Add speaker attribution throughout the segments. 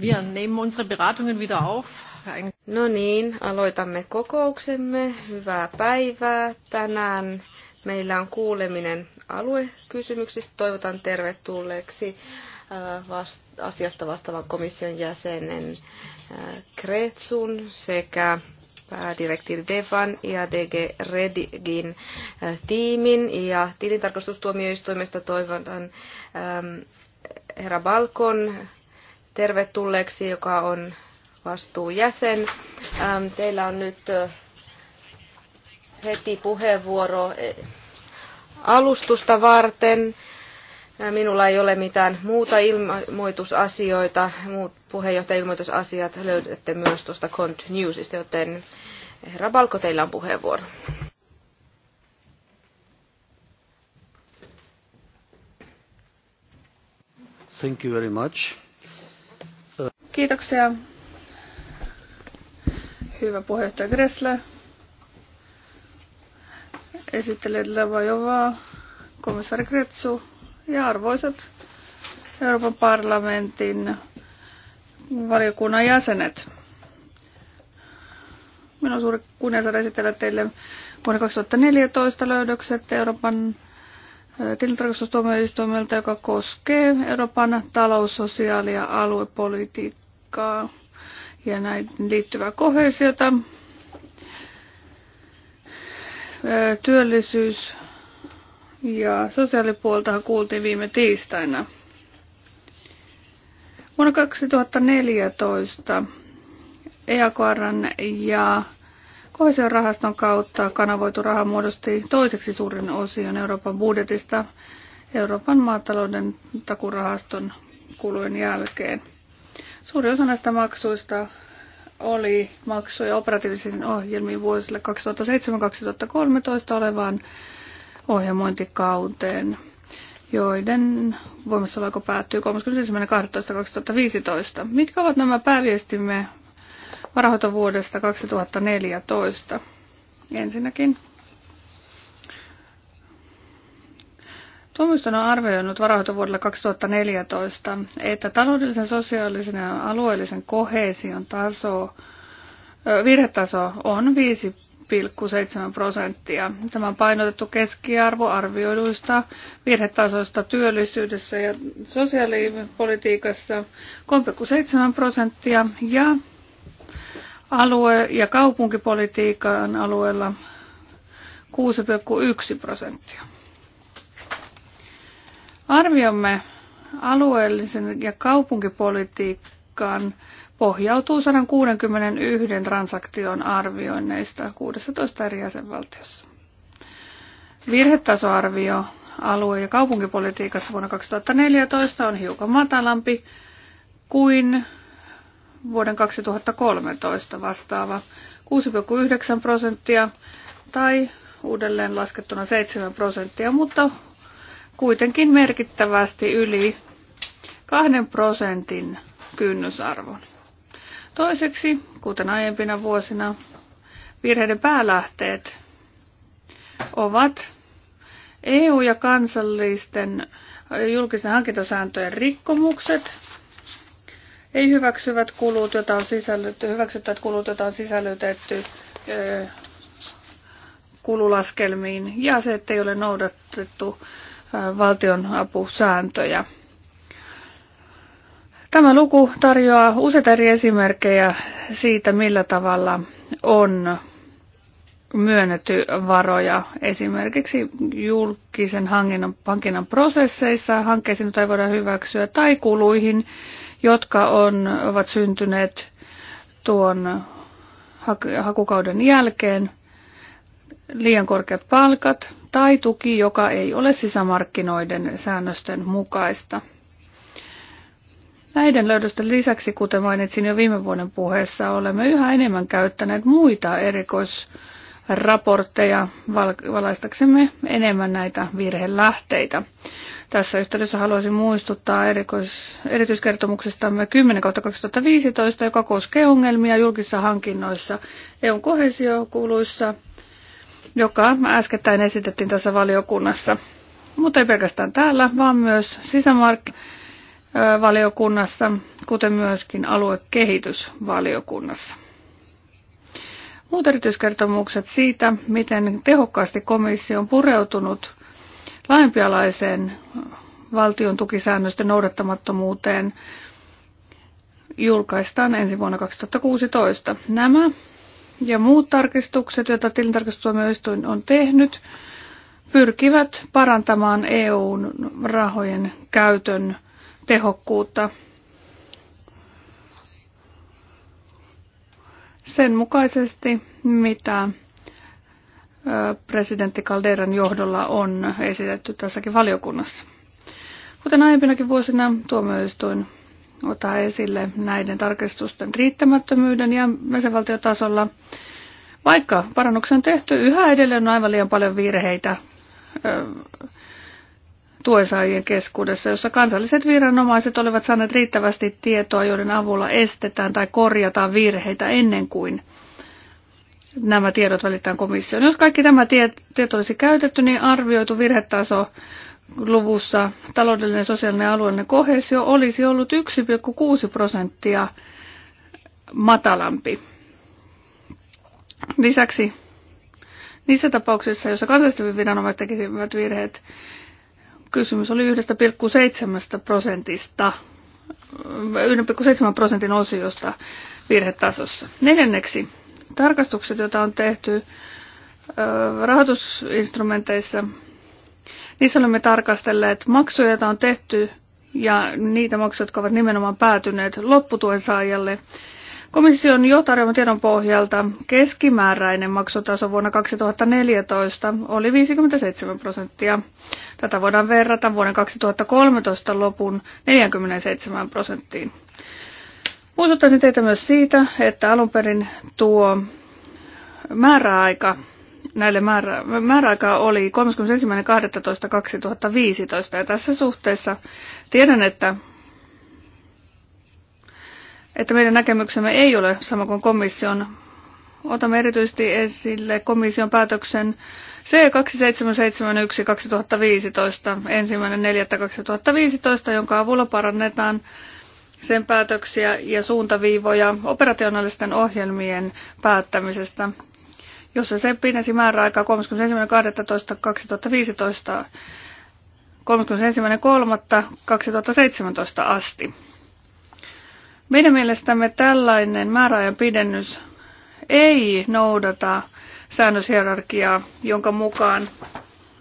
Speaker 1: Wir nehmen unsere Beratungen wieder auf.
Speaker 2: No niin, aloitamme kokouksemme. Hyvää päivää. Tänään meillä on kuuleminen aluekysymyksistä. Toivotan tervetulleeksi äh, asiasta vastaavan komission jäsenen äh, Kretsun sekä päädirektiivi Devan ja DG Redigin äh, tiimin ja tilintarkastustuomioistuimesta toivotan ähm, herra Balkon tervetulleeksi, joka on vastuujäsen. Ähm, teillä on nyt heti puheenvuoro e, alustusta varten. Minulla ei ole mitään muuta ilmoitusasioita. Muut ilmoitusasiat löydätte myös tuosta Cont Newsista, joten herra Balko, teillä on puheenvuoro.
Speaker 1: Thank you very much. Kiitoksia. Hyvä puheenjohtaja Gressle. Esittelee Lavajovaa, komissaari Kretsu ja arvoisat Euroopan parlamentin valiokunnan jäsenet. Minun on suuri kunnia saada esitellä teille vuonna 2014 löydökset Euroopan tilintarkastustuomioistuimelta, joka koskee Euroopan talous-, sosiaali- ja aluepolitiikkaa ja näin liittyvää kohesiota, työllisyys- ja sosiaalipuoltahan kuultiin viime tiistaina. Vuonna 2014 EAKRn ja Kohesion rahaston kautta kanavoitu raha muodosti toiseksi suurin osion Euroopan budjetista Euroopan maatalouden takurahaston kulujen jälkeen. Suuri osa näistä maksuista oli maksuja operatiivisiin ohjelmiin vuosille 2007-2013 olevaan ohjelmointikauteen, joiden voimassaoloaika päättyy 31.12.2015. Mitkä ovat nämä pääviestimme varahoitovuodesta 2014. Ensinnäkin Tuomioistuin on arvioinut varahoitovuodelle 2014, että taloudellisen, sosiaalisen ja alueellisen kohesion taso, virhetaso on 5,7 prosenttia. Tämä on painotettu keskiarvo arvioiduista virhetasoista työllisyydessä ja sosiaalipolitiikassa 3,7 prosenttia ja alue- ja kaupunkipolitiikan alueella 6,1 prosenttia. Arviomme alueellisen ja kaupunkipolitiikkaan pohjautuu 161 transaktion arvioinneista 16 eri jäsenvaltiossa. Virhetasoarvio alue- ja kaupunkipolitiikassa vuonna 2014 on hiukan matalampi kuin vuoden 2013 vastaava 6,9 prosenttia tai uudelleen laskettuna 7 prosenttia, mutta kuitenkin merkittävästi yli 2 prosentin kynnysarvon. Toiseksi, kuten aiempina vuosina, virheiden päälähteet ovat EU- ja kansallisten julkisten hankintasääntöjen rikkomukset, ei hyväksyvät kulut, joita on sisällytetty, hyväksyttävät kulut, joita on sisällytetty kululaskelmiin ja se, että ei ole noudatettu valtion Tämä luku tarjoaa useita eri esimerkkejä siitä, millä tavalla on myönnetty varoja esimerkiksi julkisen hankinnan, hankinnan prosesseissa, hankkeisiin, joita ei voida hyväksyä, tai kuluihin, jotka on, ovat syntyneet tuon hakukauden jälkeen, liian korkeat palkat tai tuki, joka ei ole sisämarkkinoiden säännösten mukaista. Näiden löydösten lisäksi, kuten mainitsin jo viime vuoden puheessa, olemme yhä enemmän käyttäneet muita erikoisraportteja valaistaksemme enemmän näitä virhelähteitä. Tässä yhteydessä haluaisin muistuttaa erikois, erityiskertomuksestamme 10 2015, joka koskee ongelmia julkisissa hankinnoissa EUn kohesiokuluissa, joka äskettäin esitettiin tässä valiokunnassa. Mutta ei pelkästään täällä, vaan myös sisämarkkinavaliokunnassa, kuten myöskin aluekehitysvaliokunnassa. Muut erityiskertomukset siitä, miten tehokkaasti komissio on pureutunut laajempialaiseen valtion tukisäännösten noudattamattomuuteen julkaistaan ensi vuonna 2016. Nämä ja muut tarkistukset, joita tilintarkastustuomioistuin on tehnyt, pyrkivät parantamaan EUn rahojen käytön tehokkuutta. Sen mukaisesti, mitä presidentti Calderan johdolla on esitetty tässäkin valiokunnassa. Kuten aiempinakin vuosina tuomioistuin ottaa esille näiden tarkistusten riittämättömyyden ja jäsenvaltiotasolla. Vaikka parannuksia on tehty, yhä edelleen on aivan liian paljon virheitä tuensaajien keskuudessa, jossa kansalliset viranomaiset olivat saaneet riittävästi tietoa, joiden avulla estetään tai korjataan virheitä ennen kuin nämä tiedot välitetään komissioon. Jos kaikki tämä tieto olisi käytetty, niin arvioitu virhetaso luvussa taloudellinen, sosiaalinen ja alueellinen kohesio olisi ollut 1,6 prosenttia matalampi. Lisäksi niissä tapauksissa, joissa kansallisten viranomaiset tekisivät virheet, kysymys oli 1,7 prosentista, 1,7 prosentin osiosta virhetasossa. Neljänneksi, tarkastukset, joita on tehty rahoitusinstrumenteissa, niissä olemme tarkastelleet maksuja, joita on tehty ja niitä maksuja, jotka ovat nimenomaan päätyneet lopputuen saajalle. Komission jo tarjoaman tiedon pohjalta keskimääräinen maksutaso vuonna 2014 oli 57 prosenttia. Tätä voidaan verrata vuoden 2013 lopun 47 prosenttiin. Muistuttaisin teitä myös siitä, että alun perin tuo määräaika näille määrä, määräaika oli 31.12.2015 ja tässä suhteessa tiedän, että, että meidän näkemyksemme ei ole sama kuin komission. Otamme erityisesti esille komission päätöksen C2771-2015 ensimmäinen 4.2015, jonka avulla parannetaan sen päätöksiä ja suuntaviivoja operationaalisten ohjelmien päättämisestä, jossa se pidensi määräaikaa 31.12.2015 31.3.2017 asti. Meidän mielestämme tällainen määräajan pidennys ei noudata säännöshierarkiaa, jonka mukaan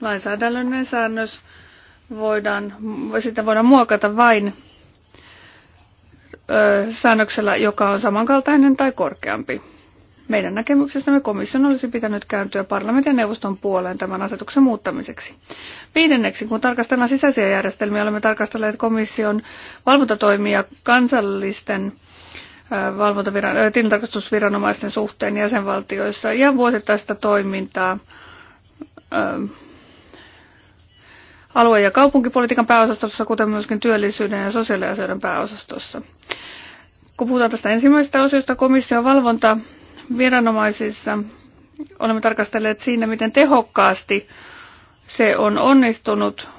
Speaker 1: lainsäädännöllinen säännös voidaan, sitä voidaan muokata vain säännöksellä, joka on samankaltainen tai korkeampi. Meidän näkemyksestämme komission olisi pitänyt kääntyä parlamentin ja neuvoston puoleen tämän asetuksen muuttamiseksi. Viidenneksi, kun tarkastellaan sisäisiä järjestelmiä, olemme tarkastelleet komission valvontatoimia kansallisten tilintarkastusviranomaisten suhteen jäsenvaltioissa ja vuosittaista toimintaa alue- ja kaupunkipolitiikan pääosastossa, kuten myöskin työllisyyden ja sosiaaliasioiden pääosastossa. Kun puhutaan tästä ensimmäisestä osiosta komission valvonta viranomaisissa, olemme tarkastelleet siinä, miten tehokkaasti se on onnistunut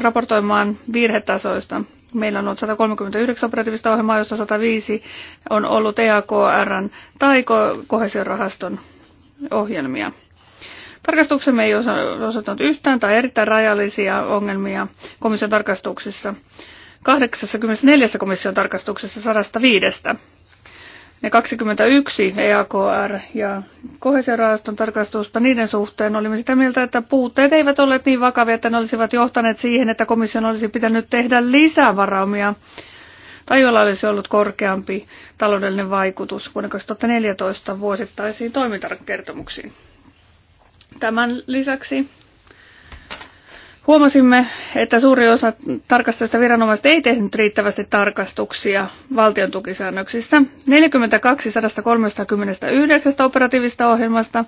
Speaker 1: raportoimaan virhetasoista. Meillä on ollut 139 operatiivista ohjelmaa, josta 105 on ollut EAKRn tai kohesiorahaston ohjelmia. Tarkastuksemme ei osoittanut yhtään tai erittäin rajallisia ongelmia komission tarkastuksissa. 84 komission tarkastuksessa 105. Ne 21 EAKR ja kohesiorahaston tarkastusta niiden suhteen olimme sitä mieltä, että puutteet eivät olleet niin vakavia, että ne olisivat johtaneet siihen, että komission olisi pitänyt tehdä lisää varaumia tai joilla olisi ollut korkeampi taloudellinen vaikutus vuonna 2014 vuosittaisiin toimintakertomuksiin. Tämän lisäksi Huomasimme, että suuri osa tarkastusta viranomaiset ei tehnyt riittävästi tarkastuksia valtion tukisäännöksissä. 42 139 operatiivista ohjelmasta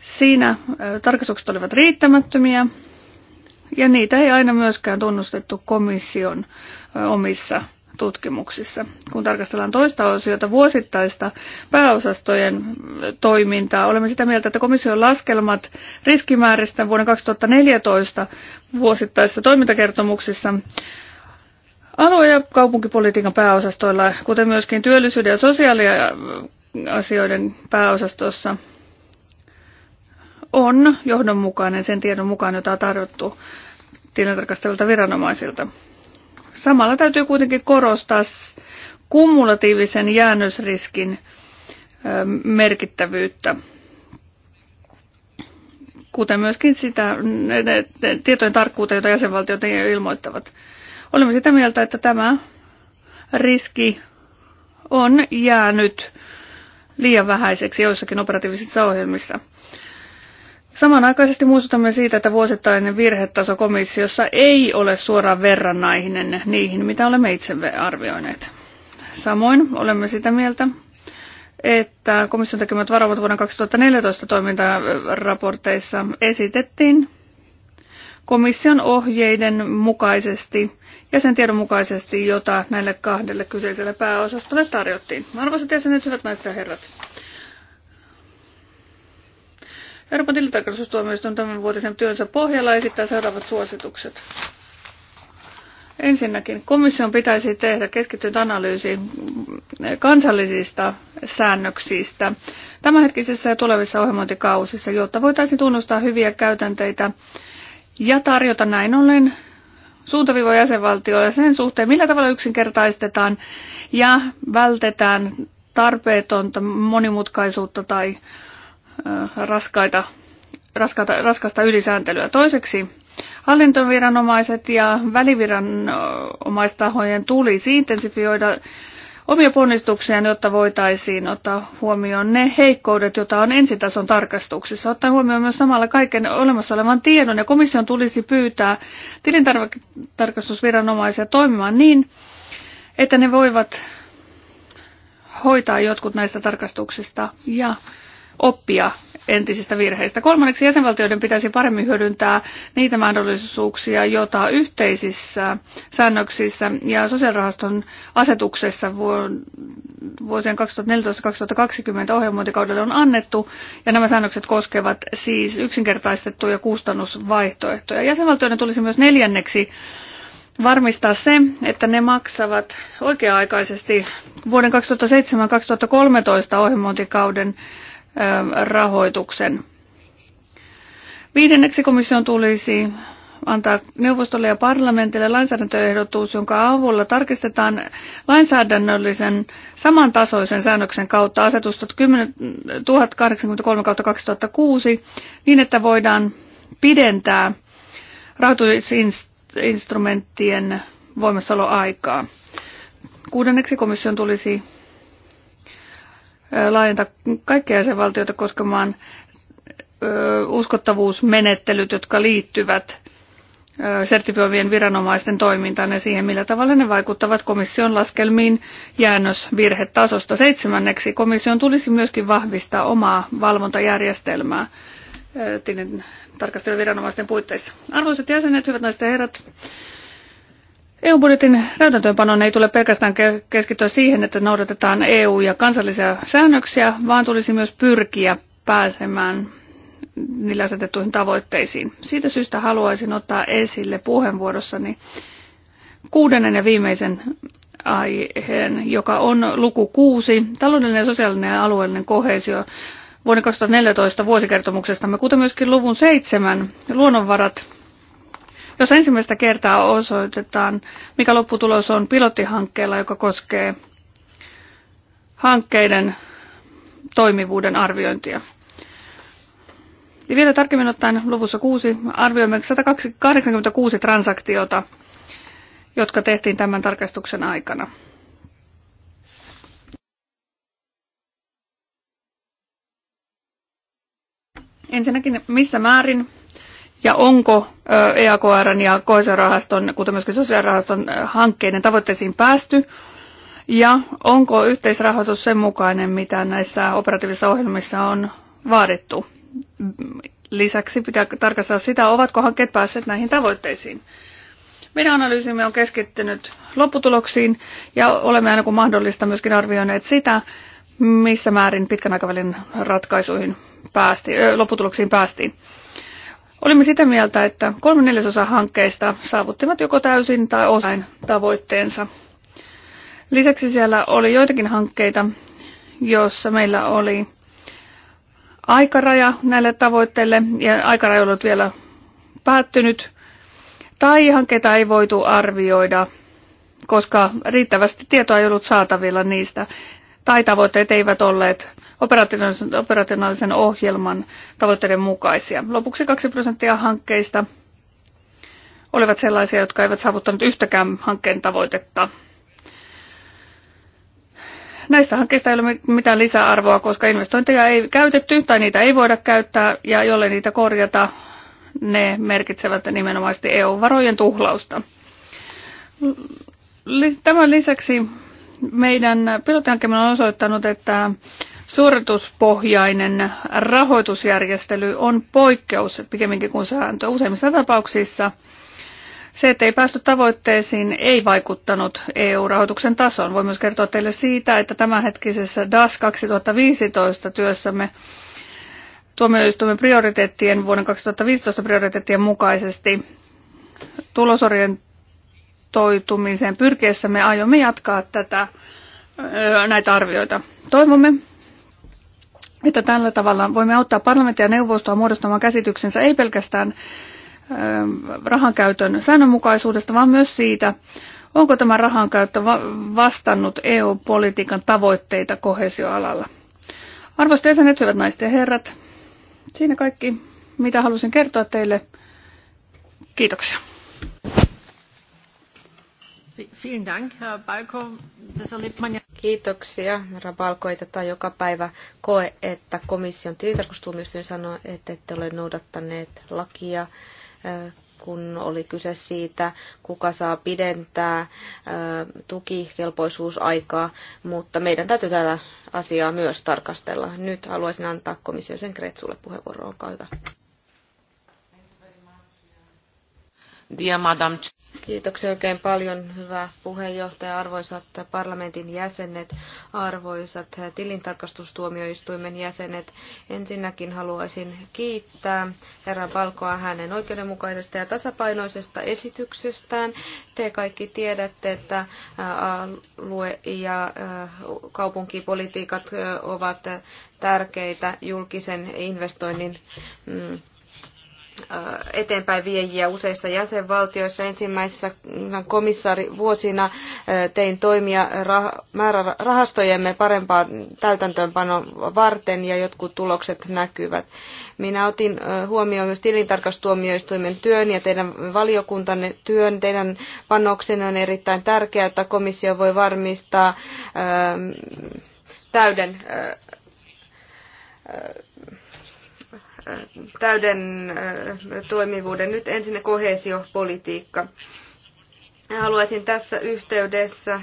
Speaker 1: siinä tarkastukset olivat riittämättömiä ja niitä ei aina myöskään tunnustettu komission omissa tutkimuksissa. Kun tarkastellaan toista osiota, vuosittaista pääosastojen toimintaa, olemme sitä mieltä, että komission laskelmat riskimääristä vuoden 2014 vuosittaisissa toimintakertomuksissa alue- ja kaupunkipolitiikan pääosastoilla, kuten myöskin työllisyyden ja sosiaaliasioiden pääosastossa, on johdonmukainen sen tiedon mukaan, jota on tarjottu tilintarkastajilta viranomaisilta. Samalla täytyy kuitenkin korostaa kumulatiivisen jäännösriskin merkittävyyttä, kuten myöskin sitä tietojen tarkkuutta, jota jäsenvaltiot ilmoittavat. Olemme sitä mieltä, että tämä riski on jäänyt liian vähäiseksi joissakin operatiivisissa ohjelmissa. Samanaikaisesti muistutamme siitä, että vuosittainen virhetaso komissiossa ei ole suoraan verrannainen niihin, mitä olemme itse arvioineet. Samoin olemme sitä mieltä, että komission tekemät varovat vuonna 2014 toimintaraporteissa esitettiin komission ohjeiden mukaisesti ja sen tiedon mukaisesti, jota näille kahdelle kyseiselle pääosastolle tarjottiin. Arvoisat jäsenet, hyvät naiset ja herrat. Euroopan tilintarkastustuomioistuin tämän vuotisen työnsä pohjalla esittää seuraavat suositukset. Ensinnäkin komission pitäisi tehdä keskittynyt analyysi kansallisista säännöksistä tämänhetkisissä ja tulevissa ohjelmointikausissa, jotta voitaisiin tunnustaa hyviä käytänteitä ja tarjota näin ollen suuntaviivoja jäsenvaltioille sen suhteen, millä tavalla yksinkertaistetaan ja vältetään tarpeetonta monimutkaisuutta tai raskaita, raskaita, raskasta ylisääntelyä. Toiseksi hallintoviranomaiset ja väliviranomaistahojen tulisi intensifioida omia ponnistuksiaan, jotta voitaisiin ottaa huomioon ne heikkoudet, joita on ensitason tarkastuksissa. Ottaen huomioon myös samalla kaiken olemassa olevan tiedon ja komission tulisi pyytää tilintarkastusviranomaisia toimimaan niin, että ne voivat hoitaa jotkut näistä tarkastuksista ja oppia entisistä virheistä. Kolmanneksi jäsenvaltioiden pitäisi paremmin hyödyntää niitä mahdollisuuksia, joita yhteisissä säännöksissä ja sosiaalirahaston asetuksessa vuosien 2014-2020 ohjelmointikaudelle on annettu, ja nämä säännökset koskevat siis yksinkertaistettuja kustannusvaihtoehtoja. Jäsenvaltioiden tulisi myös neljänneksi varmistaa se, että ne maksavat oikea-aikaisesti vuoden 2007-2013 ohjelmointikauden rahoituksen. Viidenneksi komission tulisi antaa neuvostolle ja parlamentille lainsäädäntöehdotus, jonka avulla tarkistetaan lainsäädännöllisen samantasoisen säännöksen kautta asetusta 10, 1083-2006 niin, että voidaan pidentää rahoitusinstrumenttien voimassaoloaikaa. Kuudenneksi komission tulisi laajentaa kaikkia jäsenvaltioita koskemaan uskottavuusmenettelyt, jotka liittyvät sertifioivien viranomaisten toimintaan ja siihen, millä tavalla ne vaikuttavat komission laskelmiin jäännösvirhetasosta. Seitsemänneksi komission tulisi myöskin vahvistaa omaa valvontajärjestelmää tarkastelun viranomaisten puitteissa. Arvoisat jäsenet, hyvät naiset ja herrat, EU-budjetin täytäntöönpanon ei tule pelkästään keskittyä siihen, että noudatetaan EU- ja kansallisia säännöksiä, vaan tulisi myös pyrkiä pääsemään niillä asetettuihin tavoitteisiin. Siitä syystä haluaisin ottaa esille puheenvuorossani kuudennen ja viimeisen aiheen, joka on luku kuusi, taloudellinen, sosiaalinen ja alueellinen kohesio vuoden 2014 vuosikertomuksestamme, kuten myöskin luvun seitsemän, luonnonvarat jos ensimmäistä kertaa osoitetaan, mikä lopputulos on pilottihankkeella, joka koskee hankkeiden toimivuuden arviointia. Ja vielä tarkemmin ottaen luvussa 6 arvioimme 186 transaktiota, jotka tehtiin tämän tarkastuksen aikana. Ensinnäkin missä määrin ja onko EAKR ja koesorahaston, kuten myöskin sosiaalirahaston hankkeiden tavoitteisiin päästy, ja onko yhteisrahoitus sen mukainen, mitä näissä operatiivisissa ohjelmissa on vaadittu. Lisäksi pitää tarkastella sitä, ovatko hankkeet päässeet näihin tavoitteisiin. Meidän analyysimme on keskittynyt lopputuloksiin ja olemme aina kun mahdollista myöskin arvioineet sitä, missä määrin pitkän aikavälin ratkaisuihin päästiin, lopputuloksiin päästiin. Olimme sitä mieltä, että kolme neljäsosa hankkeista saavuttivat joko täysin tai osain tavoitteensa. Lisäksi siellä oli joitakin hankkeita, joissa meillä oli aikaraja näille tavoitteille ja aikaraja ollut vielä päättynyt. Tai hankkeita ei voitu arvioida, koska riittävästi tietoa ei ollut saatavilla niistä. Tai tavoitteet eivät olleet operatiivisen, operationaalisen ohjelman tavoitteiden mukaisia. Lopuksi 2 prosenttia hankkeista olivat sellaisia, jotka eivät saavuttaneet yhtäkään hankkeen tavoitetta. Näistä hankkeista ei ole mitään lisäarvoa, koska investointeja ei käytetty tai niitä ei voida käyttää ja jolle niitä korjata, ne merkitsevät nimenomaisesti EU-varojen tuhlausta. Tämän lisäksi meidän pilottihankkeemme on osoittanut, että suorituspohjainen rahoitusjärjestely on poikkeus pikemminkin kuin sääntö. Useimmissa tapauksissa se, että ei päästy tavoitteisiin, ei vaikuttanut EU-rahoituksen tasoon. Voin myös kertoa teille siitä, että tämänhetkisessä DAS 2015 työssämme tuomioistuimen prioriteettien vuoden 2015 prioriteettien mukaisesti tulosorientoitumiseen pyrkiessämme aiomme jatkaa tätä, näitä arvioita. Toivomme, että tällä tavalla voimme auttaa parlamenttia ja neuvostoa muodostamaan käsityksensä ei pelkästään ähm, rahankäytön säännönmukaisuudesta, vaan myös siitä, onko tämä rahankäyttö vastannut EU-politiikan tavoitteita kohesioalalla. Arvoisat jäsenet, hyvät naiset ja herrat, siinä kaikki, mitä halusin kertoa teille. Kiitoksia.
Speaker 2: Kiitoksia, herra Balko. Ei tätä joka päivä koe, että komission tilintarkastustuomioistuin sanoi, että ette ole noudattaneet lakia, eh, kun oli kyse siitä, kuka saa pidentää eh, tukikelpoisuusaikaa, mutta meidän täytyy tätä asiaa myös tarkastella. Nyt haluaisin antaa komissio sen Kretsulle puheenvuoro, olkaa hyvä. Dear Madam Kiitoksia oikein paljon, hyvä puheenjohtaja, arvoisat parlamentin jäsenet, arvoisat tilintarkastustuomioistuimen jäsenet. Ensinnäkin haluaisin kiittää herra Palkoa hänen oikeudenmukaisesta ja tasapainoisesta esityksestään. Te kaikki tiedätte, että alue- ja kaupunkipolitiikat ovat tärkeitä julkisen investoinnin mm, eteenpäin viejiä useissa jäsenvaltioissa. Ensimmäisessä komissaari vuosina tein toimia rahastojemme parempaa täytäntöönpanoa varten ja jotkut tulokset näkyvät. Minä otin huomioon myös tilintarkastuomioistuimen työn ja teidän valiokuntanne työn. Teidän panoksenne on erittäin tärkeää, että komissio voi varmistaa täyden täyden toimivuuden. Nyt ensin kohesiopolitiikka. Haluaisin tässä yhteydessä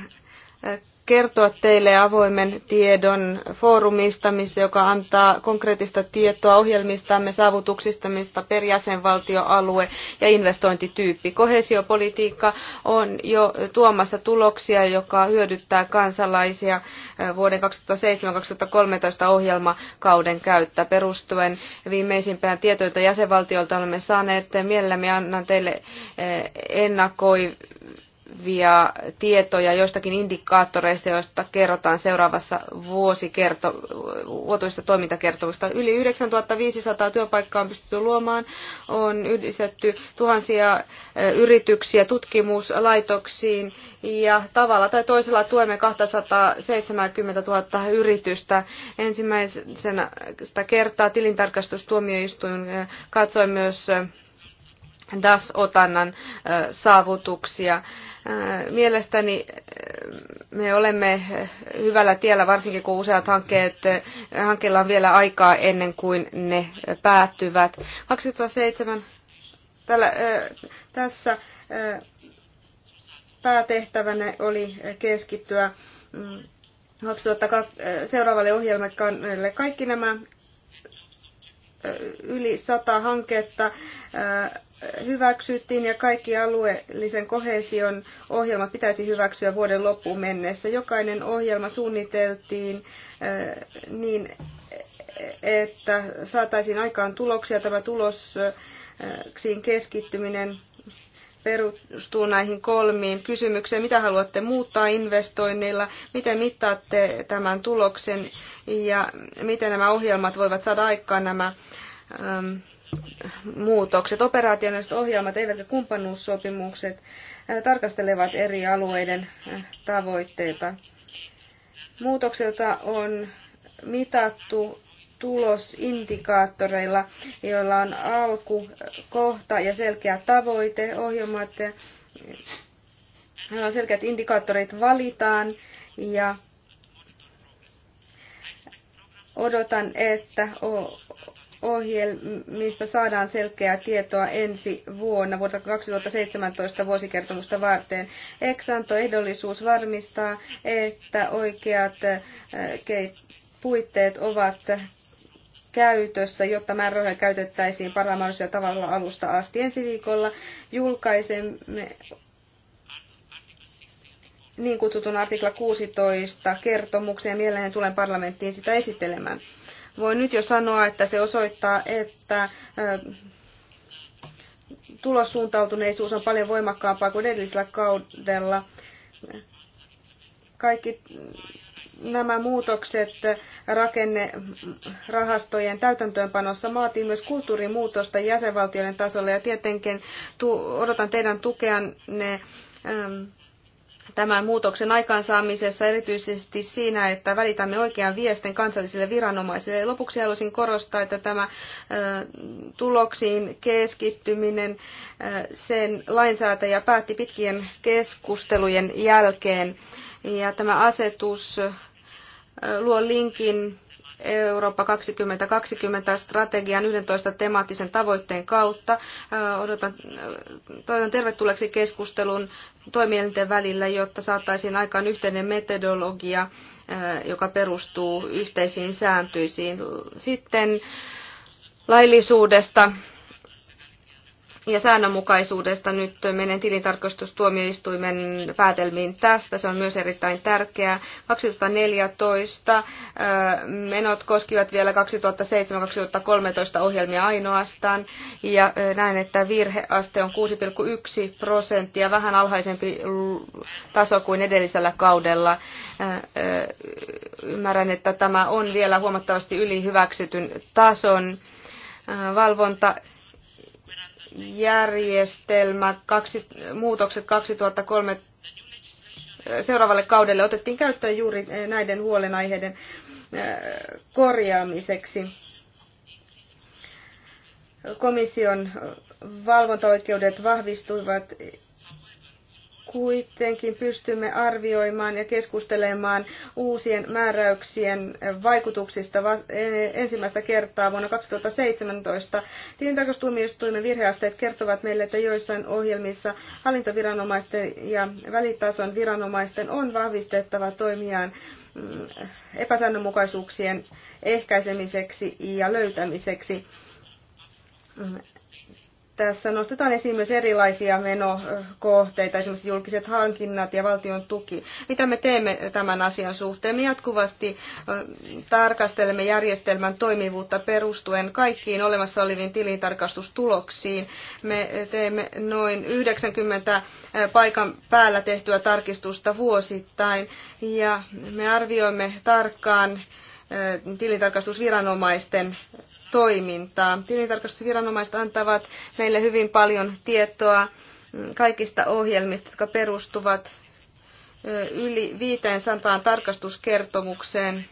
Speaker 2: kertoa teille avoimen tiedon foorumista, mistä, joka antaa konkreettista tietoa ohjelmistamme, saavutuksistamista per jäsenvaltioalue ja investointityyppi. Kohesiopolitiikka on jo tuomassa tuloksia, joka hyödyttää kansalaisia vuoden 2007-2013 ohjelmakauden käyttä perustuen viimeisimpään tietoja, jäsenvaltiolta olemme saaneet. Mielellämme annan teille ennakoi luotettavia tietoja joistakin indikaattoreista, joista kerrotaan seuraavassa vuosikerto, vuotuista toimintakertomusta. Yli 9500 työpaikkaa on pystytty luomaan, on yhdistetty tuhansia eh, yrityksiä tutkimuslaitoksiin ja tavalla tai toisella tuemme 270 000 yritystä. Ensimmäisenä kertaa tilintarkastustuomioistuin eh, katsoi myös eh, DAS-otannan saavutuksia. Mielestäni me olemme hyvällä tiellä, varsinkin kun useat hankkeet, hankkeilla on vielä aikaa ennen kuin ne päättyvät. 2007 tällä, tässä päätehtävänä oli keskittyä 2002, mm, seuraavalle ohjelmakannelle kaikki nämä yli sata hanketta hyväksyttiin ja kaikki alueellisen kohesion ohjelma pitäisi hyväksyä vuoden loppuun mennessä. Jokainen ohjelma suunniteltiin äh, niin, että saataisiin aikaan tuloksia. Tämä tuloksiin äh, keskittyminen perustuu näihin kolmiin kysymykseen. Mitä haluatte muuttaa investoinneilla? Miten mittaatte tämän tuloksen? Ja miten nämä ohjelmat voivat saada aikaan nämä ähm, muutokset, operationaaliset ohjelmat eivätkä kumppanuussopimukset tarkastelevat eri alueiden tavoitteita. Muutokselta on mitattu tulosindikaattoreilla, joilla on alku, kohta ja selkeä tavoite. Ohjelmat, joilla selkeät indikaattorit valitaan ja odotan, että ohjelmista saadaan selkeää tietoa ensi vuonna vuotta 2017 vuosikertomusta varten. Exanto-ehdollisuus varmistaa, että oikeat äh, puitteet ovat käytössä, jotta määrärahoja käytettäisiin parhaalla tavalla alusta asti. Ensi viikolla julkaisemme niin kutsutun artikla 16 kertomuksen ja mielelläni tulen parlamenttiin sitä esittelemään. Voin nyt jo sanoa, että se osoittaa, että tulossuuntautuneisuus on paljon voimakkaampaa kuin edellisellä kaudella. Kaikki nämä muutokset rakenne, rahastojen täytäntöönpanossa maatii myös kulttuurimuutosta jäsenvaltioiden tasolla ja tietenkin odotan teidän tukeanne tämän muutoksen aikaansaamisessa, erityisesti siinä, että välitämme oikean viestin kansallisille viranomaisille. lopuksi haluaisin korostaa, että tämä tuloksiin keskittyminen, sen lainsäätäjä päätti pitkien keskustelujen jälkeen. Ja tämä asetus luo linkin Eurooppa 2020 strategian 11 temaattisen tavoitteen kautta. Odotan, toivotan tervetulleeksi keskustelun toimielinten välillä, jotta saataisiin aikaan yhteinen metodologia, joka perustuu yhteisiin sääntöisiin. Sitten laillisuudesta ja säännönmukaisuudesta nyt menen tilintarkastustuomioistuimen päätelmiin tästä. Se on myös erittäin tärkeää. 2014 menot koskivat vielä 2007-2013 ohjelmia ainoastaan. Ja näin, että virheaste on 6,1 prosenttia, vähän alhaisempi taso kuin edellisellä kaudella. Ymmärrän, että tämä on vielä huomattavasti yli hyväksytyn tason. Valvonta järjestelmä, kaksi, muutokset 2003 seuraavalle kaudelle otettiin käyttöön juuri eh, näiden huolenaiheiden eh, korjaamiseksi. Komission valvontaoikeudet vahvistuivat kuitenkin pystymme arvioimaan ja keskustelemaan uusien määräyksien vaikutuksista e- ensimmäistä kertaa vuonna 2017. Tilintarkastustuomioistuimen virheasteet kertovat meille, että joissain ohjelmissa hallintoviranomaisten ja välitason viranomaisten on vahvistettava toimiaan mm, epäsäännönmukaisuuksien ehkäisemiseksi ja löytämiseksi mm, tässä nostetaan esiin myös erilaisia menokohteita, esimerkiksi julkiset hankinnat ja valtion tuki. Mitä me teemme tämän asian suhteen? Me jatkuvasti tarkastelemme järjestelmän toimivuutta perustuen kaikkiin olemassa oleviin tilintarkastustuloksiin. Me teemme noin 90 paikan päällä tehtyä tarkistusta vuosittain ja me arvioimme tarkkaan tilintarkastusviranomaisten toimintaa. Tilintarkastusviranomaiset antavat meille hyvin paljon tietoa mm, kaikista ohjelmista, jotka perustuvat yli 500 tarkastuskertomukseen.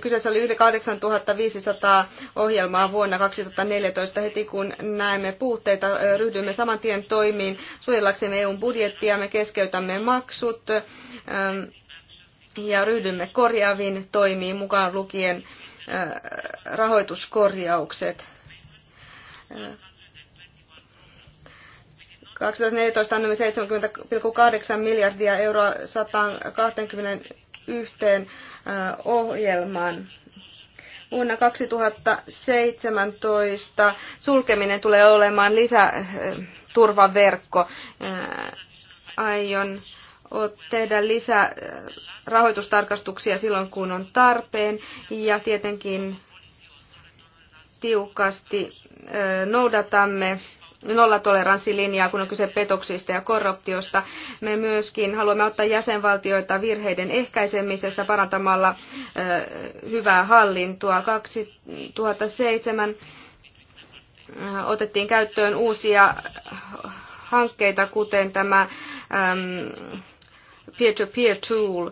Speaker 2: Kyseessä oli yli 8500 ohjelmaa vuonna 2014. Heti kun näemme puutteita, ryhdymme saman tien toimiin suojellaksemme EUn budjettia, me keskeytämme maksut, ja ryhdymme korjaaviin toimiin mukaan lukien rahoituskorjaukset. 2014 annamme 70,8 miljardia euroa 121 ohjelmaan. Vuonna 2017 sulkeminen tulee olemaan lisäturvaverkko. Aion tehdä lisää äh, rahoitustarkastuksia silloin, kun on tarpeen. Ja tietenkin tiukasti äh, noudatamme nollatoleranssilinjaa, kun on kyse petoksista ja korruptiosta. Me myöskin haluamme ottaa jäsenvaltioita virheiden ehkäisemisessä parantamalla äh, hyvää hallintoa. 2007 otettiin käyttöön uusia hankkeita, kuten tämä peer-to-peer tool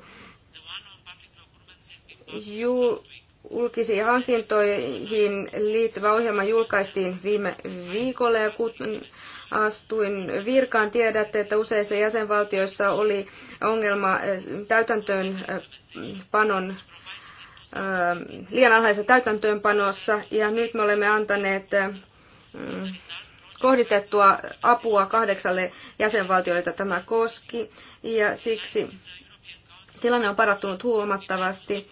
Speaker 2: julkisiin hankintoihin liittyvä ohjelma julkaistiin viime viikolla ja kun astuin virkaan, tiedätte, että useissa jäsenvaltioissa oli ongelma äh, täytäntöön äh, panon äh, liian alhaisessa täytäntöönpanossa ja nyt me olemme antaneet kohdistettua apua kahdeksalle jäsenvaltioille tämä koski, ja siksi tilanne on parantunut huomattavasti.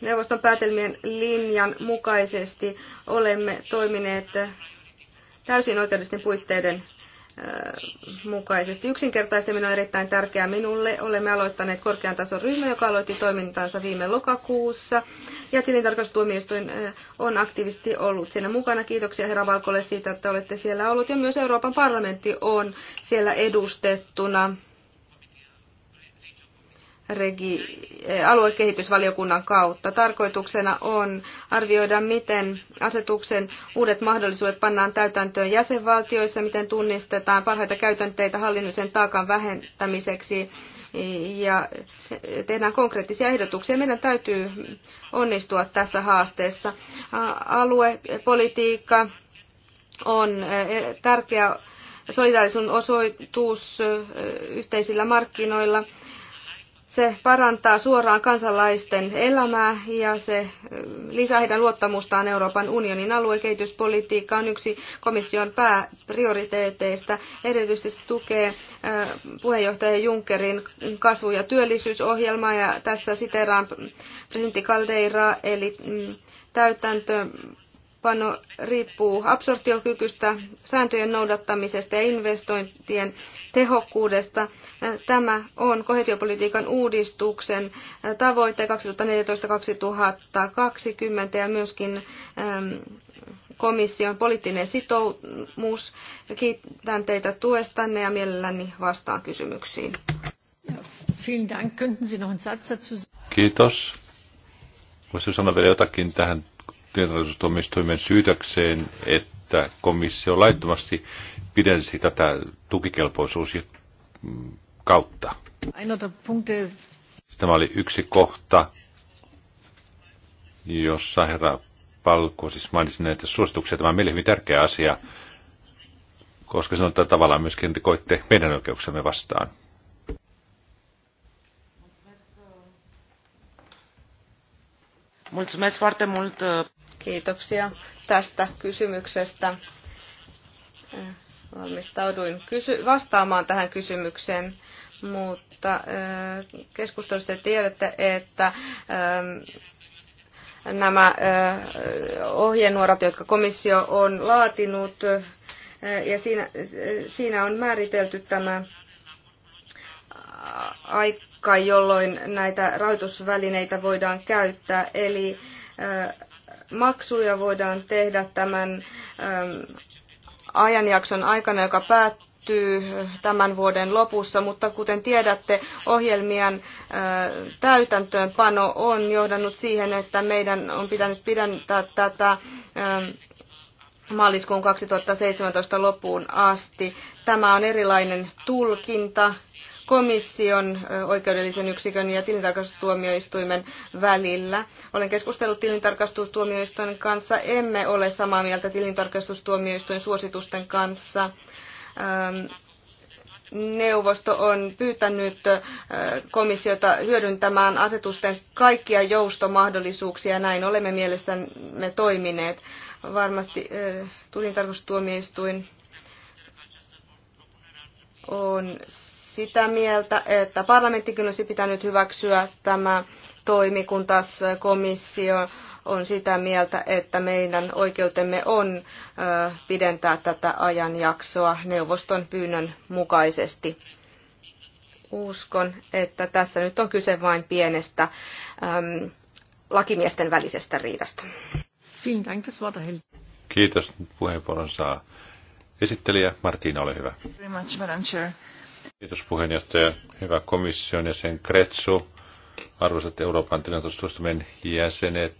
Speaker 2: Neuvoston päätelmien linjan mukaisesti olemme toimineet täysin oikeudellisten puitteiden mukaisesti. Yksinkertaistaminen on erittäin tärkeää minulle. Olemme aloittaneet korkean tason ryhmän, joka aloitti toimintansa viime lokakuussa. Ja tilintarkastustuomioistuin on aktiivisesti ollut siinä mukana. Kiitoksia herra Valkolle siitä, että olette siellä ollut. Ja myös Euroopan parlamentti on siellä edustettuna regi- eh, aluekehitysvaliokunnan kautta. Tarkoituksena on arvioida, miten asetuksen uudet mahdollisuudet pannaan täytäntöön jäsenvaltioissa, miten tunnistetaan parhaita käytänteitä hallinnollisen taakan vähentämiseksi ja tehdään konkreettisia ehdotuksia. Meidän täytyy onnistua tässä haasteessa. Aluepolitiikka on eh, tärkeä solidaarisuuden osoitus eh, yhteisillä markkinoilla se parantaa suoraan kansalaisten elämää ja se lisää heidän luottamustaan Euroopan unionin aluekehityspolitiikka on yksi komission pääprioriteeteista. Erityisesti se tukee puheenjohtaja Junckerin kasvu- ja työllisyysohjelmaa ja tässä siteraan presidentti Caldeiraa eli mm, täytäntö pano riippuu absorptiokykystä, sääntöjen noudattamisesta ja investointien tehokkuudesta. Tämä on kohesiopolitiikan uudistuksen tavoite 2014-2020 ja myöskin komission poliittinen sitoumus. Kiitän teitä tuestanne ja mielelläni vastaan kysymyksiin.
Speaker 3: Kiitos. Voisitko sanoa vielä jotakin tähän tilintarkastustuomioistuimen syytökseen, että komissio laittomasti pidensi tätä tukikelpoisuus mm, kautta. Tämä oli yksi kohta, jossa herra Palko siis mainitsi näitä suosituksia. Tämä on meille hyvin tärkeä asia, koska se on tavallaan myöskin rikoitte meidän oikeuksemme vastaan.
Speaker 2: Mulțumesc foarte mult. Kiitoksia tästä kysymyksestä. Äh, valmistauduin kysy- vastaamaan tähän kysymykseen, mutta äh, keskustelusta tiedätte, että ähm, nämä äh, ohjenuorat, jotka komissio on laatinut, ja siinä, siinä on määritelty tämä aika, jolloin näitä rahoitusvälineitä voidaan käyttää. Eli maksuja voidaan tehdä tämän ähm, ajanjakson aikana, joka päättyy äh, tämän vuoden lopussa, mutta kuten tiedätte, ohjelmien äh, täytäntöönpano on johdannut siihen, että meidän on pitänyt pidentää tätä ähm, maaliskuun 2017 loppuun asti. Tämä on erilainen tulkinta komission oikeudellisen yksikön ja tilintarkastustuomioistuimen välillä. Olen keskustellut tilintarkastustuomioistuimen kanssa. Emme ole samaa mieltä tilintarkastustuomioistuin suositusten kanssa. Neuvosto on pyytänyt komissiota hyödyntämään asetusten kaikkia joustomahdollisuuksia. Näin olemme mielestämme toimineet. Varmasti tilintarkastustuomioistuin on sitä mieltä, että parlamentti kyllä olisi pitänyt hyväksyä tämä toimi, kun taas komissio on sitä mieltä, että meidän oikeutemme on pidentää tätä ajanjaksoa neuvoston pyynnön mukaisesti. Uskon, että tässä nyt on kyse vain pienestä ähm, lakimiesten välisestä riidasta.
Speaker 3: Kiitos. Puheenvuoron saa esittelijä Martina, ole hyvä. Very much, Kiitos puheenjohtaja. Hyvä komission jäsen Kretsu. Arvoisat Euroopan tilintarkastustuomioistuimen jäsenet,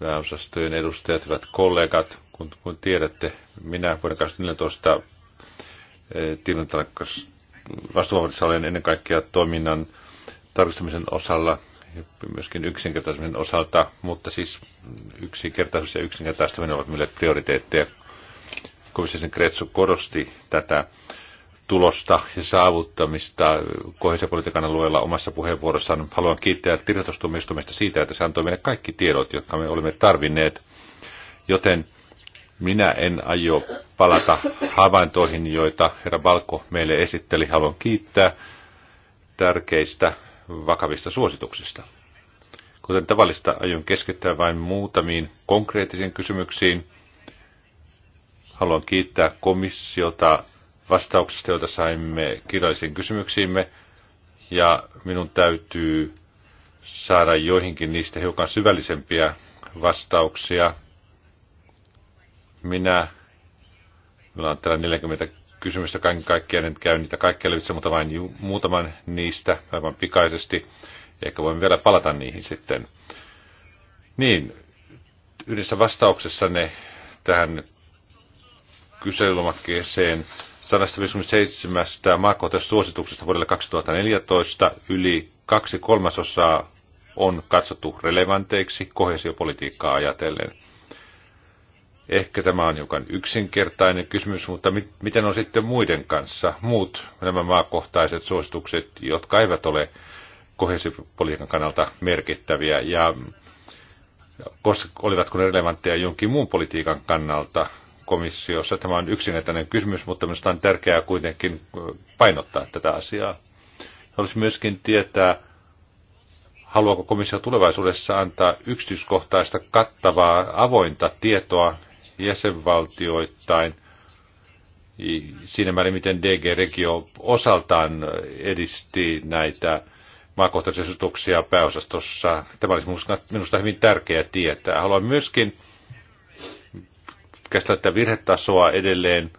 Speaker 3: pääosastojen edustajat, hyvät kollegat, kun, kun tiedätte, minä vuoden 2014 eh, tilintarkastus vastuuvalvonnassa olen ennen kaikkea toiminnan tarkistamisen osalla ja myöskin yksinkertaistamisen osalta, mutta siis yksinkertaisuus ja yksinkertaistaminen ovat meille prioriteetteja. Komission Kretsu korosti tätä tulosta ja saavuttamista kohesiopolitiikan alueella omassa puheenvuorossaan. Haluan kiittää tilintarkastustuomioistuimesta siitä, että se antoi meille kaikki tiedot, jotka me olemme tarvinneet. Joten minä en aio palata havaintoihin, joita herra Balko meille esitteli. Haluan kiittää tärkeistä vakavista suosituksista. Kuten tavallista, aion keskittää vain muutamiin konkreettisiin kysymyksiin. Haluan kiittää komissiota vastauksista, joita saimme kirjallisiin kysymyksiimme. Ja minun täytyy saada joihinkin niistä hiukan syvällisempiä vastauksia. Minä, minulla on täällä 40 kysymystä kaiken kaikkiaan, en käy niitä kaikkia lävitse, mutta vain ju- muutaman niistä aivan pikaisesti. Ehkä voimme vielä palata niihin sitten. Niin, yhdessä vastauksessanne tähän kyselylomakkeeseen 157 maakohtaisesta suosituksesta vuodelle 2014 yli kaksi kolmasosaa on katsottu relevanteiksi kohesiopolitiikkaa ajatellen. Ehkä tämä on hiukan yksinkertainen kysymys, mutta mit, miten on sitten muiden kanssa muut nämä maakohtaiset suositukset, jotka eivät ole kohesiopolitiikan kannalta merkittäviä ja olivatko ne relevantteja jonkin muun politiikan kannalta, komissiossa. Tämä on yksinäinen kysymys, mutta minusta on tärkeää kuitenkin painottaa tätä asiaa. Haluaisin myöskin tietää, haluaako komissio tulevaisuudessa antaa yksityiskohtaista kattavaa avointa tietoa jäsenvaltioittain siinä määrin, miten DG Regio osaltaan edisti näitä maakohtaisia sytuksia pääosastossa. Tämä olisi minusta hyvin tärkeää tietää. Haluan myöskin käsitellä tätä virhetasoa edelleen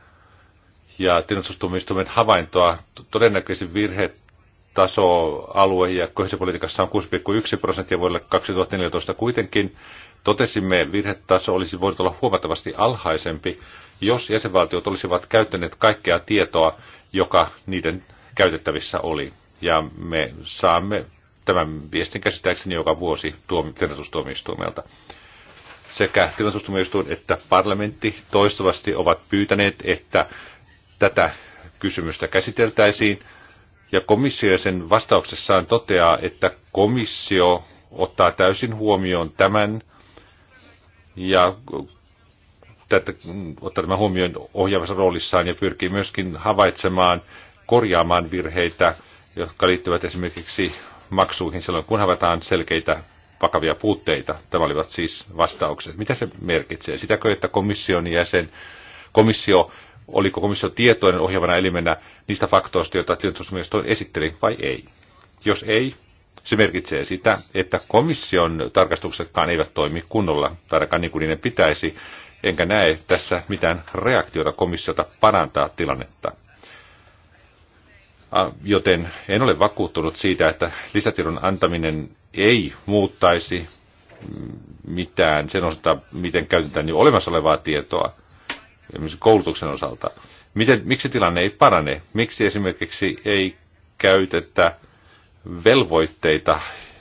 Speaker 3: ja tilastustumistuimen havaintoa. Todennäköisin virhetaso alue- ja kohdistopolitiikassa on 6,1 prosenttia vuodelle 2014 kuitenkin. Totesimme, virhetaso olisi voinut olla huomattavasti alhaisempi, jos jäsenvaltiot olisivat käyttäneet kaikkea tietoa, joka niiden käytettävissä oli. Ja me saamme tämän viestin käsittääkseni joka vuosi tuomitustuomioistuimelta. Tuom- sekä tilastustuomioistuin että parlamentti toistuvasti ovat pyytäneet, että tätä kysymystä käsiteltäisiin. Ja komissio sen vastauksessaan toteaa, että komissio ottaa täysin huomioon tämän ja tätä, ottaa tämän huomioon ohjaavassa roolissaan ja pyrkii myöskin havaitsemaan, korjaamaan virheitä, jotka liittyvät esimerkiksi maksuihin silloin, kun havaitaan selkeitä vakavia puutteita. Tämä olivat siis vastaukset. Mitä se merkitsee? Sitäkö, että komission jäsen, komissio, oliko komissio tietoinen ohjaavana elimenä niistä faktoista, joita tilintarkastusmielestä esitteli, vai ei? Jos ei, se merkitsee sitä, että komission tarkastuksetkaan eivät toimi kunnolla, tai ainakaan niin kuin niiden pitäisi, enkä näe tässä mitään reaktiota komissiota parantaa tilannetta joten en ole vakuuttunut siitä, että lisätiedon antaminen ei muuttaisi mitään sen osalta, miten käytetään jo olemassa olevaa tietoa esimerkiksi koulutuksen osalta. Miten, miksi tilanne ei parane? Miksi esimerkiksi ei käytetä velvoitteita,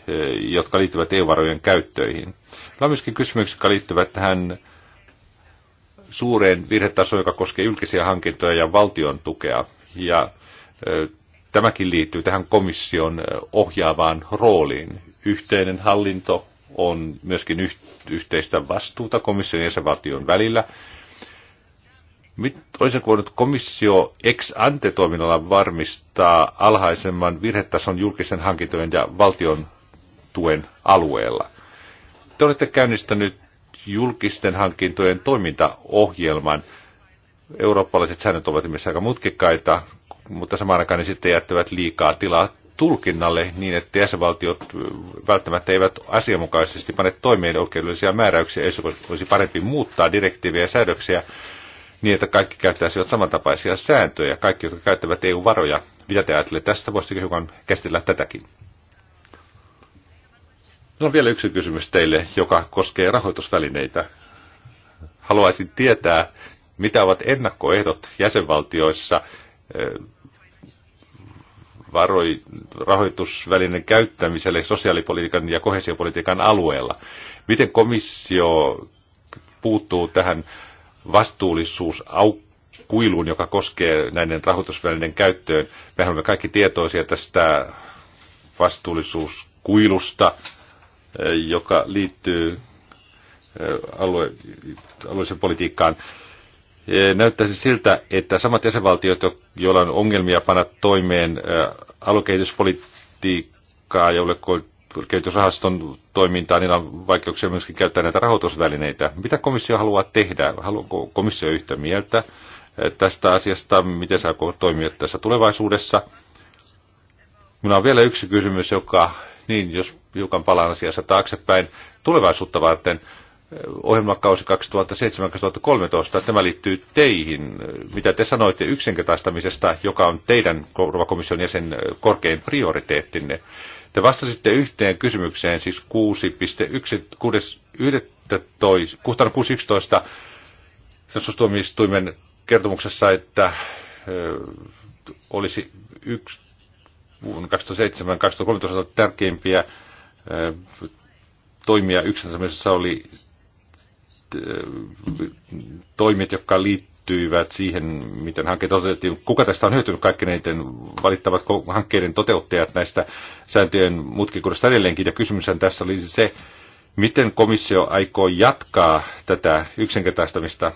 Speaker 3: e, jotka liittyvät EU-varojen käyttöihin? Meillä on myöskin kysymyksiä, jotka liittyvät tähän suureen virhetasoon, joka koskee julkisia hankintoja ja valtion tukea. Ja e, Tämäkin liittyy tähän komission ohjaavaan rooliin. Yhteinen hallinto on myöskin yhteistä vastuuta komission ja jäsenvaltion välillä. Olisiko voinut komissio ex ante toiminnalla varmistaa alhaisemman virhetason julkisen hankintojen ja valtion tuen alueella? Te olette käynnistänyt julkisten hankintojen toimintaohjelman. Eurooppalaiset säännöt ovat myös aika mutkikkaita mutta samaan aikaan ne sitten jättävät liikaa tilaa tulkinnalle niin, että jäsenvaltiot välttämättä eivät asianmukaisesti pane toimeen oikeudellisia määräyksiä, jos olisi parempi muuttaa direktiivejä ja säädöksiä niin, että kaikki käyttäisivät samantapaisia sääntöjä, kaikki, jotka käyttävät EU-varoja. Mitä te ajattelette tästä? Voisitteko hiukan käsitellä tätäkin? No vielä yksi kysymys teille, joka koskee rahoitusvälineitä. Haluaisin tietää, mitä ovat ennakkoehdot jäsenvaltioissa varoi, rahoitusvälinen käyttämiselle sosiaalipolitiikan ja kohesiopolitiikan alueella. Miten komissio puuttuu tähän vastuullisuusaukuiluun, joka koskee näiden rahoitusvälinen käyttöön? Mehän olemme kaikki tietoisia tästä vastuullisuuskuilusta, eh, joka liittyy eh, alue, alueelliseen politiikkaan näyttäisi siltä, että samat jäsenvaltiot, joilla on ongelmia panna toimeen alukehityspolitiikkaa, jolle kehitysrahaston toimintaa, niillä on vaikeuksia myöskin käyttää näitä rahoitusvälineitä. Mitä komissio haluaa tehdä? Haluaako komissio yhtä mieltä tästä asiasta? Miten se toimia tässä tulevaisuudessa? Minulla on vielä yksi kysymys, joka, niin jos hiukan palaan asiassa taaksepäin, tulevaisuutta varten – ohjelmakausi 2007-2013. Tämä liittyy teihin. Mitä te sanoitte yksinkertaistamisesta, joka on teidän komission jäsen korkein prioriteettinne? Te vastasitte yhteen kysymykseen, siis 6.11. Sensustuomioistuimen kertomuksessa, että olisi yksi vuonna 2007-2013 tärkeimpiä toimia yksi oli Äh, toimet, jotka liittyivät siihen, miten hankkeet toteutettiin. Kuka tästä on hyötynyt kaikki eniten? valittavat hankkeiden toteuttajat näistä sääntöjen mutkikurista edelleenkin? Ja kysymyshän tässä oli se, miten komissio aikoo jatkaa tätä yksinkertaistamista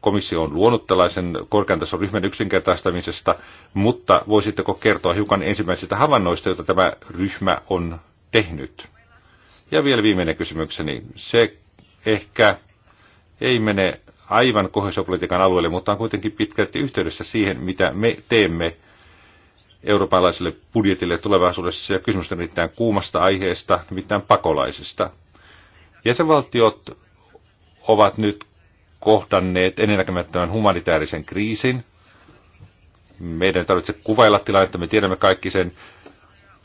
Speaker 3: komissio on luonut tällaisen korkean tason ryhmän yksinkertaistamisesta, mutta voisitteko kertoa hiukan ensimmäisistä havainnoista, joita tämä ryhmä on tehnyt? Ja vielä viimeinen kysymykseni. Se ehkä ei mene aivan kohesiopolitiikan alueelle, mutta on kuitenkin pitkälti yhteydessä siihen, mitä me teemme eurooppalaiselle budjetille tulevaisuudessa. Ja kysymys on nimittäin kuumasta aiheesta, nimittäin pakolaisista. Jäsenvaltiot ovat nyt kohdanneet ennennäkemättömän humanitaarisen kriisin. Meidän tarvitsee kuvailla tilannetta, me tiedämme kaikki sen.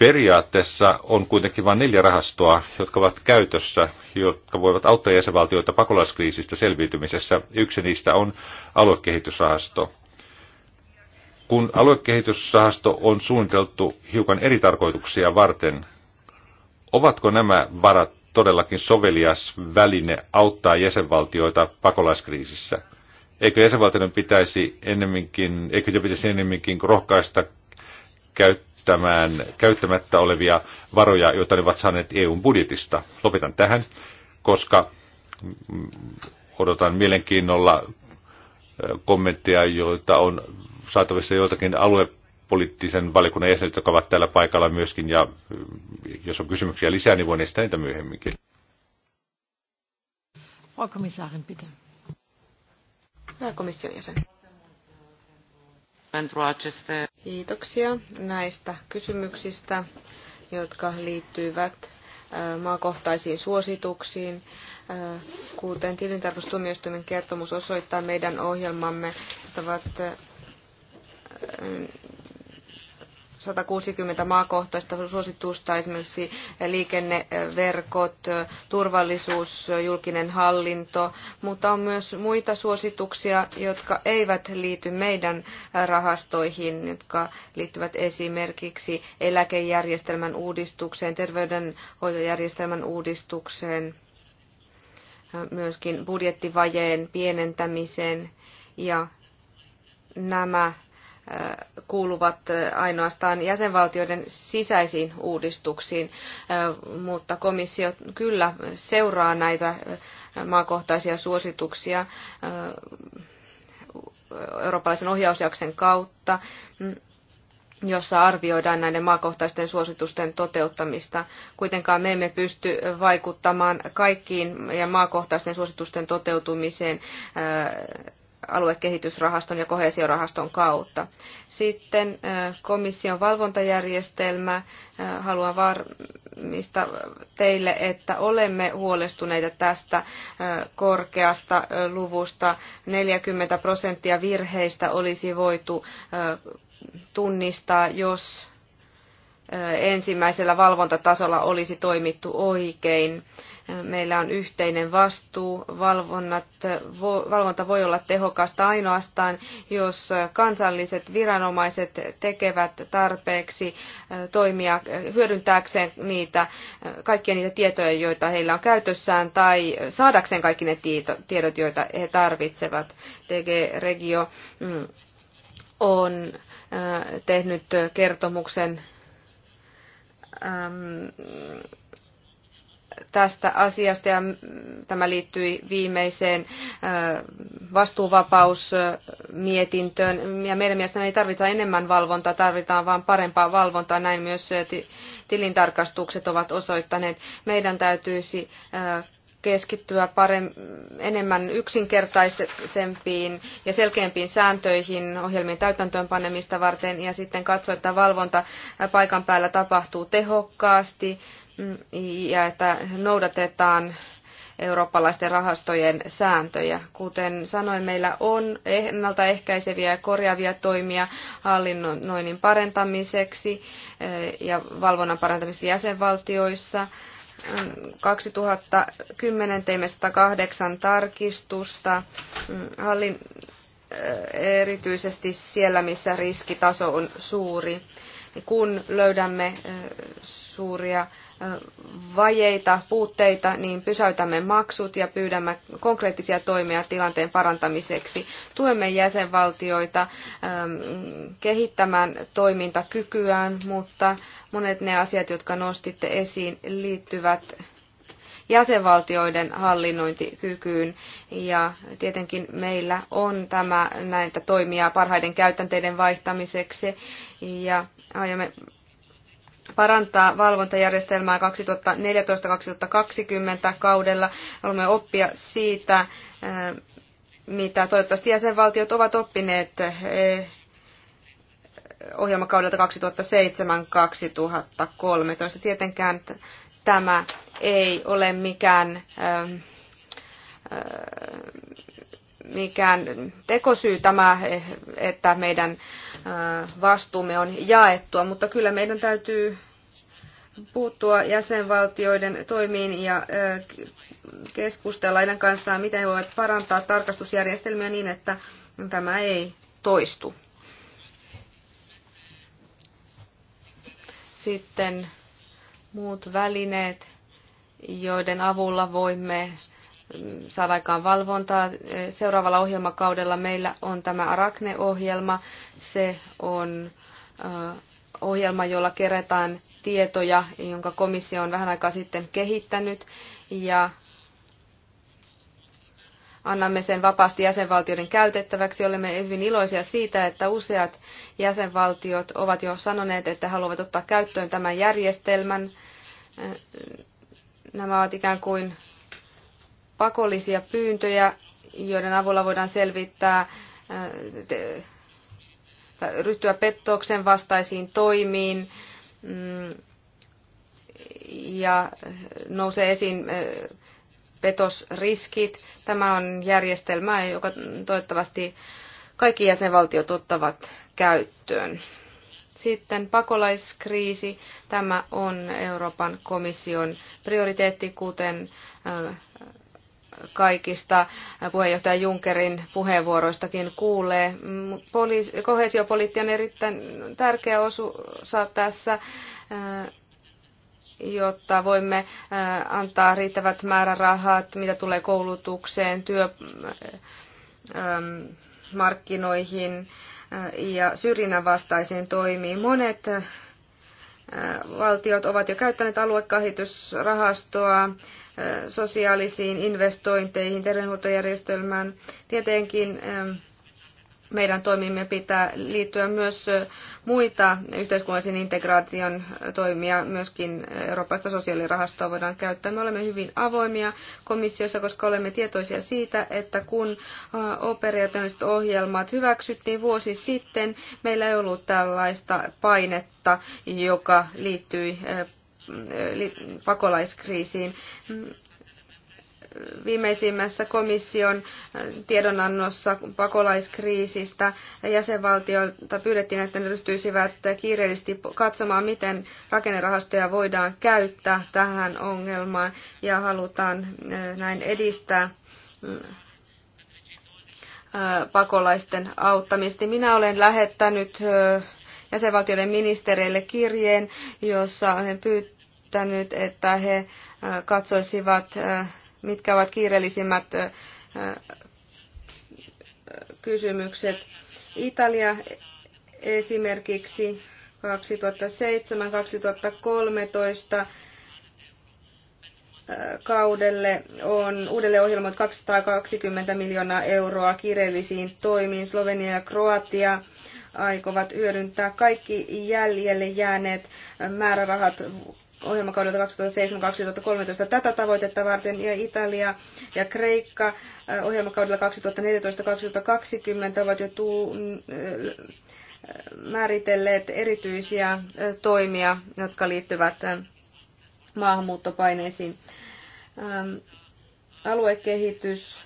Speaker 3: Periaatteessa on kuitenkin vain neljä rahastoa, jotka ovat käytössä, jotka voivat auttaa jäsenvaltioita pakolaiskriisistä selviytymisessä. Yksi niistä on aluekehitysrahasto. Kun aluekehitysrahasto on suunniteltu hiukan eri tarkoituksia varten, ovatko nämä varat todellakin sovelias väline auttaa jäsenvaltioita pakolaiskriisissä? Eikö jäsenvaltioiden pitäisi ennemminkin, eikö pitäisi ennemminkin rohkaista käyttää käyttämään käyttämättä olevia varoja, joita ne ovat saaneet EUn budjetista. Lopetan tähän, koska mm, odotan mielenkiinnolla kommentteja, joita on saatavissa joiltakin aluepoliittisen valikunnan jäseniltä, jotka ovat täällä paikalla myöskin, ja mm, jos on kysymyksiä lisää, niin voin estää niitä myöhemminkin.
Speaker 2: Frau Kommissarin, bitte. Herr Komission jäsen. Kiitoksia näistä kysymyksistä, jotka liittyvät äh, maakohtaisiin suosituksiin. Äh, kuten tilintarkastustuomioistuimen kertomus osoittaa, meidän ohjelmamme ovat äh, 160 maakohtaista suositusta, esimerkiksi liikenneverkot, turvallisuus, julkinen hallinto, mutta on myös muita suosituksia, jotka eivät liity meidän rahastoihin, jotka liittyvät esimerkiksi eläkejärjestelmän uudistukseen, terveydenhoitojärjestelmän uudistukseen, myöskin budjettivajeen pienentämiseen ja nämä kuuluvat ainoastaan jäsenvaltioiden sisäisiin uudistuksiin, mutta komissio kyllä seuraa näitä maakohtaisia suosituksia eurooppalaisen ohjausjaksen kautta, jossa arvioidaan näiden maakohtaisten suositusten toteuttamista. Kuitenkaan me emme pysty vaikuttamaan kaikkiin ja maakohtaisten suositusten toteutumiseen aluekehitysrahaston ja kohesiorahaston kautta. Sitten komission valvontajärjestelmä. Haluan varmistaa teille, että olemme huolestuneita tästä korkeasta luvusta. 40 prosenttia virheistä olisi voitu tunnistaa, jos ensimmäisellä valvontatasolla olisi toimittu oikein. Meillä on yhteinen vastuu. Valvonnat, valvonta voi olla tehokasta ainoastaan, jos kansalliset viranomaiset tekevät tarpeeksi toimia hyödyntääkseen niitä, kaikkia niitä tietoja, joita heillä on käytössään, tai saadakseen kaikki ne tiedot, joita he tarvitsevat. TG Regio mm, on tehnyt kertomuksen tästä asiasta ja tämä liittyi viimeiseen vastuuvapausmietintöön. Ja meidän mielestämme ei tarvita enemmän valvontaa, tarvitaan vain parempaa valvontaa. Näin myös tilintarkastukset ovat osoittaneet. Meidän täytyisi keskittyä parem, enemmän yksinkertaisempiin ja selkeämpiin sääntöihin ohjelmien täytäntöönpanemista varten ja sitten katsoa, että valvonta paikan päällä tapahtuu tehokkaasti ja että noudatetaan eurooppalaisten rahastojen sääntöjä. Kuten sanoin, meillä on ennaltaehkäiseviä ja korjaavia toimia hallinnoinnin parantamiseksi eh, ja valvonnan parantamiseksi jäsenvaltioissa. 2010 teimme 108 tarkistusta mm, hallin, eh, erityisesti siellä, missä riskitaso on suuri. Kun löydämme eh, suuria vajeita, puutteita, niin pysäytämme maksut ja pyydämme konkreettisia toimia tilanteen parantamiseksi. Tuemme jäsenvaltioita ähm, kehittämään toimintakykyään, mutta monet ne asiat, jotka nostitte esiin, liittyvät jäsenvaltioiden hallinnointikykyyn. Ja tietenkin meillä on tämä näitä toimia parhaiden käytänteiden vaihtamiseksi ja aiomme parantaa valvontajärjestelmää 2014-2020 kaudella. Haluamme oppia siitä, eh, mitä toivottavasti jäsenvaltiot ovat oppineet eh, ohjelmakaudelta 2007-2013. Tietenkään tämä ei ole mikään, eh, mikään tekosyy tämä, että meidän vastuumme on jaettua, mutta kyllä meidän täytyy puuttua jäsenvaltioiden toimiin ja keskustella heidän kanssaan, miten he voivat parantaa tarkastusjärjestelmiä niin, että tämä ei toistu. Sitten muut välineet, joiden avulla voimme saada aikaan valvontaa. Seuraavalla ohjelmakaudella meillä on tämä Arakne-ohjelma. Se on ohjelma, jolla kerätään tietoja, jonka komissio on vähän aikaa sitten kehittänyt. Ja annamme sen vapaasti jäsenvaltioiden käytettäväksi. Olemme hyvin iloisia siitä, että useat jäsenvaltiot ovat jo sanoneet, että haluavat ottaa käyttöön tämän järjestelmän. Nämä ovat ikään kuin pakollisia pyyntöjä, joiden avulla voidaan selvittää äh, ryhtyä pettoksen vastaisiin toimiin mm, ja nousee esiin äh, petosriskit. Tämä on järjestelmä, joka toivottavasti kaikki jäsenvaltiot ottavat käyttöön. Sitten pakolaiskriisi. Tämä on Euroopan komission prioriteetti, kuten äh, kaikista puheenjohtaja Junckerin puheenvuoroistakin kuulee. Poliis- kohesiopoliitti on erittäin tärkeä osa tässä, eh, jotta voimme eh, antaa riittävät määrärahat, mitä tulee koulutukseen, työmarkkinoihin eh, ja syrjinnän vastaisiin toimiin. Monet valtiot ovat jo käyttäneet aluekahitusrahastoa sosiaalisiin investointeihin, terveydenhuoltojärjestelmään. Tietenkin meidän toimimme pitää liittyä myös muita yhteiskunnallisen integraation toimia, myöskin Euroopasta sosiaalirahastoa voidaan käyttää. Me olemme hyvin avoimia komissiossa, koska olemme tietoisia siitä, että kun operationaaliset ohjelmat hyväksyttiin vuosi sitten, meillä ei ollut tällaista painetta, joka liittyi pakolaiskriisiin. Viimeisimmässä komission tiedonannossa pakolaiskriisistä jäsenvaltioilta pyydettiin, että ne ryhtyisivät kiireellisesti katsomaan, miten rakennerahastoja voidaan käyttää tähän ongelmaan ja halutaan eh, näin edistää eh, pakolaisten auttamista. Minä olen lähettänyt eh, jäsenvaltioiden ministereille kirjeen, jossa olen pyytänyt esittänyt, että he katsoisivat, mitkä ovat kiireellisimmät kysymykset. Italia esimerkiksi 2007-2013 kaudelle on uudelle ohjelmoit 220 miljoonaa euroa kiireellisiin toimiin. Slovenia ja Kroatia aikovat hyödyntää kaikki jäljelle jääneet määrärahat ohjelmakaudelta 2007-2013 tätä tavoitetta varten ja Italia ja Kreikka äh, ohjelmakaudella 2014-2020 ovat jo tuu, äh, määritelleet erityisiä äh, toimia, jotka liittyvät maahanmuuttopaineisiin. Ähm, aluekehitys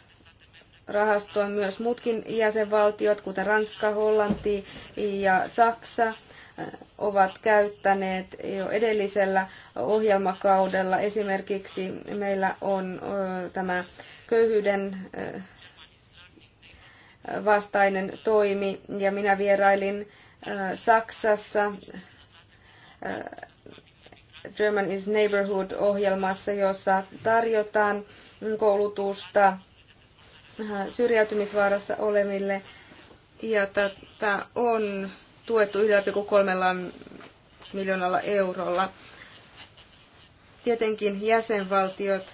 Speaker 2: rahastoon myös muutkin jäsenvaltiot, kuten Ranska, Hollanti ja Saksa ovat käyttäneet jo edellisellä ohjelmakaudella. Esimerkiksi meillä on tämä köyhyyden vastainen toimi ja minä vierailin Saksassa German is Neighborhood-ohjelmassa, jossa tarjotaan koulutusta syrjäytymisvaarassa oleville. Ja tätä tota, on tuettu 1,3 miljoonalla eurolla. Tietenkin jäsenvaltiot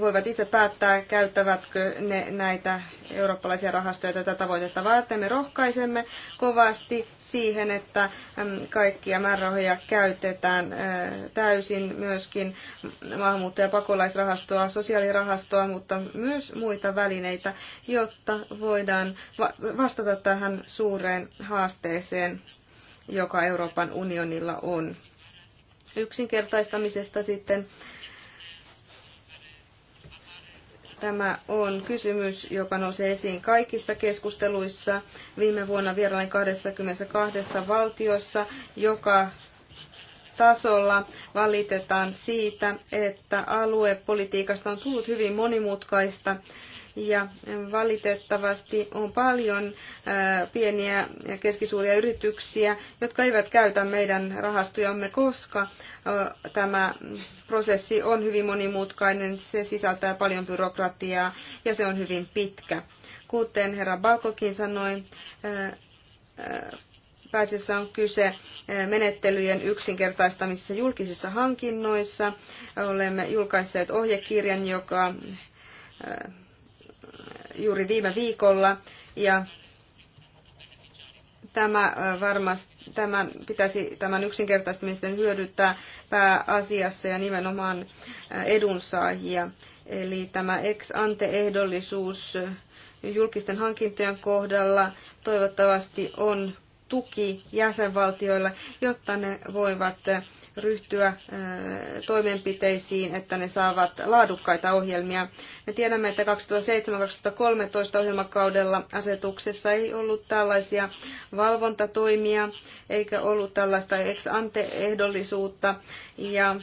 Speaker 2: voivat itse päättää, käyttävätkö ne näitä eurooppalaisia rahastoja tätä tavoitetta varten. Me rohkaisemme kovasti siihen, että kaikkia määrärahoja käytetään täysin myöskin maahanmuutto- ja pakolaisrahastoa, sosiaalirahastoa, mutta myös muita välineitä, jotta voidaan vastata tähän suureen haasteeseen, joka Euroopan unionilla on. Yksinkertaistamisesta sitten Tämä on kysymys, joka nousee esiin kaikissa keskusteluissa. Viime vuonna vierailin 22 valtiossa, joka tasolla valitetaan siitä, että aluepolitiikasta on tullut hyvin monimutkaista ja valitettavasti on paljon pieniä ja keskisuuria yrityksiä, jotka eivät käytä meidän rahastojamme, koska tämä prosessi on hyvin monimutkainen, se sisältää paljon byrokratiaa ja se on hyvin pitkä. Kuten herra Balkokin sanoi, pääasiassa on kyse menettelyjen yksinkertaistamisessa julkisissa hankinnoissa. Olemme julkaisseet ohjekirjan, joka juuri viime viikolla ja tämä äh, varmasti, tämän pitäisi tämän yksinkertaistamisen hyödyttää pääasiassa ja nimenomaan äh, edunsaajia. Eli tämä ex ante ehdollisuus äh, julkisten hankintojen kohdalla toivottavasti on tuki jäsenvaltioilla, jotta ne voivat ryhtyä toimenpiteisiin, että ne saavat laadukkaita ohjelmia. Me tiedämme, että 2007-2013 ohjelmakaudella asetuksessa ei ollut tällaisia valvontatoimia, eikä ollut tällaista ex-ante-ehdollisuutta, ja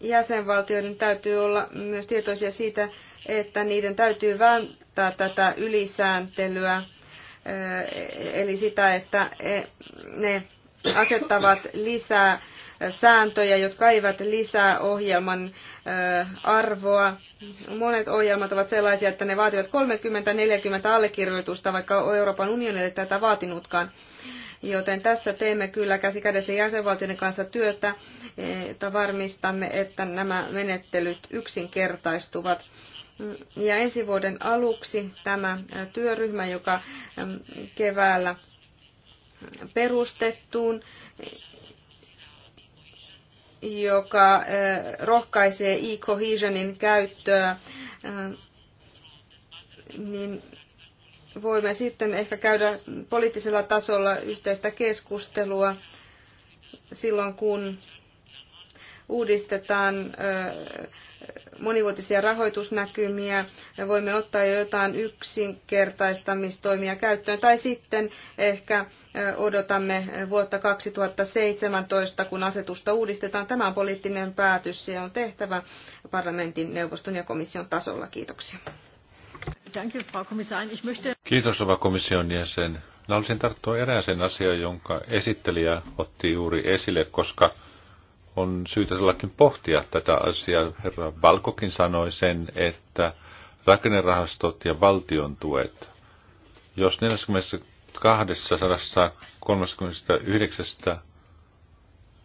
Speaker 2: jäsenvaltioiden täytyy olla myös tietoisia siitä, että niiden täytyy välttää tätä ylisääntelyä, eli sitä, että e, ne asettavat lisää sääntöjä, jotka eivät lisää ohjelman äh, arvoa. Monet ohjelmat ovat sellaisia, että ne vaativat 30-40 allekirjoitusta, vaikka Euroopan unionille tätä vaatinutkaan. Joten tässä teemme kyllä käsi kädessä jäsenvaltioiden kanssa työtä, että varmistamme, että nämä menettelyt yksinkertaistuvat. Ja ensi vuoden aluksi tämä työryhmä, joka ähm, keväällä perustettuun, joka eh, rohkaisee e-cohesionin käyttöä, eh, niin voimme sitten ehkä käydä poliittisella tasolla yhteistä keskustelua silloin, kun uudistetaan eh, monivuotisia rahoitusnäkymiä, ja voimme ottaa jo jotain yksinkertaistamistoimia käyttöön, tai sitten ehkä odotamme vuotta 2017, kun asetusta uudistetaan. Tämä on poliittinen päätös, se on tehtävä parlamentin, neuvoston ja komission tasolla. Kiitoksia.
Speaker 3: Kiitos, rouva komission jäsen. Mä haluaisin tarttua erääseen asiaan, jonka esittelijä otti juuri esille, koska on syytä sellakin pohtia tätä asiaa. Herra Valkokin sanoi sen, että rakennerahastot ja valtion tuet, jos 40 239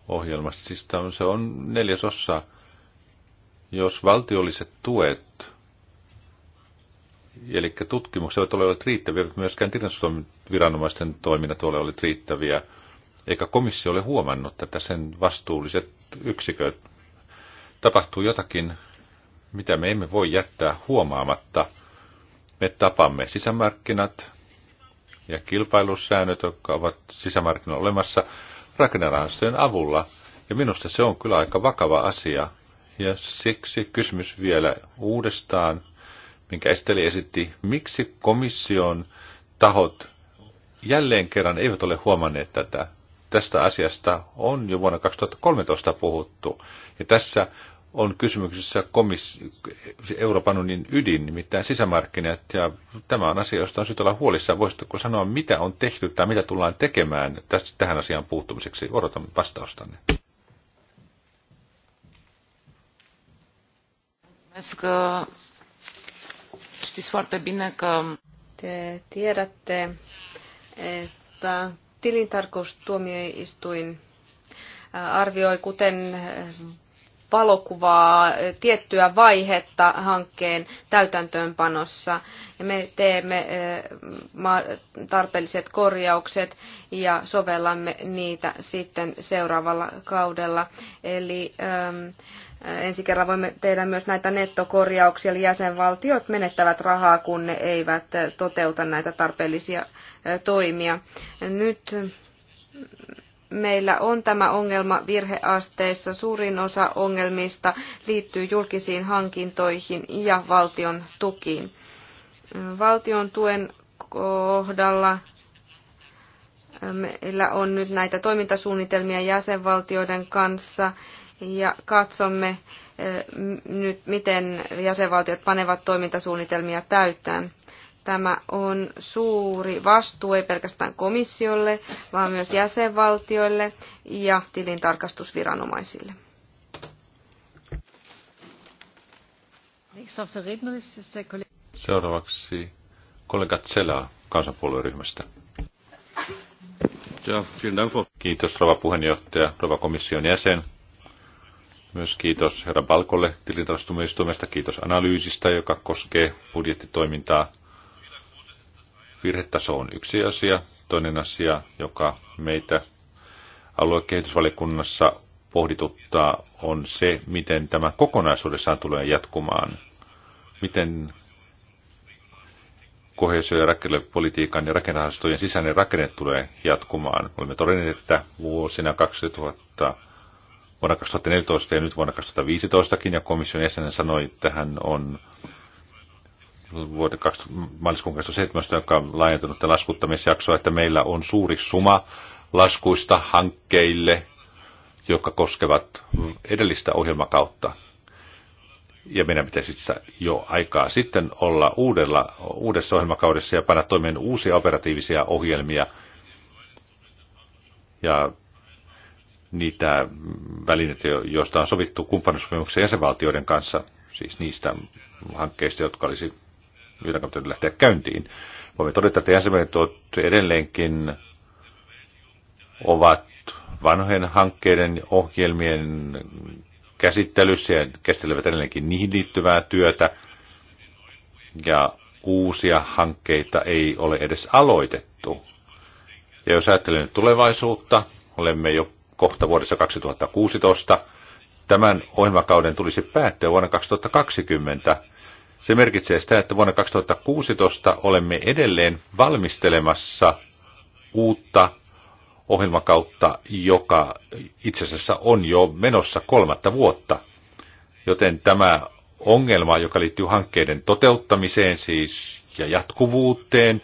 Speaker 3: ohjelmasta, siis se on neljäsossa. Jos valtiolliset tuet, eli tutkimukset eivät ole olleet riittäviä, myöskään viranomaisten toiminnat ole olleet riittäviä, eikä komissio ole huomannut tätä sen vastuulliset yksiköt. Tapahtuu jotakin, mitä me emme voi jättää huomaamatta. Me tapamme sisämarkkinat, ja kilpailussäännöt, jotka ovat sisämarkkinoilla olemassa rakennerahastojen avulla. Ja minusta se on kyllä aika vakava asia. Ja siksi kysymys vielä uudestaan, minkä Esteli esitti, miksi komission tahot jälleen kerran eivät ole huomanneet tätä. Tästä asiasta on jo vuonna 2013 puhuttu. Ja tässä on kysymyksessä komis- Euroopan unionin ydin, nimittäin sisämarkkinat, ja tämä on asia, josta on syytä olla huolissaan. Voisitko sanoa, mitä on tehty tai mitä tullaan tekemään tähän asiaan puuttumiseksi? Odotan vastaustanne.
Speaker 2: Te tiedätte, että tilintarkastustuomioistuin arvioi, kuten valokuvaa tiettyä vaihetta hankkeen täytäntöönpanossa. Ja me teemme eh, tarpeelliset korjaukset ja sovellamme niitä sitten seuraavalla kaudella. Eli ehm, ensi kerralla voimme tehdä myös näitä nettokorjauksia, eli jäsenvaltiot menettävät rahaa, kun ne eivät eh, toteuta näitä tarpeellisia eh, toimia. Nyt meillä on tämä ongelma virheasteissa. Suurin osa ongelmista liittyy julkisiin hankintoihin ja valtion tukiin. Valtion tuen kohdalla meillä on nyt näitä toimintasuunnitelmia jäsenvaltioiden kanssa ja katsomme eh, nyt, miten jäsenvaltiot panevat toimintasuunnitelmia täytään. Tämä on suuri vastuu ei pelkästään komissiolle, vaan myös jäsenvaltioille ja tilintarkastusviranomaisille.
Speaker 3: Seuraavaksi kollega Tsela kansanpuolueryhmästä. Kiitos rouva puheenjohtaja, rouva komission jäsen. Myös kiitos herra Balkolle tilintarkastumistuimesta, kiitos analyysistä, joka koskee budjettitoimintaa Virhetaso on yksi asia. Toinen asia, joka meitä aluekehitysvaliokunnassa pohdituttaa, on se, miten tämä kokonaisuudessaan tulee jatkumaan. Miten kohesio- ja rakennepolitiikan ja rakennahastojen sisäinen rakenne tulee jatkumaan. Olemme todenneet, että vuosina 2000, vuonna 2014 ja nyt vuonna 2015kin, ja komission jäsenen sanoi, että hän on vuoden 20, maaliskuun 2017, joka on laajentunut tämän laskuttamisjaksoa, että meillä on suuri suma laskuista hankkeille, jotka koskevat edellistä ohjelmakautta. Ja meidän pitäisi jo aikaa sitten olla uudella, uudessa ohjelmakaudessa ja panna toimeen uusia operatiivisia ohjelmia. Ja niitä välineitä, joista on sovittu kumppanuussopimuksen jäsenvaltioiden kanssa, siis niistä hankkeista, jotka olisi liidakapteuden lähteä käyntiin. Voimme todeta, että jäsenvaltiot edelleenkin ovat vanhojen hankkeiden ohjelmien käsittelyssä ja käsittelevät edelleenkin niihin liittyvää työtä. Ja uusia hankkeita ei ole edes aloitettu. Ja jos ajattelen tulevaisuutta, olemme jo kohta vuodessa 2016. Tämän ohjelmakauden tulisi päättyä vuonna 2020. Se merkitsee sitä, että vuonna 2016 olemme edelleen valmistelemassa uutta ohjelmakautta, joka itse asiassa on jo menossa kolmatta vuotta. Joten tämä ongelma, joka liittyy hankkeiden toteuttamiseen siis ja jatkuvuuteen,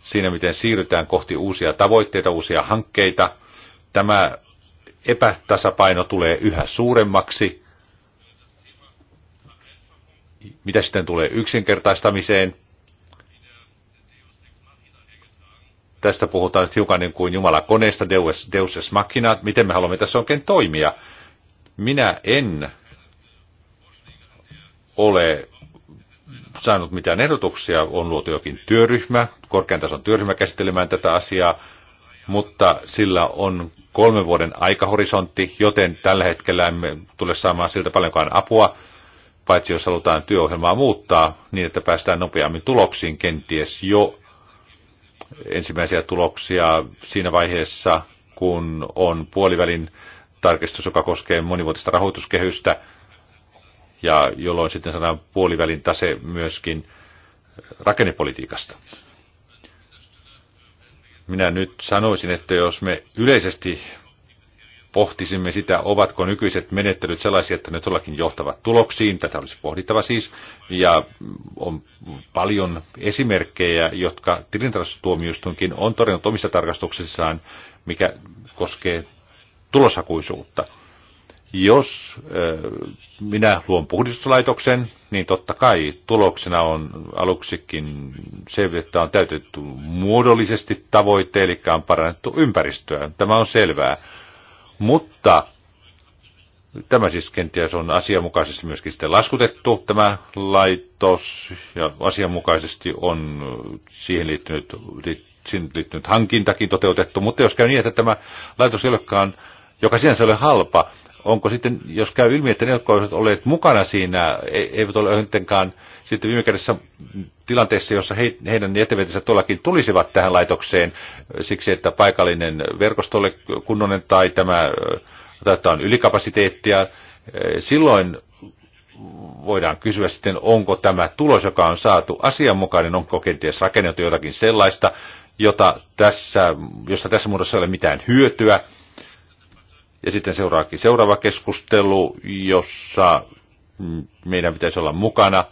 Speaker 3: siinä miten siirrytään kohti uusia tavoitteita, uusia hankkeita, tämä epätasapaino tulee yhä suuremmaksi mitä sitten tulee yksinkertaistamiseen? Tästä puhutaan nyt hiukan niin kuin Jumala koneesta, Deus, Deus es machina. Miten me haluamme tässä oikein toimia? Minä en ole saanut mitään ehdotuksia. On luotu jokin työryhmä, korkean tason työryhmä käsittelemään tätä asiaa, mutta sillä on kolmen vuoden aikahorisontti, joten tällä hetkellä emme tule saamaan siltä paljonkaan apua paitsi jos halutaan työohjelmaa muuttaa niin, että päästään nopeammin tuloksiin, kenties jo ensimmäisiä tuloksia siinä vaiheessa, kun on puolivälin tarkistus, joka koskee monivuotista rahoituskehystä, ja jolloin sitten saadaan puolivälin tase myöskin rakennepolitiikasta. Minä nyt sanoisin, että jos me yleisesti pohtisimme sitä, ovatko nykyiset menettelyt sellaisia, että ne todellakin johtavat tuloksiin. Tätä olisi pohdittava siis. Ja on paljon esimerkkejä, jotka tilintarkastustuomioistuinkin on todennut omissa tarkastuksissaan, mikä koskee tuloshakuisuutta. Jos minä luon puhdistuslaitoksen, niin totta kai tuloksena on aluksikin se, että on täytetty muodollisesti tavoite, eli on parannettu ympäristöä. Tämä on selvää mutta tämä siis kenties on asianmukaisesti myöskin sitten laskutettu tämä laitos ja asianmukaisesti on siihen liittynyt, siihen liittynyt hankintakin toteutettu. Mutta jos käy niin, että tämä laitos ei olekaan, joka sinänsä ole halpa, onko sitten, jos käy ilmi, että ne, jotka olivat olleet mukana siinä, e, eivät ole yhdenkään sitten viime kädessä tilanteessa, jossa he, heidän jätevetensä tuollakin tulisivat tähän laitokseen siksi, että paikallinen verkosto oli kunnollinen tai tämä, tai tämä on ylikapasiteettia, silloin voidaan kysyä sitten, onko tämä tulos, joka on saatu asianmukainen, onko kenties rakennettu jotakin sellaista, jota tässä, josta tässä muodossa ei ole mitään hyötyä, ja sitten seuraakin seuraava keskustelu, jossa mm, meidän pitäisi olla mukana.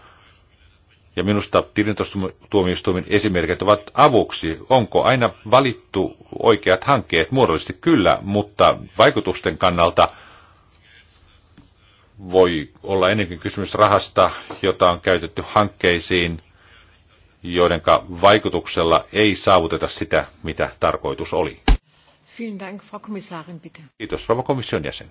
Speaker 3: Ja minusta tilintostuomioistuimen esimerkit ovat avuksi. Onko aina valittu oikeat hankkeet? Muodollisesti kyllä, mutta vaikutusten kannalta voi olla ennenkin kysymys rahasta, jota on käytetty hankkeisiin, joidenka vaikutuksella ei saavuteta sitä, mitä tarkoitus oli.
Speaker 1: Vielen Dank, Frau Kommissarin, bitte.
Speaker 3: Kiitos, rouva komission jäsen.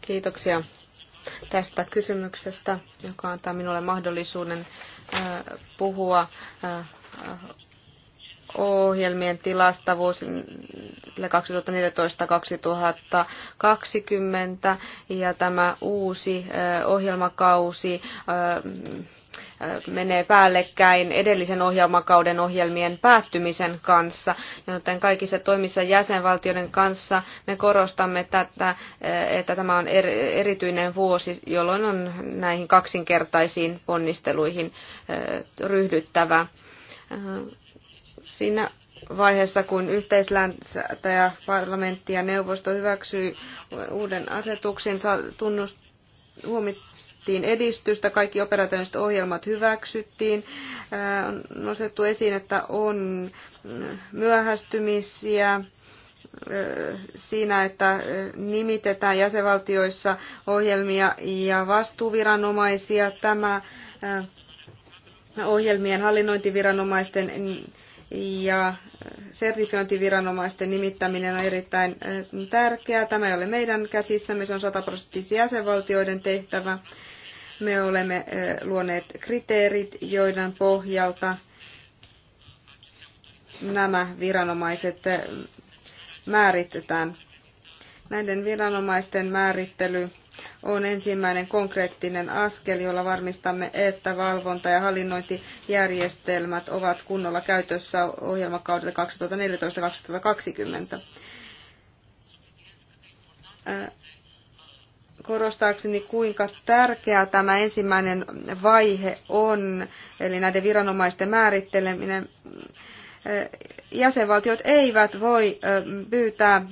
Speaker 2: Kiitoksia tästä kysymyksestä, joka antaa minulle mahdollisuuden puhua ohjelmien tilastavuus 2014-2020 ja tämä uusi ohjelmakausi menee päällekkäin edellisen ohjelmakauden ohjelmien päättymisen kanssa, joten kaikissa toimissa jäsenvaltioiden kanssa me korostamme tätä, että tämä on erityinen vuosi, jolloin on näihin kaksinkertaisiin ponnisteluihin ryhdyttävä. Siinä vaiheessa, kun yhteisläntäjä parlamentti ja neuvosto hyväksyy uuden asetuksen, tunnust, huomit, saavutettiin edistystä, kaikki operatiiviset ohjelmat hyväksyttiin. On nostettu esiin, että on myöhästymisiä siinä, että nimitetään jäsenvaltioissa ohjelmia ja vastuuviranomaisia. Tämä ohjelmien hallinnointiviranomaisten ja sertifiointiviranomaisten nimittäminen on erittäin tärkeää. Tämä ei ole meidän käsissämme, se on sataprosenttisesti jäsenvaltioiden tehtävä. Me olemme luoneet kriteerit, joiden pohjalta nämä viranomaiset määritetään. Näiden viranomaisten määrittely on ensimmäinen konkreettinen askel, jolla varmistamme, että valvonta- ja hallinnointijärjestelmät ovat kunnolla käytössä ohjelmakaudelle 2014-2020 korostaakseni, kuinka tärkeää tämä ensimmäinen vaihe on, eli näiden viranomaisten määritteleminen. Jäsenvaltiot eivät voi pyytää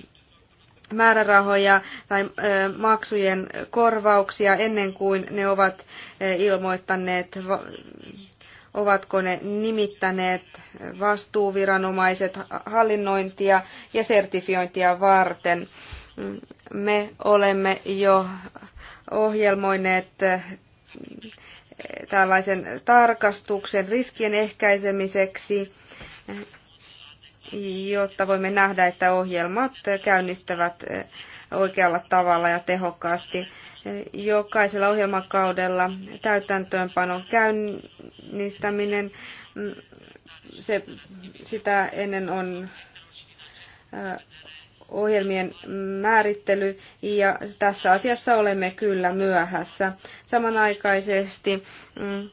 Speaker 2: määrärahoja tai maksujen korvauksia ennen kuin ne ovat ilmoittaneet, ovatko ne nimittäneet vastuuviranomaiset hallinnointia ja sertifiointia varten. Me olemme jo ohjelmoineet eh, tällaisen tarkastuksen riskien ehkäisemiseksi, jotta voimme nähdä, että ohjelmat käynnistävät eh, oikealla tavalla ja tehokkaasti. Jokaisella ohjelmakaudella täytäntöönpanon käynnistäminen, mm, se, sitä ennen on eh, ohjelmien määrittely ja tässä asiassa olemme kyllä myöhässä. Samanaikaisesti mm,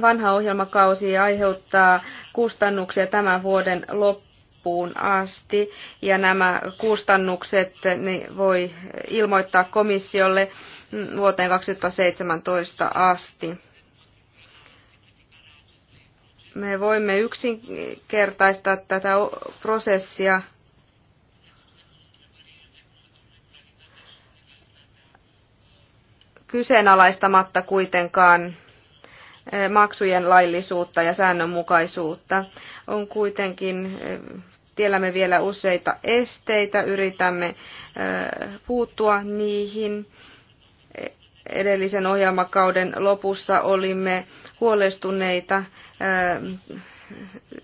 Speaker 2: vanha ohjelmakausi aiheuttaa kustannuksia tämän vuoden loppuun asti ja nämä kustannukset niin voi ilmoittaa komissiolle mm, vuoteen 2017 asti me voimme yksinkertaistaa tätä prosessia kyseenalaistamatta kuitenkaan eh, maksujen laillisuutta ja säännönmukaisuutta. On kuitenkin eh, tiellämme vielä useita esteitä, yritämme eh, puuttua niihin. Edellisen ohjelmakauden lopussa olimme huolestuneita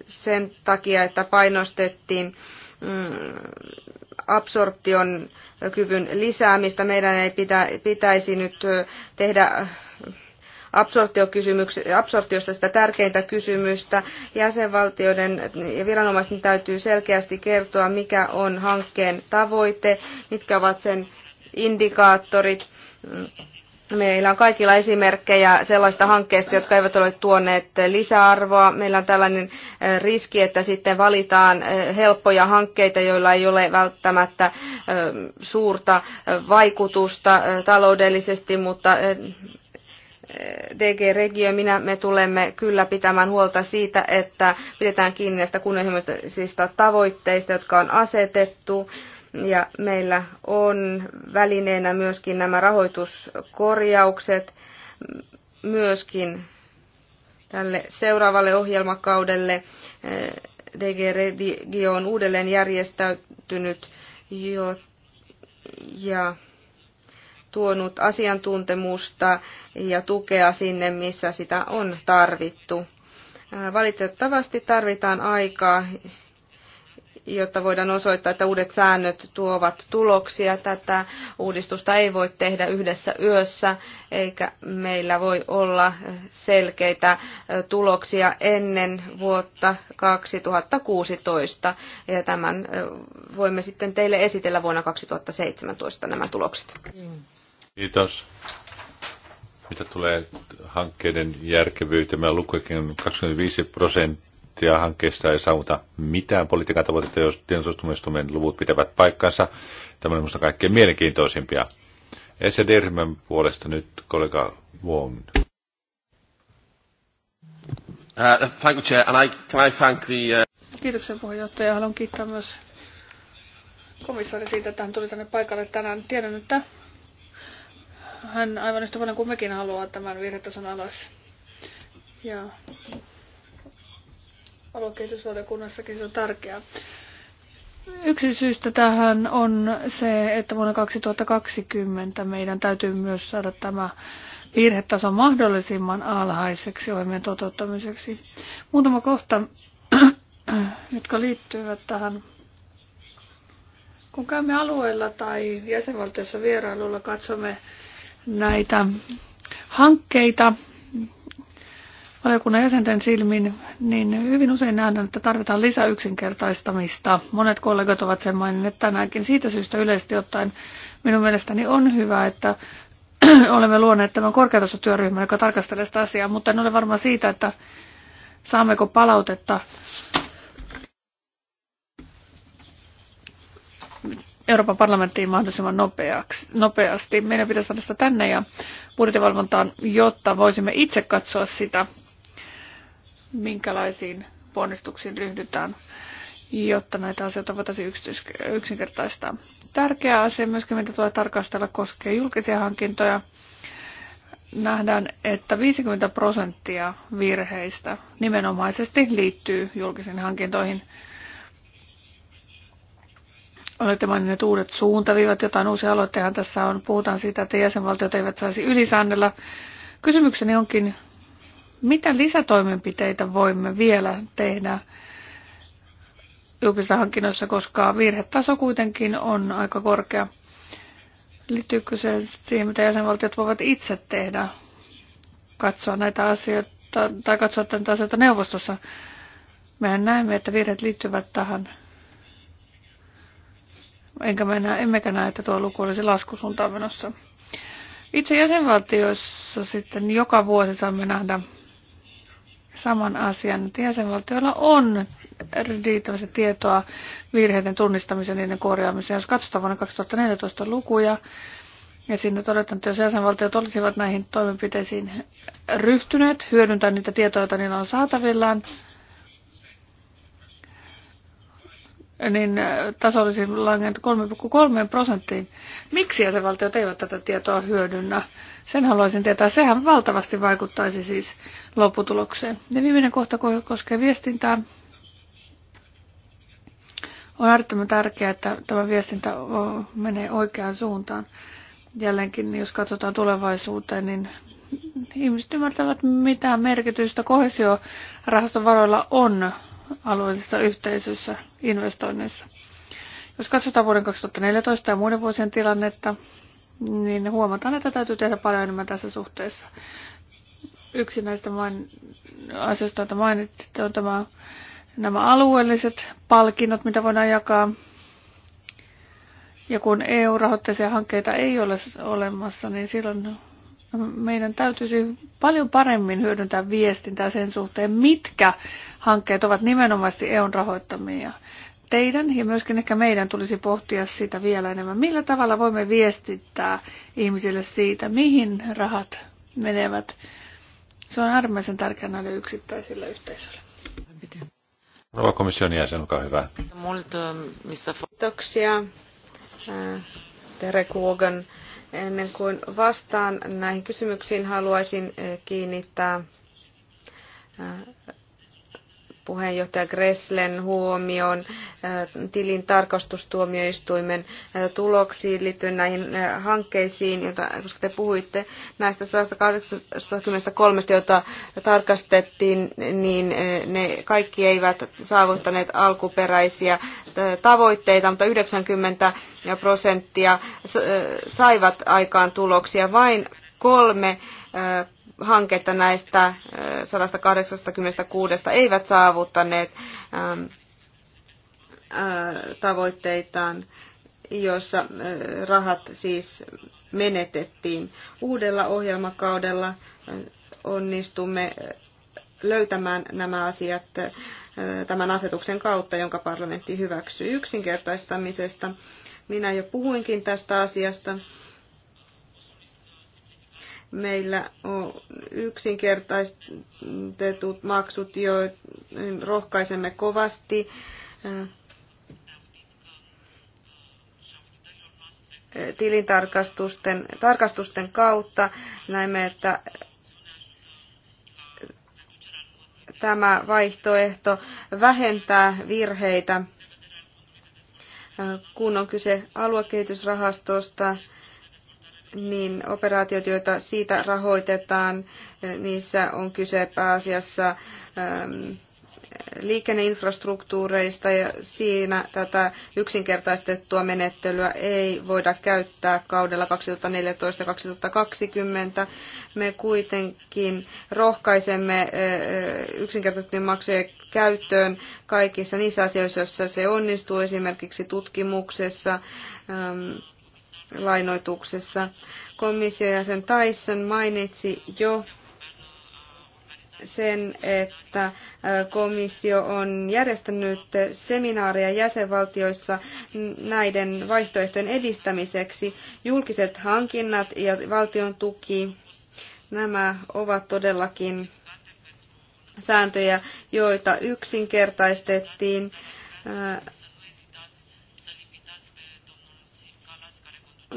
Speaker 2: sen takia, että painostettiin mm, absorption kyvyn lisäämistä. Meidän ei pitä, pitäisi nyt tehdä absorptiosta sitä tärkeintä kysymystä. Jäsenvaltioiden ja viranomaisten täytyy selkeästi kertoa, mikä on hankkeen tavoite, mitkä ovat sen indikaattorit mm. Meillä on kaikilla esimerkkejä sellaista hankkeista, jotka eivät ole tuoneet lisäarvoa. Meillä on tällainen eh, riski, että sitten valitaan eh, helppoja hankkeita, joilla ei ole välttämättä eh, suurta vaikutusta taloudellisesti, mutta DG Regio, minä me tulemme kyllä pitämään huolta siitä, että pidetään kiinni näistä kunnianhimoisista tavoitteista, jotka on asetettu. Ja meillä on välineenä myöskin nämä rahoituskorjaukset myöskin tälle seuraavalle ohjelmakaudelle. DG Regio on uudelleen järjestäytynyt jo, ja tuonut asiantuntemusta ja tukea sinne, missä sitä on tarvittu. Valitettavasti tarvitaan aikaa, jotta voidaan osoittaa, että uudet säännöt tuovat tuloksia. Tätä uudistusta ei voi tehdä yhdessä yössä, eikä meillä voi olla selkeitä tuloksia ennen vuotta 2016. Ja tämän voimme sitten teille esitellä vuonna 2017 nämä
Speaker 3: tulokset. Kiitos. Mitä tulee hankkeiden järkevyyteen, mä lukuikin 25 prosenttia prosenttia hankkeista ei saavuta mitään politiikan tavoitetta, jos tietosuostumistumien luvut pitävät paikkansa. Tämä on minusta kaikkein mielenkiintoisimpia. SED-ryhmän puolesta nyt kollega Wong. Kiitoksen uh, thank you, Chair. can I thank the,
Speaker 1: uh, puheenjohtaja. Haluan kiittää myös komissaari siitä, että hän tuli tänne paikalle tänään. Tiedän, että hän aivan yhtä paljon kuin mekin haluaa tämän virhetason alas. Ja aluekehitysvaliokunnassakin se on tärkeää. Yksi syystä tähän on se, että vuonna 2020 meidän täytyy myös saada tämä virhetaso mahdollisimman alhaiseksi ohjelmien toteuttamiseksi. Muutama kohta, jotka liittyvät tähän. Kun käymme alueella tai jäsenvaltiossa vierailulla, katsomme näitä hankkeita, valiokunnan jäsenten silmin, niin hyvin usein nähdään, että tarvitaan lisää yksinkertaistamista. Monet kollegat ovat sen maininneet tänäänkin. Siitä syystä yleisesti ottaen minun mielestäni on hyvä, että olemme luoneet tämän korkeatasotyöryhmän, joka tarkastelee sitä asiaa, mutta en ole varma siitä, että saammeko palautetta Euroopan parlamenttiin mahdollisimman nopeaksi, nopeasti. Meidän pitäisi saada sitä tänne ja budjettivalvontaan, jotta voisimme itse katsoa sitä, minkälaisiin ponnistuksiin ryhdytään, jotta näitä asioita voitaisiin yksinkertaistaa. Tärkeä asia myöskin, mitä tulee tarkastella, koskee julkisia hankintoja. Nähdään, että 50 prosenttia virheistä nimenomaisesti liittyy julkisiin hankintoihin. Olette maininneet uudet suuntaviivat, jotain uusia aloitteja tässä on. Puhutaan siitä, että jäsenvaltiot eivät saisi ylisäännellä. Kysymykseni onkin, mitä lisätoimenpiteitä voimme vielä tehdä julkisissa hankinnoissa, koska virhetaso kuitenkin on aika korkea? Liittyykö se siihen, mitä jäsenvaltiot voivat itse tehdä, katsoa näitä asioita tai katsoa tätä asioita neuvostossa? Mehän näemme, että virheet liittyvät tähän. Enkä me näe, emmekä näe, että tuo luku olisi laskusuuntaan menossa. Itse jäsenvaltioissa sitten joka vuosi saamme nähdä saman asian, että jäsenvaltioilla on riittävästi tietoa virheiden tunnistamiseen ja niiden korjaamiseen. Jos katsotaan vuonna 2014 lukuja, ja siinä todetaan, että jos jäsenvaltiot olisivat näihin toimenpiteisiin ryhtyneet, hyödyntää niitä tietoja, joita niillä on saatavillaan, niin äh, taso olisi langennut 3,3 prosenttiin. Miksi jäsenvaltiot eivät tätä tietoa hyödynnä? Sen haluaisin tietää. Sehän valtavasti vaikuttaisi siis lopputulokseen. Ja viimeinen kohta koskee viestintää. On äärettömän tärkeää, että tämä viestintä menee oikeaan suuntaan. Jälleenkin, jos katsotaan tulevaisuuteen, niin ihmiset ymmärtävät, mitä merkitystä kohesiorahaston varoilla on alueellisissa yhteisöissä investoinneissa. Jos katsotaan vuoden 2014 ja muiden vuosien tilannetta, niin huomataan, että täytyy tehdä paljon enemmän tässä suhteessa. Yksi näistä main, asioista, joita mainitsitte, on tämä, nämä alueelliset palkinnot, mitä voidaan jakaa. Ja kun EU-rahoitteisia hankkeita ei ole olemassa, niin silloin meidän täytyisi paljon paremmin hyödyntää viestintää sen suhteen, mitkä hankkeet ovat nimenomaisesti EUn rahoittamia. Teidän ja myöskin ehkä meidän tulisi pohtia sitä vielä enemmän. Millä tavalla voimme viestittää ihmisille siitä, mihin rahat menevät? Se on äärimmäisen tärkeää näille yksittäisille yhteisöille.
Speaker 3: Rova komission jäsen, olkaa hyvä.
Speaker 1: Kiitoksia. Tere Kuogan
Speaker 2: Ennen kuin vastaan näihin kysymyksiin, haluaisin eh, kiinnittää eh, puheenjohtaja Gresslen huomioon äh, tilin tarkastustuomioistuimen äh, tuloksiin liittyen näihin äh, hankkeisiin, joita, koska te puhuitte näistä 183, joita tarkastettiin, niin ne kaikki eivät saavuttaneet alkuperäisiä tavoitteita, mutta 90 prosenttia saivat aikaan tuloksia. Vain kolme hanketta näistä 186 äh, eivät saavuttaneet ähm, äh, tavoitteitaan, joissa äh, rahat siis menetettiin. Uudella ohjelmakaudella onnistumme löytämään nämä asiat tämän asetuksen kautta, jonka parlamentti hyväksyy yksinkertaistamisesta. Minä jo puhuinkin tästä asiasta. Meillä on yksinkertaistetut maksut, joihin rohkaisemme kovasti. tilintarkastusten tarkastusten kautta näemme, että tämä vaihtoehto vähentää virheitä, kun on kyse aluekehitysrahastosta niin operaatiot, joita siitä rahoitetaan, niissä on kyse pääasiassa liikenneinfrastruktuureista ja siinä tätä yksinkertaistettua menettelyä ei voida käyttää kaudella 2014-2020. Me kuitenkin rohkaisemme yksinkertaistettujen maksujen käyttöön kaikissa niissä asioissa, joissa se onnistuu, esimerkiksi tutkimuksessa, lainoituksessa. komissiojäsen ja Tyson mainitsi jo sen, että komissio on järjestänyt seminaaria jäsenvaltioissa näiden vaihtoehtojen edistämiseksi. Julkiset hankinnat ja valtion tuki, nämä ovat todellakin sääntöjä, joita yksinkertaistettiin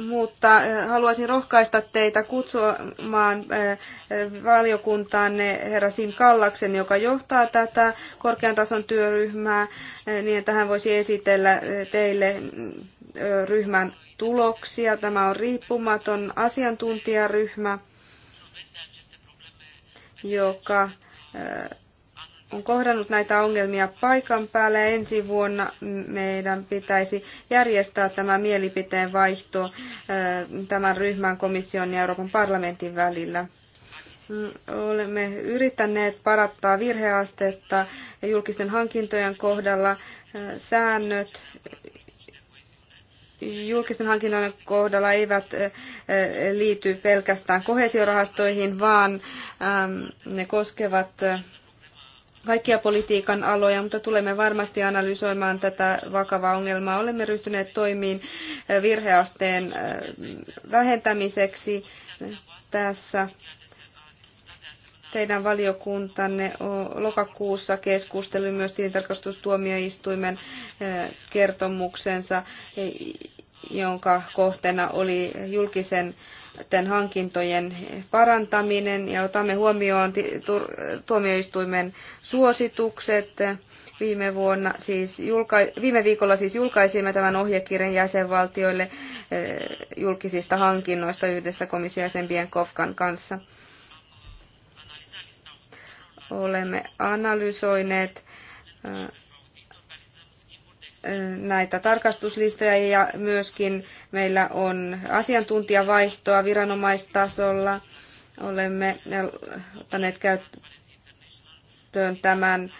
Speaker 2: mutta haluaisin rohkaista teitä kutsumaan valiokuntaanne herra Sim Kallaksen, joka johtaa tätä korkean tason työryhmää, niin että hän voisi esitellä teille ryhmän tuloksia. Tämä on riippumaton asiantuntijaryhmä, joka on kohdannut näitä ongelmia paikan päällä. Ensi vuonna meidän pitäisi järjestää tämä mielipiteen vaihto tämän ryhmän komission ja Euroopan parlamentin välillä. Mm, olemme yrittäneet parattaa virheastetta julkisten hankintojen kohdalla säännöt, julkisten hankintojen kohdalla eivät liity pelkästään kohesiorahastoihin, vaan ne koskevat kaikkia politiikan aloja, mutta tulemme varmasti analysoimaan tätä vakavaa ongelmaa. Olemme ryhtyneet toimiin eh, virheasteen eh, vähentämiseksi tässä teidän valiokuntanne lokakuussa keskusteli myös tilintarkastustuomioistuimen eh, kertomuksensa, jonka kohteena oli julkisen hankintojen parantaminen ja otamme huomioon tuomioistuimen suositukset. Viime, vuonna, siis julka- viime viikolla siis julkaisimme tämän ohjekirjan jäsenvaltioille eh, julkisista hankinnoista yhdessä komissiojäsen Kofkan kanssa. Olemme analysoineet eh, näitä tarkastuslistoja ja myöskin meillä on asiantuntijavaihtoa viranomaistasolla. Olemme ottaneet käyttöön tämän äh,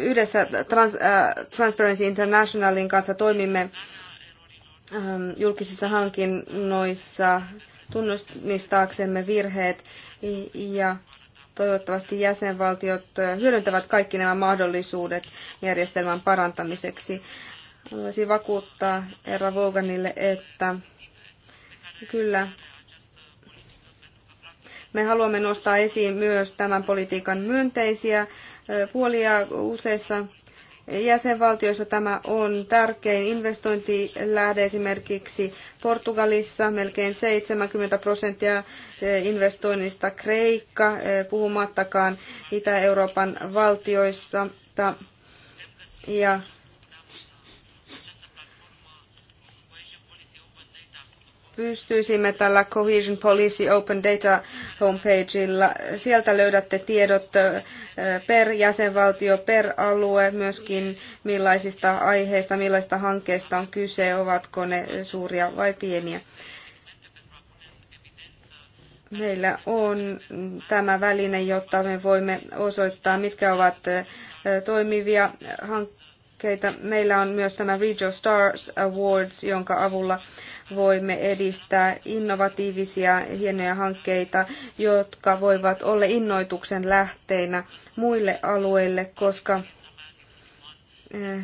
Speaker 2: yhdessä Trans, äh, Transparency Internationalin kanssa toimimme ähm, julkisissa hankinnoissa tunnistaaksemme virheet ja Toivottavasti jäsenvaltiot hyödyntävät kaikki nämä mahdollisuudet järjestelmän parantamiseksi. Haluaisin vakuuttaa herra Voganille, että kyllä me haluamme nostaa esiin myös tämän politiikan myönteisiä puolia useissa jäsenvaltioissa tämä on tärkein investointilähde esimerkiksi Portugalissa melkein 70 prosenttia eh, investoinnista Kreikka, eh, puhumattakaan Itä-Euroopan valtioista. Ja pystyisimme tällä Cohesion Policy Open Data homepageilla. Sieltä löydätte tiedot per jäsenvaltio, per alue, myöskin millaisista aiheista, millaisista hankkeista on kyse, ovatko ne suuria vai pieniä. Meillä on tämä väline, jotta me voimme osoittaa, mitkä ovat toimivia hankkeita. Meillä on myös tämä Regional Stars Awards, jonka avulla voimme edistää innovatiivisia hienoja hankkeita, jotka voivat olla innoituksen lähteinä muille alueille, koska eh,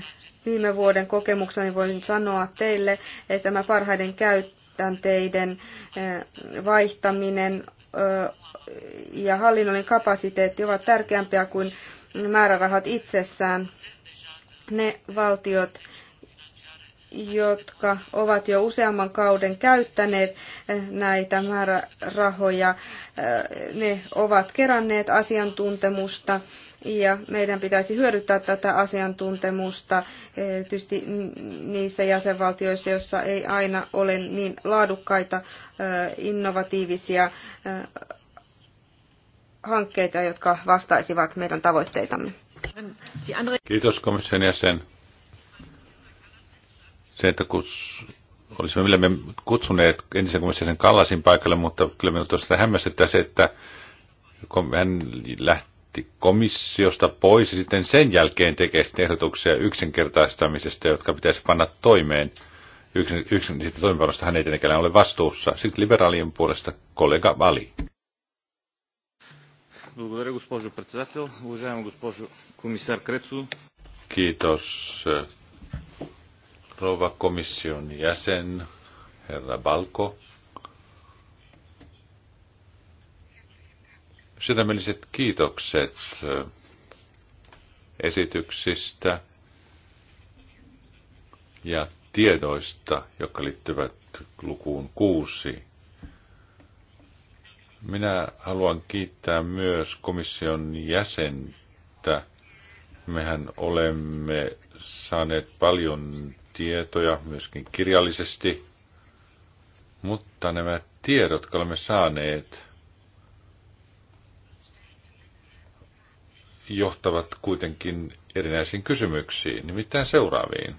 Speaker 2: viime vuoden kokemukseni voin sanoa teille, että tämä parhaiden käytänteiden eh, vaihtaminen eh, ja hallinnollinen kapasiteetti ovat tärkeämpiä kuin määrärahat itsessään. Ne valtiot, jotka ovat jo useamman kauden käyttäneet eh, näitä määrärahoja. Eh, ne ovat keränneet asiantuntemusta ja meidän pitäisi hyödyttää tätä asiantuntemusta tietysti niissä jäsenvaltioissa, joissa ei aina ole niin laadukkaita, eh, innovatiivisia hankkeita, jotka vastaisivat meidän tavoitteitamme.
Speaker 3: Kiitos komission jäsen se, että kun olisimme millä me kutsuneet entisen komission Kallasin paikalle, mutta kyllä minulla tuosta hämmästyttää se, että kun hän lähti komissiosta pois ja sitten sen jälkeen tekee sitten ehdotuksia yksinkertaistamisesta, jotka pitäisi panna toimeen. Yksin, yksin sitten toimivallasta hän ei tietenkään ole vastuussa. Sitten liberaalien puolesta kollega Vali. Благодаря, госпожо председател. Kiitos rouva komission jäsen, herra Balko. Sydämelliset kiitokset äh, esityksistä ja tiedoista, jotka liittyvät lukuun kuusi. Minä haluan kiittää myös komission jäsentä. Mehän olemme saaneet paljon tietoja myöskin kirjallisesti, mutta nämä tiedot, jotka olemme saaneet, johtavat kuitenkin erinäisiin kysymyksiin, nimittäin seuraaviin.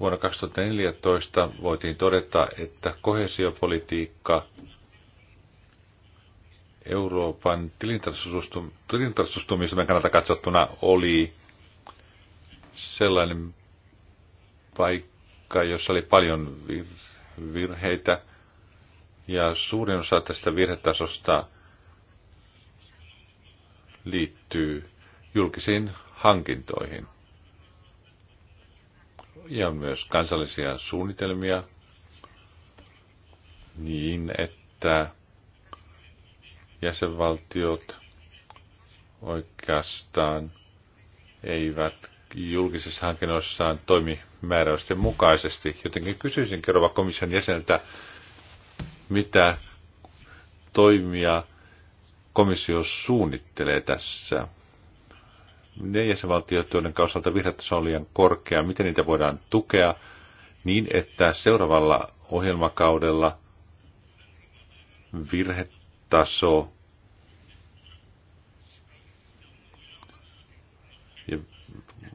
Speaker 3: Vuonna 2014 voitiin todeta, että kohesiopolitiikka Euroopan tilintarkastustuomioistuimen kannalta katsottuna oli sellainen paikka, jossa oli paljon virheitä. Ja suurin osa tästä virhetasosta liittyy julkisiin hankintoihin. Ja myös kansallisia suunnitelmia niin, että jäsenvaltiot oikeastaan eivät julkisissa hankinnoissaan toimi määräysten mukaisesti. Jotenkin kysyisin kerrova komission jäseneltä, mitä toimia komissio suunnittelee tässä? Ne jäsenvaltiot, joiden osalta virhetaso on liian korkea, miten niitä voidaan tukea niin, että seuraavalla ohjelmakaudella virhetaso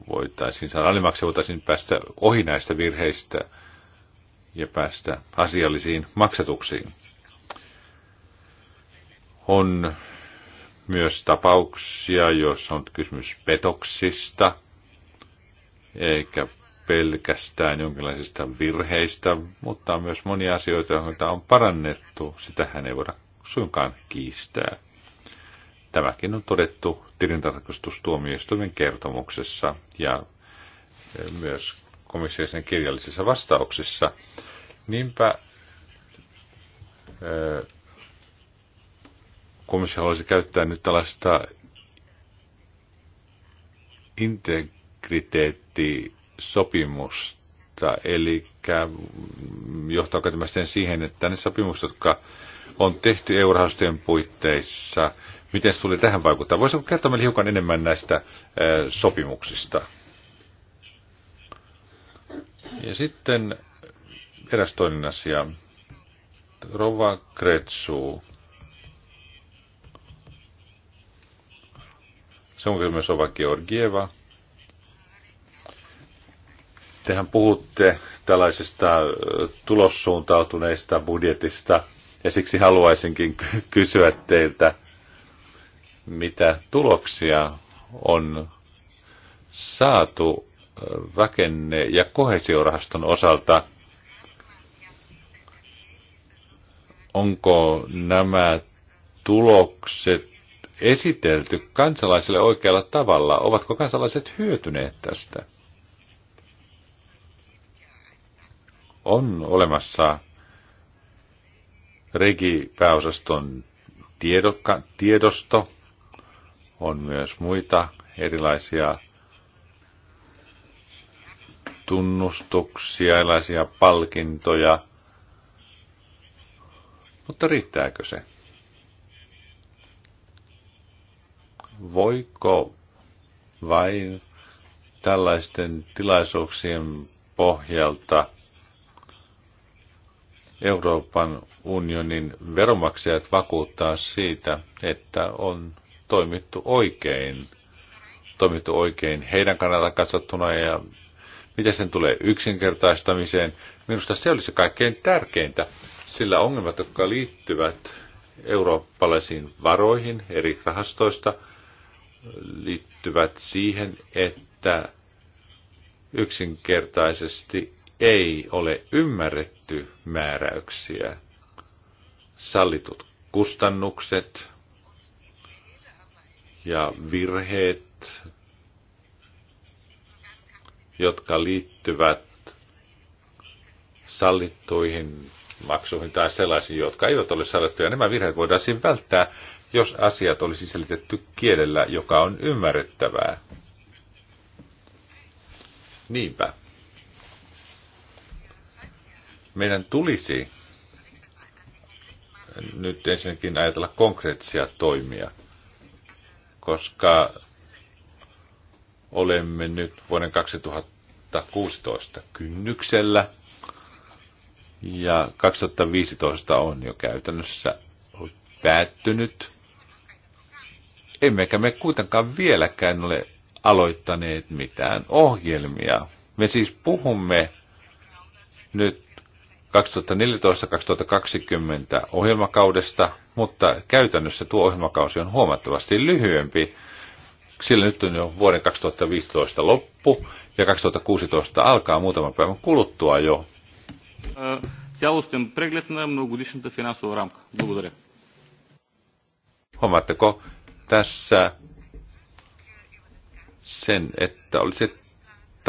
Speaker 3: voitaisiin saada alimmaksi, voitaisiin päästä ohi näistä virheistä ja päästä asiallisiin maksatuksiin. On myös tapauksia, joissa on kysymys petoksista, eikä pelkästään jonkinlaisista virheistä, mutta on myös monia asioita, joita on parannettu. Sitähän ei voida suinkaan kiistää. Tämäkin on todettu tilintarkastustuomioistuimen kertomuksessa ja eh, myös komissiosen kirjallisissa vastauksissa. Niinpä eh, komissio haluaisi käyttää nyt tällaista integriteettisopimusta, eli johtaako tämä siihen, että ne sopimukset, jotka on tehty eurorahastojen puitteissa, Miten se tuli tähän vaikuttaa? Voisiko kertoa meille hiukan enemmän näistä äh, sopimuksista? Ja sitten eräs toinen asia. Rova Kretsu. Se on myös Ova Georgieva. Tehän puhutte tällaisista äh, tulossuuntautuneista budjetista, ja siksi haluaisinkin kysyä teiltä – mitä tuloksia on saatu äh, rakenne- ja kohesiorahaston osalta. Onko nämä tulokset esitelty kansalaisille oikealla tavalla? Ovatko kansalaiset hyötyneet tästä? On olemassa regi-pääosaston tiedosto, on myös muita erilaisia tunnustuksia, erilaisia palkintoja. Mutta riittääkö se? Voiko vain tällaisten tilaisuuksien pohjalta Euroopan unionin veromaksajat vakuuttaa siitä, että on toimittu oikein, toimittu oikein heidän kannalta katsottuna ja mitä sen tulee yksinkertaistamiseen. Minusta se olisi kaikkein tärkeintä, sillä ongelmat, jotka liittyvät eurooppalaisiin varoihin eri rahastoista, liittyvät siihen, että yksinkertaisesti ei ole ymmärretty määräyksiä. Sallitut kustannukset, ja virheet, jotka liittyvät sallittuihin maksuihin tai sellaisiin, jotka eivät ole sallittuja. Nämä virheet voidaan siinä välttää, jos asiat olisi selitetty kielellä, joka on ymmärrettävää. Niinpä. Meidän tulisi nyt ensinnäkin ajatella konkreettisia toimia koska olemme nyt vuoden 2016 kynnyksellä ja 2015 on jo käytännössä päättynyt. Emmekä me kuitenkaan vieläkään ole aloittaneet mitään ohjelmia. Me siis puhumme nyt 2014-2020 ohjelmakaudesta, mutta käytännössä tuo ohjelmakausi on huomattavasti lyhyempi, sillä nyt on jo vuoden 2015 loppu ja 2016 alkaa muutaman päivän kuluttua jo. Äh, Huomaatteko tässä sen, että olisi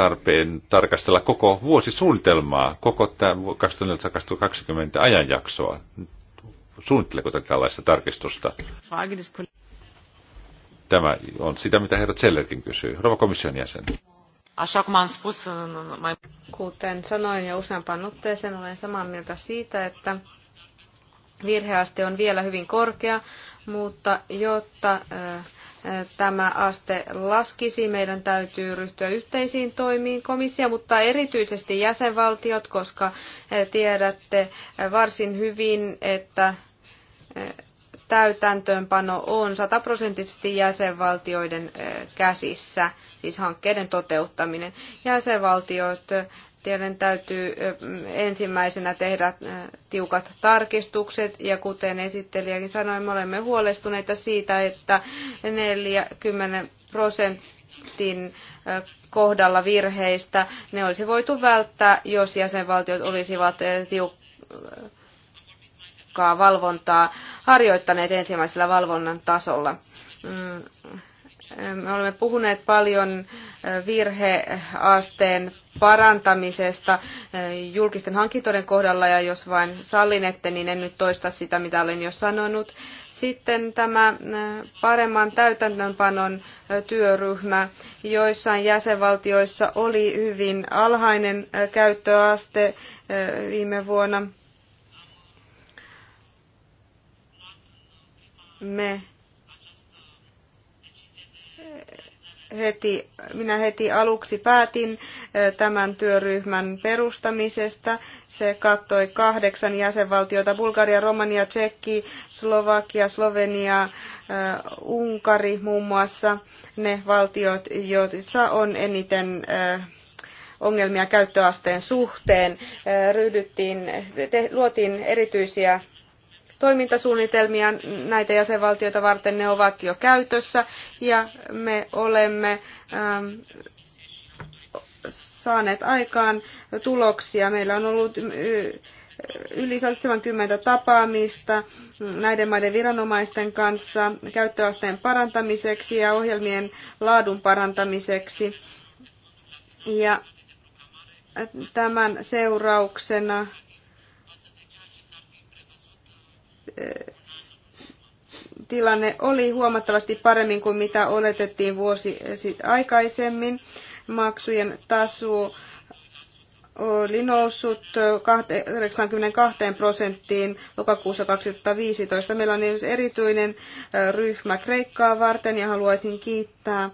Speaker 3: tarpeen tarkastella koko vuosisuunnitelmaa, koko tämä 2020 ajanjaksoa. Suunnitteleko te tällaista tarkistusta? Tämä on sitä, mitä herra Zellerkin kysyy. Rova komission jäsen.
Speaker 2: Kuten sanoin jo useampaan otteeseen, olen samaa mieltä siitä, että virheaste on vielä hyvin korkea, mutta jotta äh, tämä aste laskisi. Meidän täytyy ryhtyä yhteisiin toimiin komissio, mutta erityisesti jäsenvaltiot, koska eh, tiedätte eh, varsin hyvin, että eh, täytäntöönpano on sataprosenttisesti jäsenvaltioiden käsissä, siis hankkeiden toteuttaminen. Jäsenvaltiot jäsenvaltioiden täytyy ensimmäisenä tehdä tiukat tarkistukset ja kuten esittelijäkin sanoi, me olemme huolestuneita siitä, että 40 prosentin kohdalla virheistä ne olisi voitu välttää, jos jäsenvaltiot olisivat tiukkaa valvontaa harjoittaneet ensimmäisellä valvonnan tasolla mm. Me olemme puhuneet paljon virheasteen parantamisesta julkisten hankintojen kohdalla, ja jos vain sallinette, niin en nyt toista sitä, mitä olen jo sanonut. Sitten tämä paremman täytäntöönpanon työryhmä. Joissain jäsenvaltioissa oli hyvin alhainen käyttöaste viime vuonna. Me heti, minä heti aluksi päätin tämän työryhmän perustamisesta. Se kattoi kahdeksan jäsenvaltiota, Bulgaria, Romania, Tsekki, Slovakia, Slovenia, Unkari muun muassa, ne valtiot, joissa on eniten ongelmia käyttöasteen suhteen. Ryhdyttiin, te, luotiin erityisiä toimintasuunnitelmia näitä jäsenvaltioita varten. Ne ovat jo käytössä ja me olemme ähm, saaneet aikaan tuloksia. Meillä on ollut äh, yli 70 tapaamista näiden maiden viranomaisten kanssa käyttöasteen parantamiseksi ja ohjelmien laadun parantamiseksi. Ja tämän seurauksena tilanne oli huomattavasti paremmin kuin mitä oletettiin vuosi sitten aikaisemmin. Maksujen taso oli noussut 82 prosenttiin lokakuussa 2015. Meillä on myös erityinen ryhmä Kreikkaa varten ja haluaisin kiittää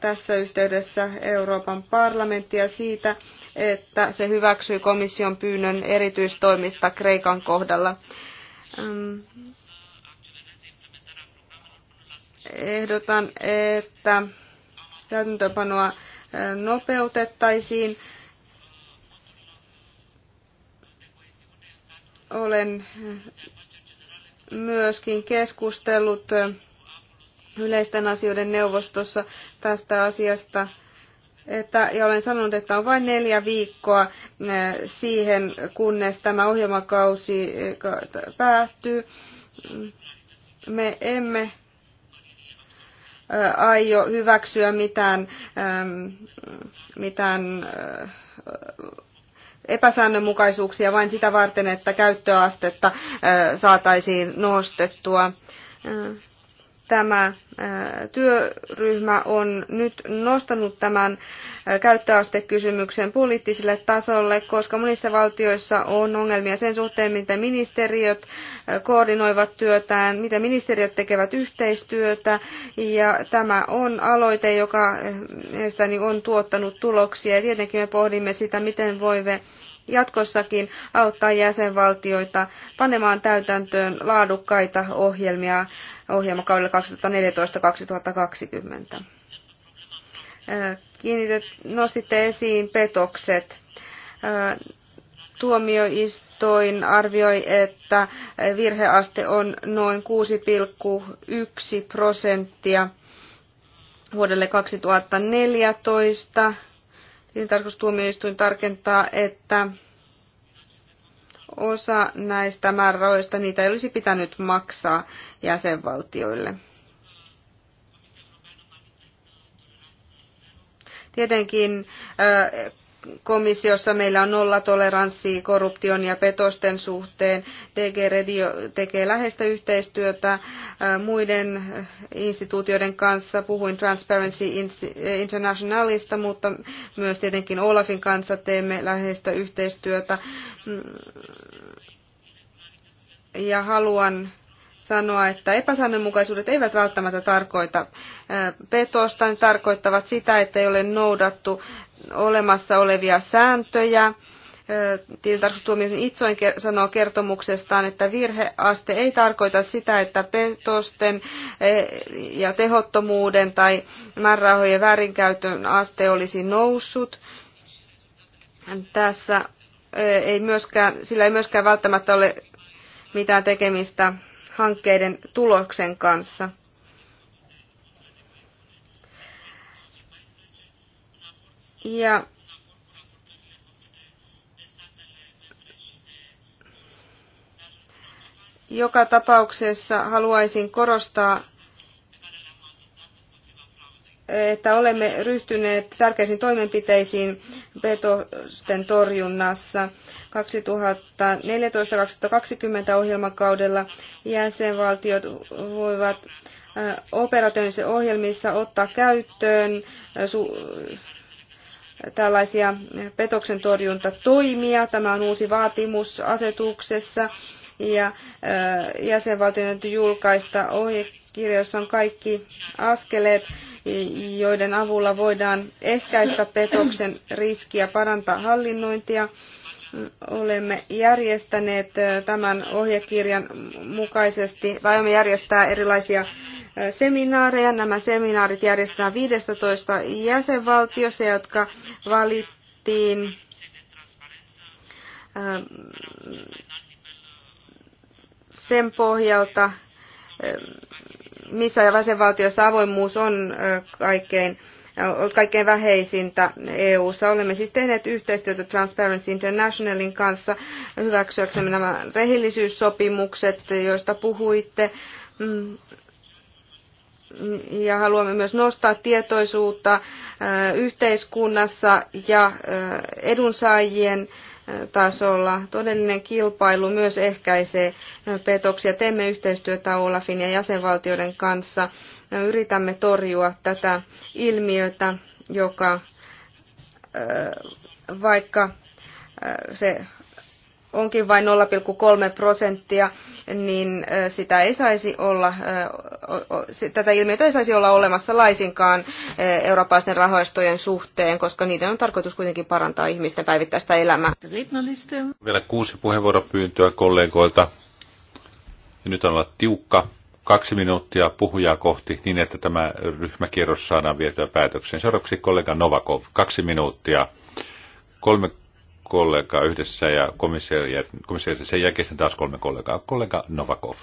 Speaker 2: tässä yhteydessä Euroopan parlamenttia siitä, että se hyväksyi komission pyynnön erityistoimista Kreikan kohdalla ehdotan, että käytäntöönpanoa nopeutettaisiin. Olen myöskin keskustellut yleisten asioiden neuvostossa tästä asiasta että, ja olen sanonut, että on vain neljä viikkoa äh, siihen, kunnes tämä ohjelmakausi äh, päättyy. Me emme äh, aio hyväksyä mitään, ähm, mitään epäsäännönmukaisuuksia vain sitä varten, että käyttöastetta saataisiin nostettua tämä työryhmä on nyt nostanut tämän käyttöastekysymyksen poliittiselle tasolle, koska monissa valtioissa on ongelmia sen suhteen, miten ministeriöt koordinoivat työtään, miten ministeriöt tekevät yhteistyötä. Ja tämä on aloite, joka mielestäni on tuottanut tuloksia. Ja tietenkin me pohdimme sitä, miten voimme jatkossakin auttaa jäsenvaltioita panemaan täytäntöön laadukkaita ohjelmia ohjelmakaudella 2014-2020. Kiinnitet, nostitte esiin petokset. Tuomioistuin arvioi, että virheaste on noin 6,1 prosenttia vuodelle 2014. Tilintarkastustuomioistuin tarkentaa, että osa näistä määrärahoista, niitä ei olisi pitänyt maksaa jäsenvaltioille. Tietenkin komissiossa meillä on nollatoleranssi korruption ja petosten suhteen. DG Radio tekee läheistä yhteistyötä äh, muiden äh, instituutioiden kanssa. Puhuin Transparency äh, Internationalista, mutta myös tietenkin Olafin kanssa teemme läheistä yhteistyötä. Mm. Ja haluan sanoa, että epäsäännönmukaisuudet eivät välttämättä tarkoita petosta, ne tarkoittavat sitä, että ei ole noudattu olemassa olevia sääntöjä. Tilintarkastustuomioistuin itsoin sanoo kertomuksestaan, että virheaste ei tarkoita sitä, että petosten ja tehottomuuden tai määrärahojen väärinkäytön aste olisi noussut. Tässä ei myöskään, sillä ei myöskään välttämättä ole mitään tekemistä hankkeiden tuloksen kanssa. Ja joka tapauksessa haluaisin korostaa että olemme ryhtyneet tärkeisiin toimenpiteisiin petosten torjunnassa 2014-2020 ohjelmakaudella jäsenvaltiot voivat äh, operatiivisissa ohjelmissa ottaa käyttöön äh, tällaisia petoksen torjuntatoimia. Tämä on uusi vaatimus asetuksessa ja äh, jäsenvaltioiden julkaista ohje kirjoissa on kaikki askeleet, joiden avulla voidaan ehkäistä petoksen riskiä, parantaa hallinnointia. Olemme järjestäneet tämän ohjekirjan mukaisesti, tai olemme järjestää erilaisia seminaareja. Nämä seminaarit järjestetään 15 jäsenvaltiossa, jotka valittiin ähm, sen pohjalta, ähm, missä jäsenvaltiossa avoimuus on kaikkein kaikkein vähäisintä EU-ssa. Olemme siis tehneet yhteistyötä Transparency Internationalin kanssa hyväksyäksemme nämä rehellisyyssopimukset, joista puhuitte. Mm. Ja haluamme myös nostaa tietoisuutta yhteiskunnassa ja edunsaajien tasolla. Todellinen kilpailu myös ehkäisee petoksia. Teemme yhteistyötä Olafin ja jäsenvaltioiden kanssa. Yritämme torjua tätä ilmiötä, joka vaikka se onkin vain 0,3 prosenttia, niin sitä ei saisi olla, tätä ilmiötä ei saisi olla olemassa laisinkaan eurooppalaisten rahoistojen suhteen, koska niiden on tarkoitus kuitenkin parantaa ihmisten päivittäistä elämää.
Speaker 3: Vielä kuusi puheenvuoropyyntöä kollegoilta. Ja nyt on olla tiukka. Kaksi minuuttia puhujaa kohti niin, että tämä ryhmäkierros saadaan vietyä päätökseen. Seuraavaksi kollega Novakov. Kaksi minuuttia. Kolme kollegaa yhdessä ja komissaari sen jälkeen taas kolme kollegaa. Kollega Novakov.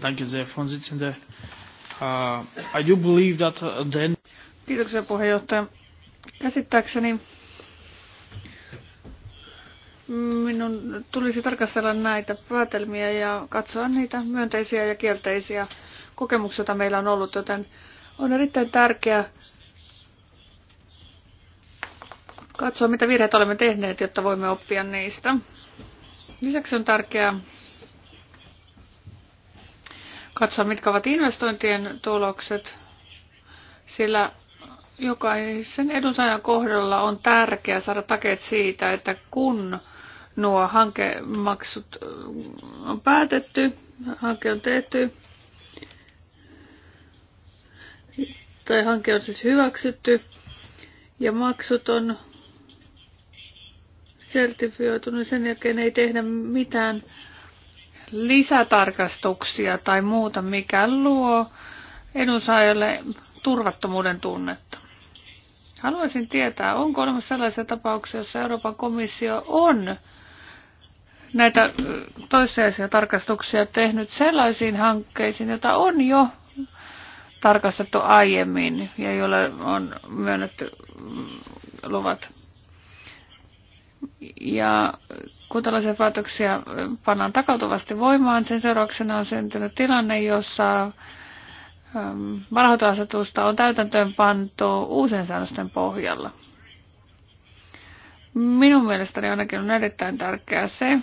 Speaker 1: Thank you, Herr Uh, I do believe that uh, then... Kiitoksia puheenjohtaja. Käsittääkseni minun tulisi tarkastella näitä päätelmiä ja katsoa niitä myönteisiä ja kielteisiä kokemuksia, joita meillä on ollut, joten on erittäin tärkeää katsoa, mitä virheitä olemme tehneet, jotta voimme oppia niistä. Lisäksi on tärkeää katsoa, mitkä ovat investointien tulokset, sillä jokaisen edunsaajan kohdalla on tärkeää saada takeet siitä, että kun nuo hankemaksut on päätetty, hanke on tehty, tai hanke on siis hyväksytty, ja maksut on sertifioitu, sen jälkeen ei tehdä mitään lisätarkastuksia tai muuta, mikä luo edunsaajalle turvattomuuden tunnetta. Haluaisin tietää, onko olemassa sellaisia tapauksia, joissa Euroopan komissio on näitä toissijaisia tarkastuksia tehnyt sellaisiin hankkeisiin, joita on jo tarkastettu aiemmin ja joille on myönnetty mm, luvat. Ja kun tällaisia päätöksiä pannaan takautuvasti voimaan, sen seurauksena on syntynyt tilanne, jossa varhoitoasetusta on täytäntöön pantu uusien säännösten pohjalla. Minun mielestäni ainakin on erittäin tärkeää se,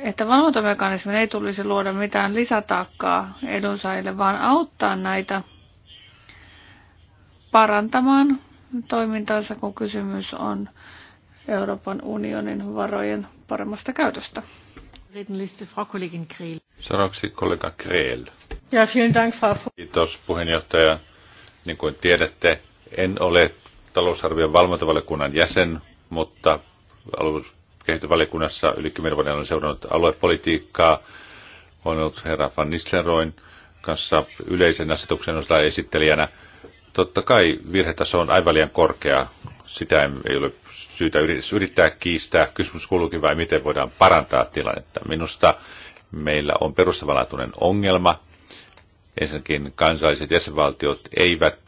Speaker 1: että valvontamekanismin ei tulisi luoda mitään lisätaakkaa edunsaajille, vaan auttaa näitä parantamaan toimintaansa kun kysymys on Euroopan unionin varojen paremmasta käytöstä.
Speaker 3: Seuraavaksi kollega Kreel.
Speaker 1: Ja, Dank, Frau.
Speaker 3: Kiitos puheenjohtaja. Niin kuin tiedätte, en ole talousarvion valmentavalikunnan jäsen, mutta aluekehitysvaliokunnassa yli 10 vuoden olen seurannut aluepolitiikkaa. Olen ollut herra Van Nistelrooyn kanssa yleisen asetuksen osalta esittelijänä. Totta kai virhetaso on aivan liian korkea sitä ei ole syytä yrittää kiistää. Kysymys kuuluukin vai miten voidaan parantaa tilannetta. Minusta meillä on perustavanlaatuinen ongelma. Ensinnäkin kansalliset jäsenvaltiot eivät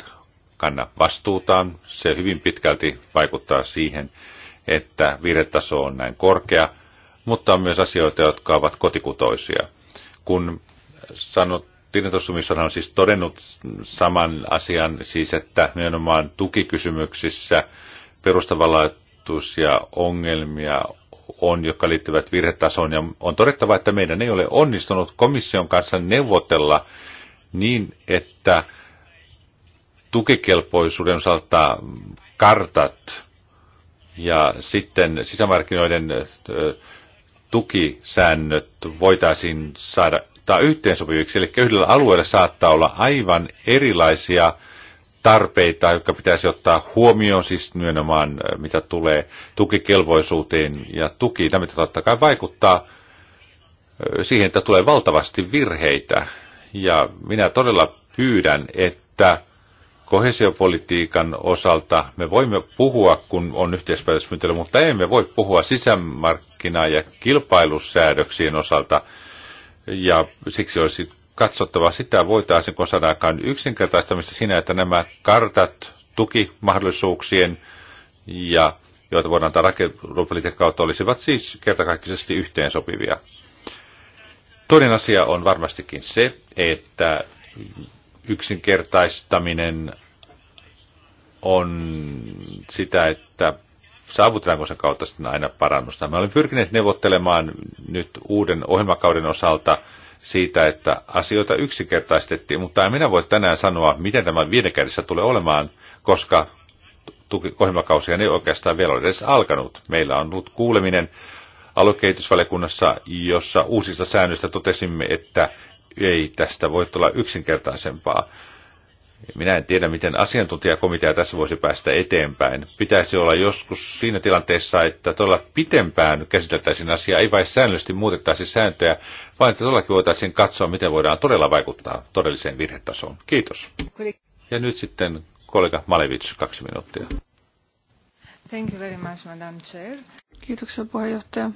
Speaker 3: kanna vastuutaan. Se hyvin pitkälti vaikuttaa siihen, että viretaso on näin korkea, mutta on myös asioita, jotka ovat kotikutoisia. Kun sanot, Tilintostumissahan on siis todennut saman asian, siis että nimenomaan tukikysymyksissä perustavanlaatuisia ongelmia on, jotka liittyvät virhetasoon. Ja on todettava, että meidän ei ole onnistunut komission kanssa neuvotella niin, että tukikelpoisuuden osalta kartat ja sitten sisämarkkinoiden tukisäännöt voitaisiin saada tai yhteensopiviksi. Eli yhdellä alueella saattaa olla aivan erilaisia tarpeita, jotka pitäisi ottaa huomioon, siis nimenomaan mitä tulee tukikelvoisuuteen ja tukiin. mitä totta kai vaikuttaa siihen, että tulee valtavasti virheitä. Ja minä todella pyydän, että kohesiopolitiikan osalta me voimme puhua, kun on yhteispäätösmyyntely, mutta emme voi puhua sisämarkkina- ja kilpailusäädöksien osalta. Ja siksi olisi katsottava sitä, voitaisiinko saada aikaan yksinkertaistamista siinä, että nämä kartat tukimahdollisuuksien ja joita voidaan antaa rakennuspolitiikan kautta, olisivat siis kertakaikkisesti yhteensopivia. Toinen asia on varmastikin se, että yksinkertaistaminen on sitä, että saavutetaanko sen kautta sitten aina parannusta. Me olemme pyrkineet neuvottelemaan nyt uuden ohjelmakauden osalta siitä, että asioita yksinkertaistettiin, mutta en minä voi tänään sanoa, miten tämä viiden tulee olemaan, koska tuki ei oikeastaan vielä ole edes alkanut. Meillä on ollut kuuleminen aluekehitysvaliokunnassa, jossa uusista säännöistä totesimme, että ei tästä voi tulla yksinkertaisempaa. Minä en tiedä, miten asiantuntijakomitea tässä voisi päästä eteenpäin. Pitäisi olla joskus siinä tilanteessa, että todella pitempään käsiteltäisiin asiaa, ei vain säännöllisesti muutettaisi sääntöjä, vaan että todellakin voitaisiin katsoa, miten voidaan todella vaikuttaa todelliseen virhetasoon. Kiitos. Ja nyt sitten kollega Malevits, kaksi minuuttia.
Speaker 1: Thank you very much, Madam Chair. Kiitoksia puheenjohtaja.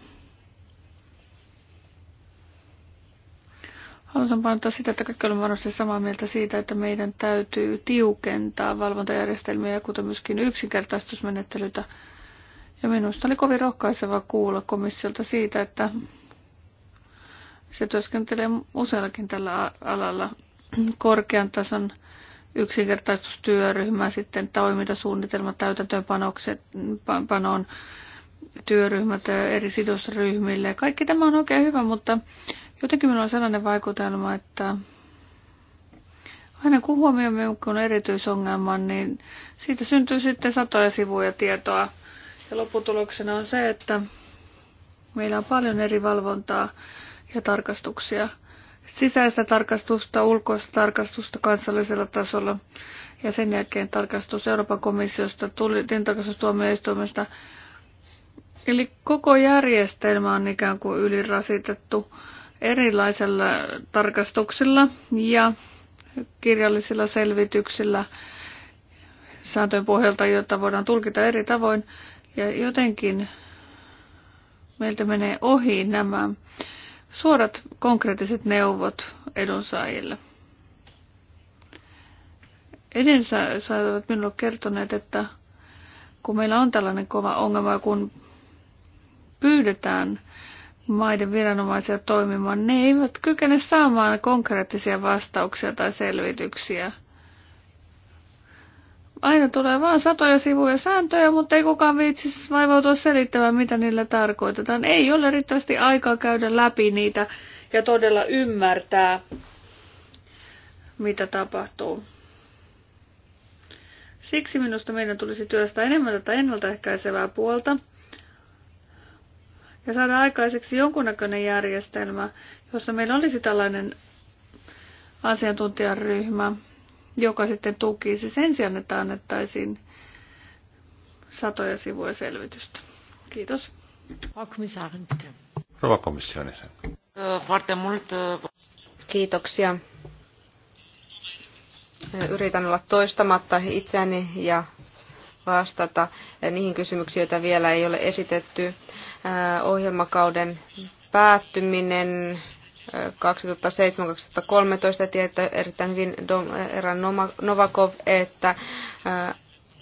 Speaker 1: Haluaisin painottaa sitä, että kaikki olemme varmasti samaa mieltä siitä, että meidän täytyy tiukentaa valvontajärjestelmiä, kuten myöskin yksinkertaistusmenettelytä. Ja minusta oli kovin rohkaiseva kuulla komissiolta siitä, että se työskentelee useallakin tällä alalla korkean tason yksinkertaistustyöryhmä, sitten toimintasuunnitelma täytäntöönpanoon, työryhmät eri sidosryhmille. Kaikki tämä on oikein hyvä, mutta Jotenkin minulla on sellainen vaikutelma, että aina kun huomioimme jonkun erityisongelman, niin siitä syntyy sitten satoja sivuja tietoa. Ja lopputuloksena on se, että meillä on paljon eri valvontaa ja tarkastuksia. Sisäistä tarkastusta, ulkoista tarkastusta kansallisella tasolla ja sen jälkeen tarkastus Euroopan komissiosta, tintarkastustuomioistuimesta. Eli koko järjestelmä on ikään kuin ylirasitettu erilaisella tarkastuksilla ja kirjallisilla selvityksillä sääntöjen pohjalta, joita voidaan tulkita eri tavoin. Ja jotenkin meiltä menee ohi nämä suorat konkreettiset neuvot edunsaajille. Edensä saivat minulle kertoneet, että kun meillä on tällainen kova ongelma, kun pyydetään maiden viranomaisia toimimaan, ne eivät kykene saamaan konkreettisia vastauksia tai selvityksiä. Aina tulee vain satoja sivuja sääntöjä, mutta ei kukaan viitsi vaivautua selittämään, mitä niillä tarkoitetaan. Ei ole riittävästi aikaa käydä läpi niitä ja todella ymmärtää, mitä tapahtuu. Siksi minusta meidän tulisi työstää enemmän tätä ennaltaehkäisevää puolta – ja saada aikaiseksi jonkunnäköinen järjestelmä, jossa meillä olisi tällainen asiantuntijaryhmä, joka sitten tukisi sen sijaan, että annettaisiin satoja sivuja selvitystä. Kiitos.
Speaker 3: Rouva komissioni.
Speaker 1: Uh, Kiitoksia.
Speaker 2: Yritän olla toistamatta itseäni ja vastata niihin kysymyksiin, joita vielä ei ole esitetty ohjelmakauden päättyminen 2007-2013 tietää erittäin hyvin Eran Novakov, että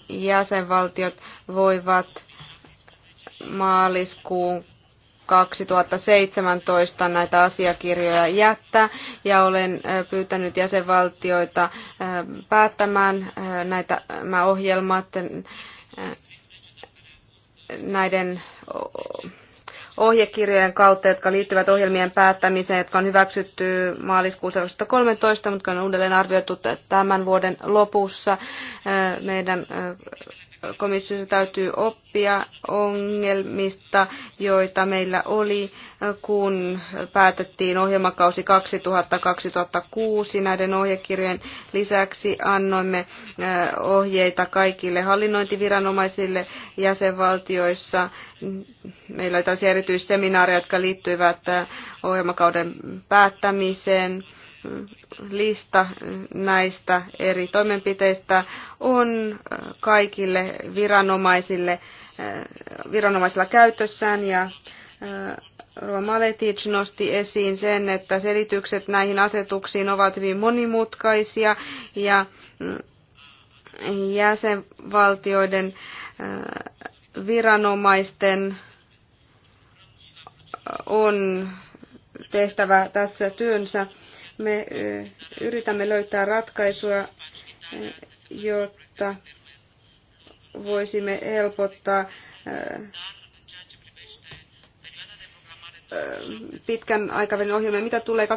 Speaker 2: jäsenvaltiot voivat maaliskuun 2017 näitä asiakirjoja jättää ja olen pyytänyt jäsenvaltioita päättämään näitä ohjelmat näiden ohjekirjojen kautta, jotka liittyvät ohjelmien päättämiseen, jotka on hyväksytty maaliskuussa 2013, mutta on uudelleen arvioitu tämän vuoden lopussa. Meidän komissiossa täytyy oppia ongelmista, joita meillä oli, kun päätettiin ohjelmakausi 2000-2006. Näiden ohjekirjojen lisäksi annoimme ohjeita kaikille hallinnointiviranomaisille jäsenvaltioissa. Meillä oli tällaisia erityisseminaareja, jotka liittyivät ohjelmakauden päättämiseen lista näistä eri toimenpiteistä on kaikille viranomaisille viranomaisilla käytössään ja Rova Maletic nosti esiin sen, että selitykset näihin asetuksiin ovat hyvin monimutkaisia ja mm, jäsenvaltioiden viranomaisten on tehtävä tässä työnsä. Me eh, yritämme löytää ratkaisua, eh, jotta voisimme helpottaa eh, pitkän aikavälin ohjelmia. Mitä tulee 2013-2020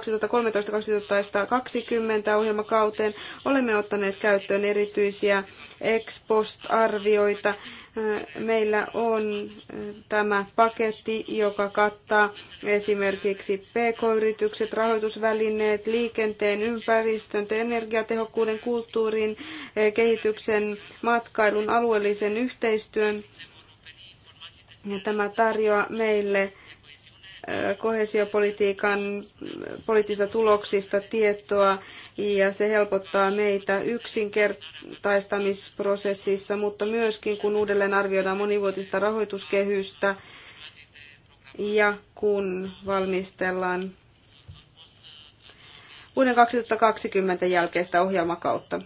Speaker 2: ohjelmakauteen, olemme ottaneet käyttöön erityisiä ex post-arvioita Meillä on tämä paketti, joka kattaa esimerkiksi pk-yritykset, rahoitusvälineet, liikenteen, ympäristön, energiatehokkuuden, kulttuurin, kehityksen, matkailun, alueellisen yhteistyön. Ja tämä tarjoaa meille kohesiopolitiikan poliittisista tuloksista tietoa ja se helpottaa meitä yksinkertaistamisprosessissa, mutta myöskin kun uudelleen arvioidaan monivuotista rahoituskehystä ja kun valmistellaan vuoden 2020 jälkeistä ohjelmakautta.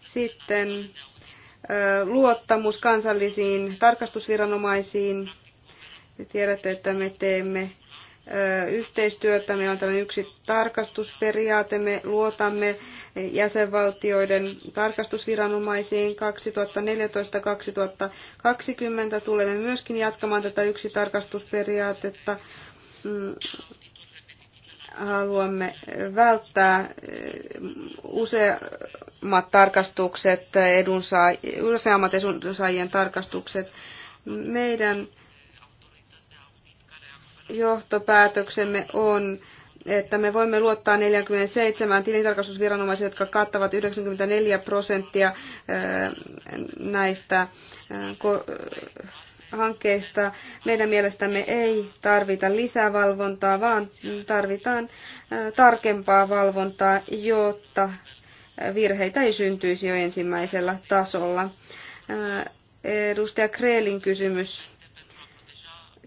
Speaker 2: Sitten luottamus kansallisiin tarkastusviranomaisiin. Te tiedätte, että me teemme yhteistyötä. Meillä on tällainen yksi tarkastusperiaate. Me luotamme jäsenvaltioiden tarkastusviranomaisiin 2014-2020. Tulemme myöskin jatkamaan tätä yksi tarkastusperiaatetta mm, haluamme välttää eh, useammat tarkastukset, useammat edunsaajien tarkastukset. Meidän johtopäätöksemme on, että me voimme luottaa 47 tilintarkastusviranomaisia, jotka kattavat 94 prosenttia eh, näistä eh, hankkeista. Meidän mielestämme ei tarvita lisävalvontaa, vaan tarvitaan tarkempaa valvontaa, jotta virheitä ei syntyisi jo ensimmäisellä tasolla. Edustaja Kreelin kysymys.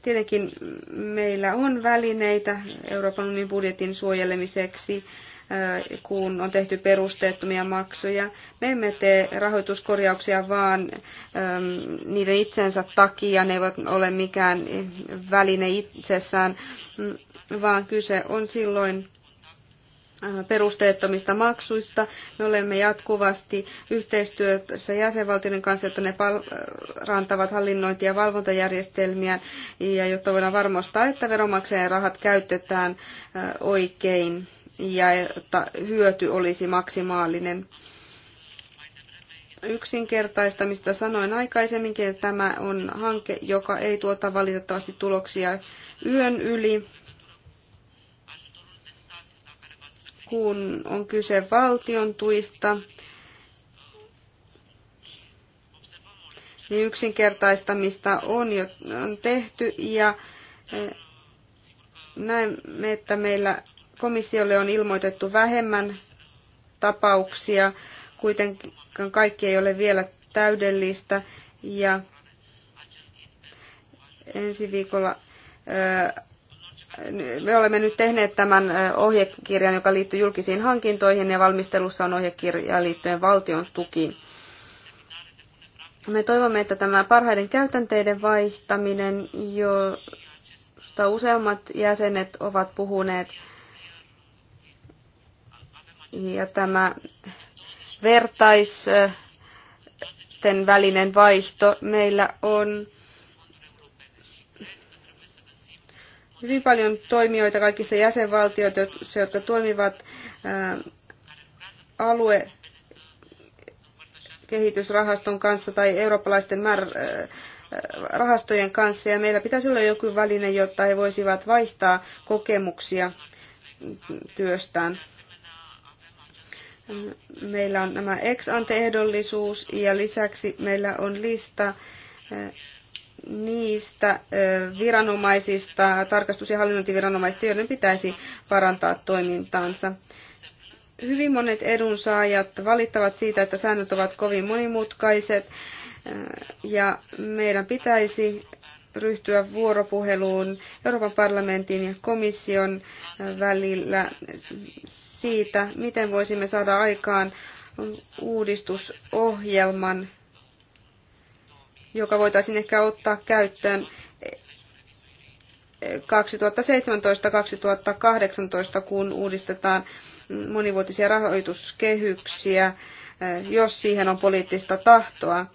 Speaker 2: Tietenkin meillä on välineitä Euroopan unionin budjetin suojelemiseksi kun on tehty perusteettomia maksuja. Me emme tee rahoituskorjauksia vaan niiden itsensä takia, ne eivät ole mikään väline itsessään, vaan kyse on silloin perusteettomista maksuista. Me olemme jatkuvasti yhteistyössä jäsenvaltioiden kanssa, jotta ne rantavat hallinnointi- ja valvontajärjestelmiä ja jotta voidaan varmistaa, että veronmaksajien rahat käytetään oikein ja että hyöty olisi maksimaalinen. Yksinkertaistamista sanoin aikaisemminkin, että tämä on hanke, joka ei tuota valitettavasti tuloksia yön yli, kun on kyse valtion tuista. niin yksinkertaistamista on jo on tehty ja eh, näemme, että meillä komissiolle on ilmoitettu vähemmän tapauksia, kuitenkaan kaikki ei ole vielä täydellistä ja ensi viikolla me olemme nyt tehneet tämän ohjekirjan, joka liittyy julkisiin hankintoihin ja valmistelussa on ohjekirja liittyen valtion tukiin. Me toivomme, että tämä parhaiden käytänteiden vaihtaminen, josta useammat jäsenet ovat puhuneet, ja tämä vertaisten välinen vaihto meillä on hyvin paljon toimijoita kaikissa jäsenvaltioissa, jotka toimivat alue kehitysrahaston kanssa tai eurooppalaisten määr- rahastojen kanssa ja meillä pitäisi olla joku väline, jotta he voisivat vaihtaa kokemuksia työstään. Meillä on nämä ex anteehdollisuus ja lisäksi meillä on lista eh, niistä eh, viranomaisista, tarkastus- ja hallinnointiviranomaisista, joiden pitäisi parantaa toimintaansa. Hyvin monet edunsaajat valittavat siitä, että säännöt ovat kovin monimutkaiset eh, ja meidän pitäisi ryhtyä vuoropuheluun Euroopan parlamentin ja komission välillä siitä, miten voisimme saada aikaan uudistusohjelman, joka voitaisiin ehkä ottaa käyttöön 2017-2018, kun uudistetaan monivuotisia rahoituskehyksiä, jos siihen on poliittista tahtoa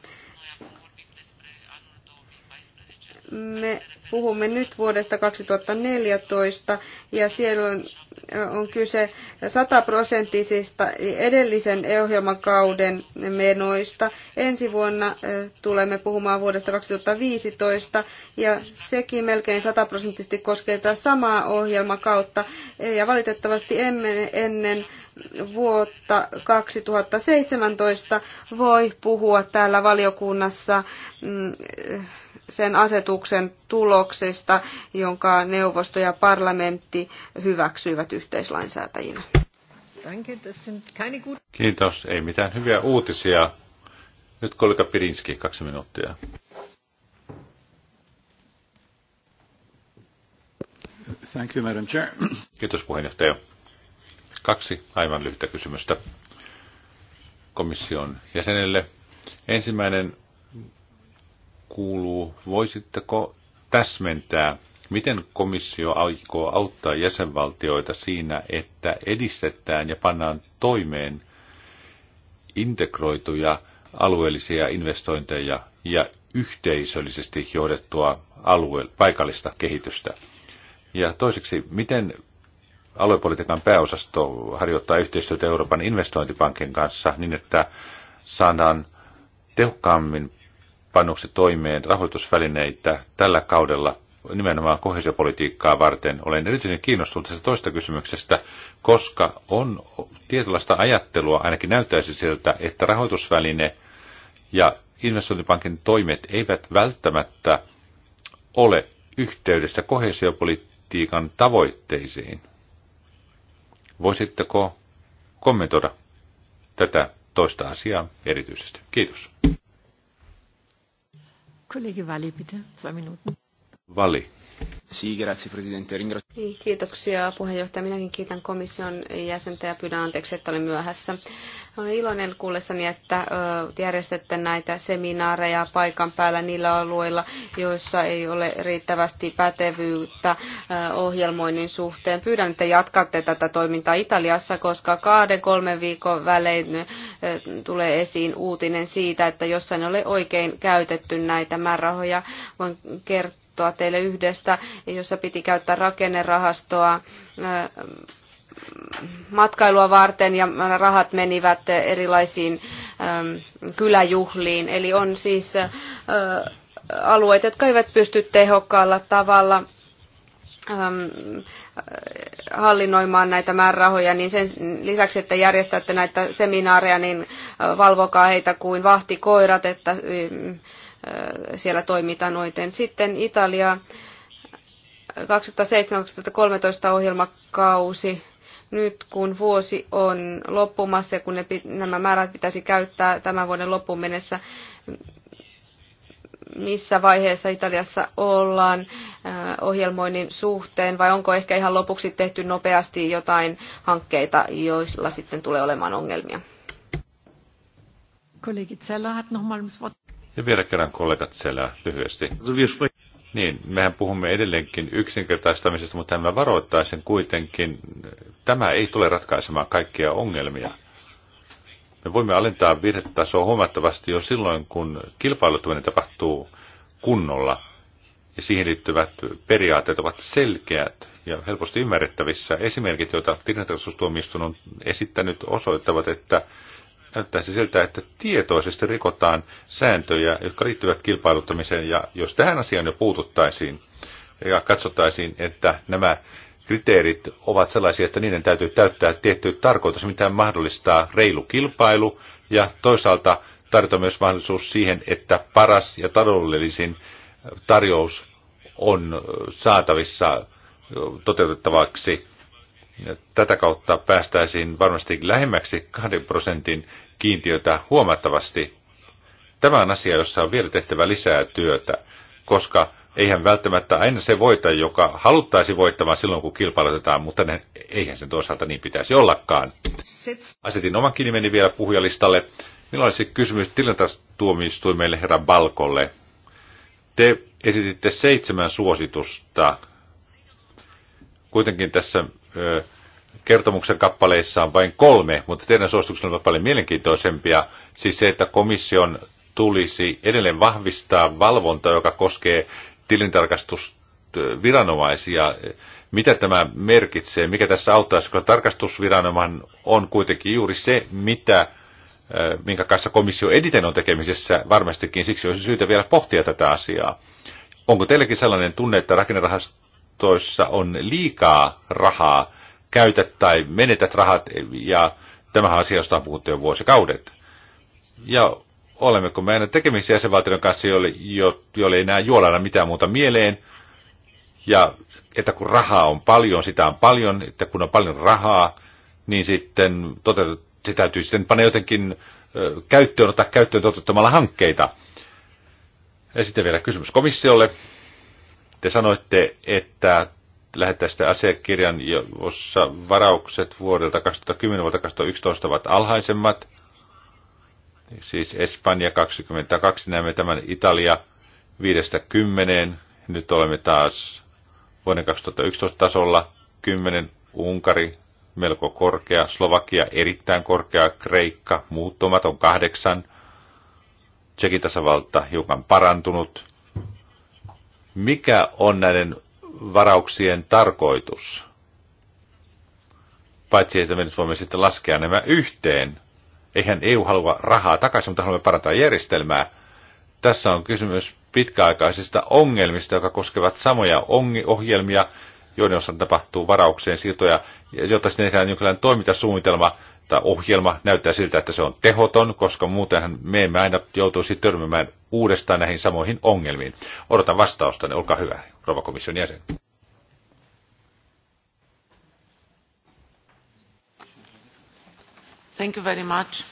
Speaker 2: me puhumme nyt vuodesta 2014 ja siellä on, on kyse sataprosenttisista edellisen ohjelmakauden menoista. Ensi vuonna tulemme puhumaan vuodesta 2015 ja sekin melkein sataprosenttisesti koskee tätä samaa ohjelmakautta ja valitettavasti emme ennen vuotta 2017 voi puhua täällä valiokunnassa mm, sen asetuksen tuloksesta, jonka neuvosto ja parlamentti hyväksyivät yhteislainsäätäjinä.
Speaker 3: Kiitos. Ei mitään hyviä uutisia. Nyt kollega Pirinski, kaksi minuuttia. Thank you, Madam Chair. Kiitos puheenjohtaja. Kaksi aivan lyhyttä kysymystä komission jäsenelle. Ensimmäinen kuuluu, voisitteko täsmentää, miten komissio aikoo auttaa jäsenvaltioita siinä, että edistetään ja pannaan toimeen integroituja alueellisia investointeja ja yhteisöllisesti johdettua alue, paikallista kehitystä? Ja toiseksi, miten aluepolitiikan pääosasto harjoittaa yhteistyötä Euroopan investointipankin kanssa niin, että saadaan tehokkaammin pannuksi toimeen rahoitusvälineitä tällä kaudella nimenomaan kohesiopolitiikkaa varten. Olen erityisen kiinnostunut tästä toista kysymyksestä, koska on tietynlaista ajattelua, ainakin näyttäisi siltä, että rahoitusväline ja investointipankin toimet eivät välttämättä ole yhteydessä kohesiopolitiikan tavoitteisiin. Voisitteko kommentoida tätä toista asiaa erityisesti? Kiitos.
Speaker 1: Kollege Walli, bitte. Zwei Minuten.
Speaker 3: Walli.
Speaker 2: Niin, kiitoksia puheenjohtaja. Minäkin kiitän komission jäsentä ja pyydän anteeksi, että olin myöhässä. Olen iloinen kuullessani, että järjestätte näitä seminaareja paikan päällä niillä alueilla, joissa ei ole riittävästi pätevyyttä ohjelmoinnin suhteen. Pyydän, että jatkatte tätä toimintaa Italiassa, koska kahden, kolmen viikon välein tulee esiin uutinen siitä, että jossain ei ole oikein käytetty näitä määrärahoja. Voin kertoa kertoa teille yhdestä, jossa piti käyttää rakennerahastoa matkailua varten ja rahat menivät erilaisiin kyläjuhliin. Eli on siis alueet, jotka eivät pysty tehokkaalla tavalla hallinnoimaan näitä määrärahoja, niin sen lisäksi, että järjestätte näitä seminaareja, niin valvokaa heitä kuin vahtikoirat, että siellä toimitaan noiten Sitten Italia 2007-2013 ohjelmakausi. Nyt kun vuosi on loppumassa ja kun ne, nämä määrät pitäisi käyttää tämän vuoden loppuun mennessä, missä vaiheessa Italiassa ollaan ohjelmoinnin suhteen, vai onko ehkä ihan lopuksi tehty nopeasti jotain hankkeita, joilla sitten tulee olemaan ongelmia?
Speaker 1: Kollegi Zeller hat nochmal Wort.
Speaker 3: Ja vielä kerran kollegat siellä lyhyesti. Niin, mehän puhumme edelleenkin yksinkertaistamisesta, mutta mä varoittaisin kuitenkin, tämä ei tule ratkaisemaan kaikkia ongelmia. Me voimme alentaa virhetasoa huomattavasti jo silloin, kun kilpailutuminen tapahtuu kunnolla ja siihen liittyvät periaatteet ovat selkeät ja helposti ymmärrettävissä. Esimerkit, joita tilintarkastustuomioistuin on esittänyt, osoittavat, että näyttäisi siltä, että tietoisesti rikotaan sääntöjä, jotka liittyvät kilpailuttamiseen. Ja jos tähän asiaan jo puututtaisiin ja katsottaisiin, että nämä kriteerit ovat sellaisia, että niiden täytyy täyttää tietty tarkoitus, mitä mahdollistaa reilu kilpailu ja toisaalta tarjota myös mahdollisuus siihen, että paras ja taloudellisin tarjous on saatavissa toteutettavaksi Tätä kautta päästäisiin varmasti lähemmäksi 2 prosentin kiintiötä huomattavasti. Tämä on asia, jossa on vielä tehtävä lisää työtä, koska eihän välttämättä aina se voita, joka haluttaisi voittamaan silloin, kun kilpailutetaan, mutta ne, eihän sen toisaalta niin pitäisi ollakaan. Asetin oman nimeni vielä puhujalistalle. Milloin olisi kysymys tilintastuomioistuimelle herra Balkolle? Te esititte seitsemän suositusta. Kuitenkin tässä kertomuksen kappaleissa on vain kolme, mutta teidän suosituksenne ovat paljon mielenkiintoisempia. Siis se, että komission tulisi edelleen vahvistaa valvonta, joka koskee tilintarkastusviranomaisia. Mitä tämä merkitsee? Mikä tässä auttaa? Koska tarkastusviranomainen on kuitenkin juuri se, mitä minkä kanssa komissio editen on tekemisessä varmastikin. Siksi olisi syytä vielä pohtia tätä asiaa. Onko teilläkin sellainen tunne, että rakennerahasto rahastoissa on liikaa rahaa, käytät tai menetät rahat, ja tämä asia, josta on puhuttu jo vuosikaudet. Ja olemmeko me aina tekemisissä jäsenvaltioiden kanssa, joille, jo, joille ei enää juolana mitään muuta mieleen, ja että kun rahaa on paljon, sitä on paljon, että kun on paljon rahaa, niin sitten toteutet, se täytyy sitten panna jotenkin käyttöön, ottaa käyttöön toteuttamalla hankkeita. Ja sitten vielä kysymys komissiolle. Te sanoitte, että lähettäisitte asiakirjan, jossa varaukset vuodelta 2010 vuodelta 2011 ovat alhaisemmat. Siis Espanja 22, näemme tämän Italia 5-10. Nyt olemme taas vuoden 2011 tasolla 10, Unkari melko korkea, Slovakia erittäin korkea, Kreikka muuttumaton 8, Tsekin tasavalta hiukan parantunut, mikä on näiden varauksien tarkoitus. Paitsi, että me nyt voimme sitten laskea nämä yhteen. Eihän EU halua rahaa takaisin, mutta haluamme parantaa järjestelmää. Tässä on kysymys pitkäaikaisista ongelmista, jotka koskevat samoja ohjelmia, joiden osalta tapahtuu varaukseen siirtoja, jotta sitten tehdään jonkinlainen toimintasuunnitelma, mutta ohjelma näyttää siltä, että se on tehoton, koska muutenhan me emme aina joutuisi törmämään uudestaan näihin samoihin ongelmiin. Odotan vastausta, niin olkaa hyvä, rouva komission jäsen.
Speaker 2: Thank you very much.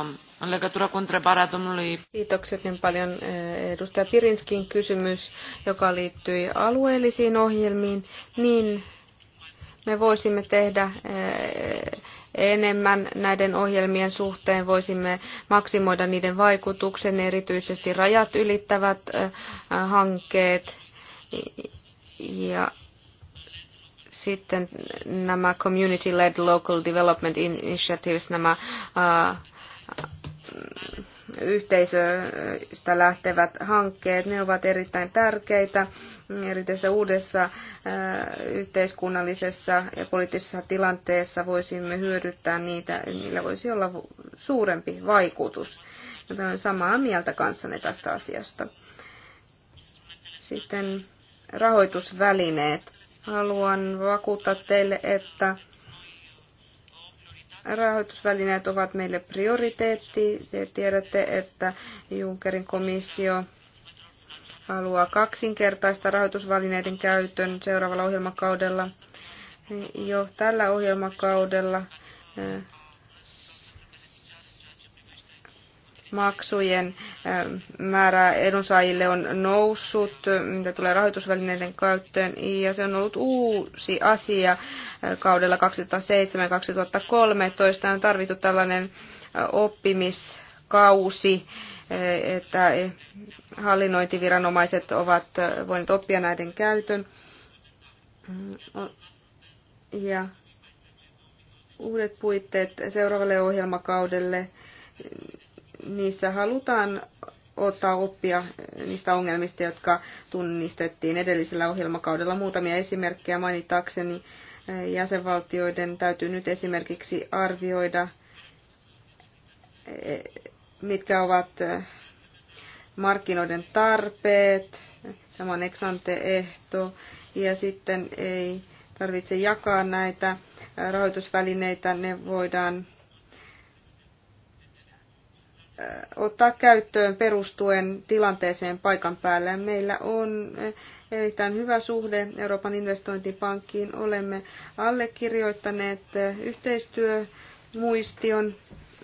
Speaker 2: On um, legătură cu întrebarea domnului... Kiitokset niin paljon eh, edustaja Pirinskin kysymys, joka liittyi alueellisiin ohjelmiin, niin me voisimme tehdä eh, enemmän näiden ohjelmien suhteen. Voisimme maksimoida niiden vaikutuksen, erityisesti rajat ylittävät hankkeet ja sitten nämä community-led local development initiatives, nämä yhteisöstä lähtevät hankkeet, ne ovat erittäin tärkeitä Erityisesti uudessa yhteiskunnallisessa ja poliittisessa tilanteessa voisimme hyödyttää niitä, niillä voisi olla suurempi vaikutus. Tämä olen samaa mieltä kanssanne tästä asiasta. Sitten rahoitusvälineet. Haluan vakuuttaa teille, että rahoitusvälineet ovat meille prioriteetti. Te tiedätte, että Junckerin komissio haluaa kaksinkertaista rahoitusvälineiden käytön seuraavalla ohjelmakaudella. Jo tällä ohjelmakaudella eh, maksujen määrä edunsaajille on noussut, mitä tulee rahoitusvälineiden käyttöön, ja se on ollut uusi asia kaudella 2007-2013. On tarvittu tällainen oppimiskausi, että e, hallinnointiviranomaiset ovat voineet oppia näiden käytön. Mm, ja uudet puitteet seuraavalle ohjelmakaudelle niissä halutaan ottaa oppia niistä ongelmista, jotka tunnistettiin edellisellä ohjelmakaudella. Muutamia esimerkkejä mainitakseni jäsenvaltioiden täytyy nyt esimerkiksi arvioida, mitkä ovat markkinoiden tarpeet, tämä on eksanteehto. ja sitten ei tarvitse jakaa näitä rahoitusvälineitä, ne voidaan ottaa käyttöön perustuen tilanteeseen paikan päällä. Meillä on erittäin hyvä suhde Euroopan investointipankkiin. Olemme allekirjoittaneet yhteistyömuistion,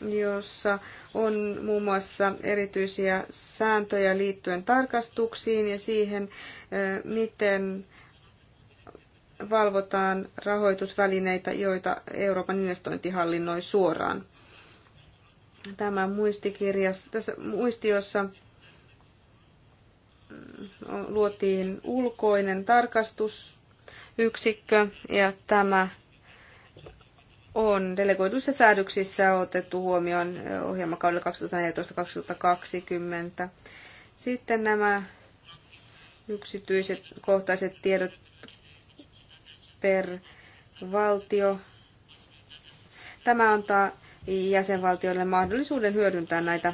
Speaker 2: jossa on muun muassa erityisiä sääntöjä liittyen tarkastuksiin ja siihen, miten valvotaan rahoitusvälineitä, joita Euroopan investointihallinnoi suoraan tämä muistikirjassa, tässä muistiossa luotiin ulkoinen tarkastusyksikkö ja tämä on delegoiduissa säädöksissä otettu huomioon ohjelmakaudella 2014-2020. Sitten nämä yksityiset kohtaiset tiedot per valtio. Tämä antaa jäsenvaltioille mahdollisuuden hyödyntää näitä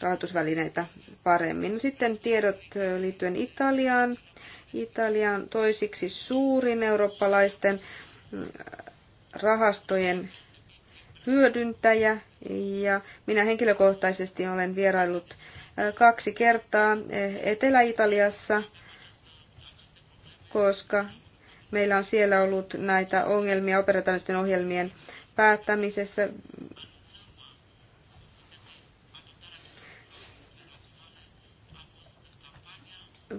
Speaker 2: rahoitusvälineitä paremmin. Sitten tiedot liittyen Italiaan. Italia on toisiksi suurin eurooppalaisten mm, rahastojen hyödyntäjä ja minä henkilökohtaisesti olen vierailut kaksi kertaa e, Etelä-Italiassa, koska meillä on siellä ollut näitä ongelmia operatiivisten ohjelmien päättämisessä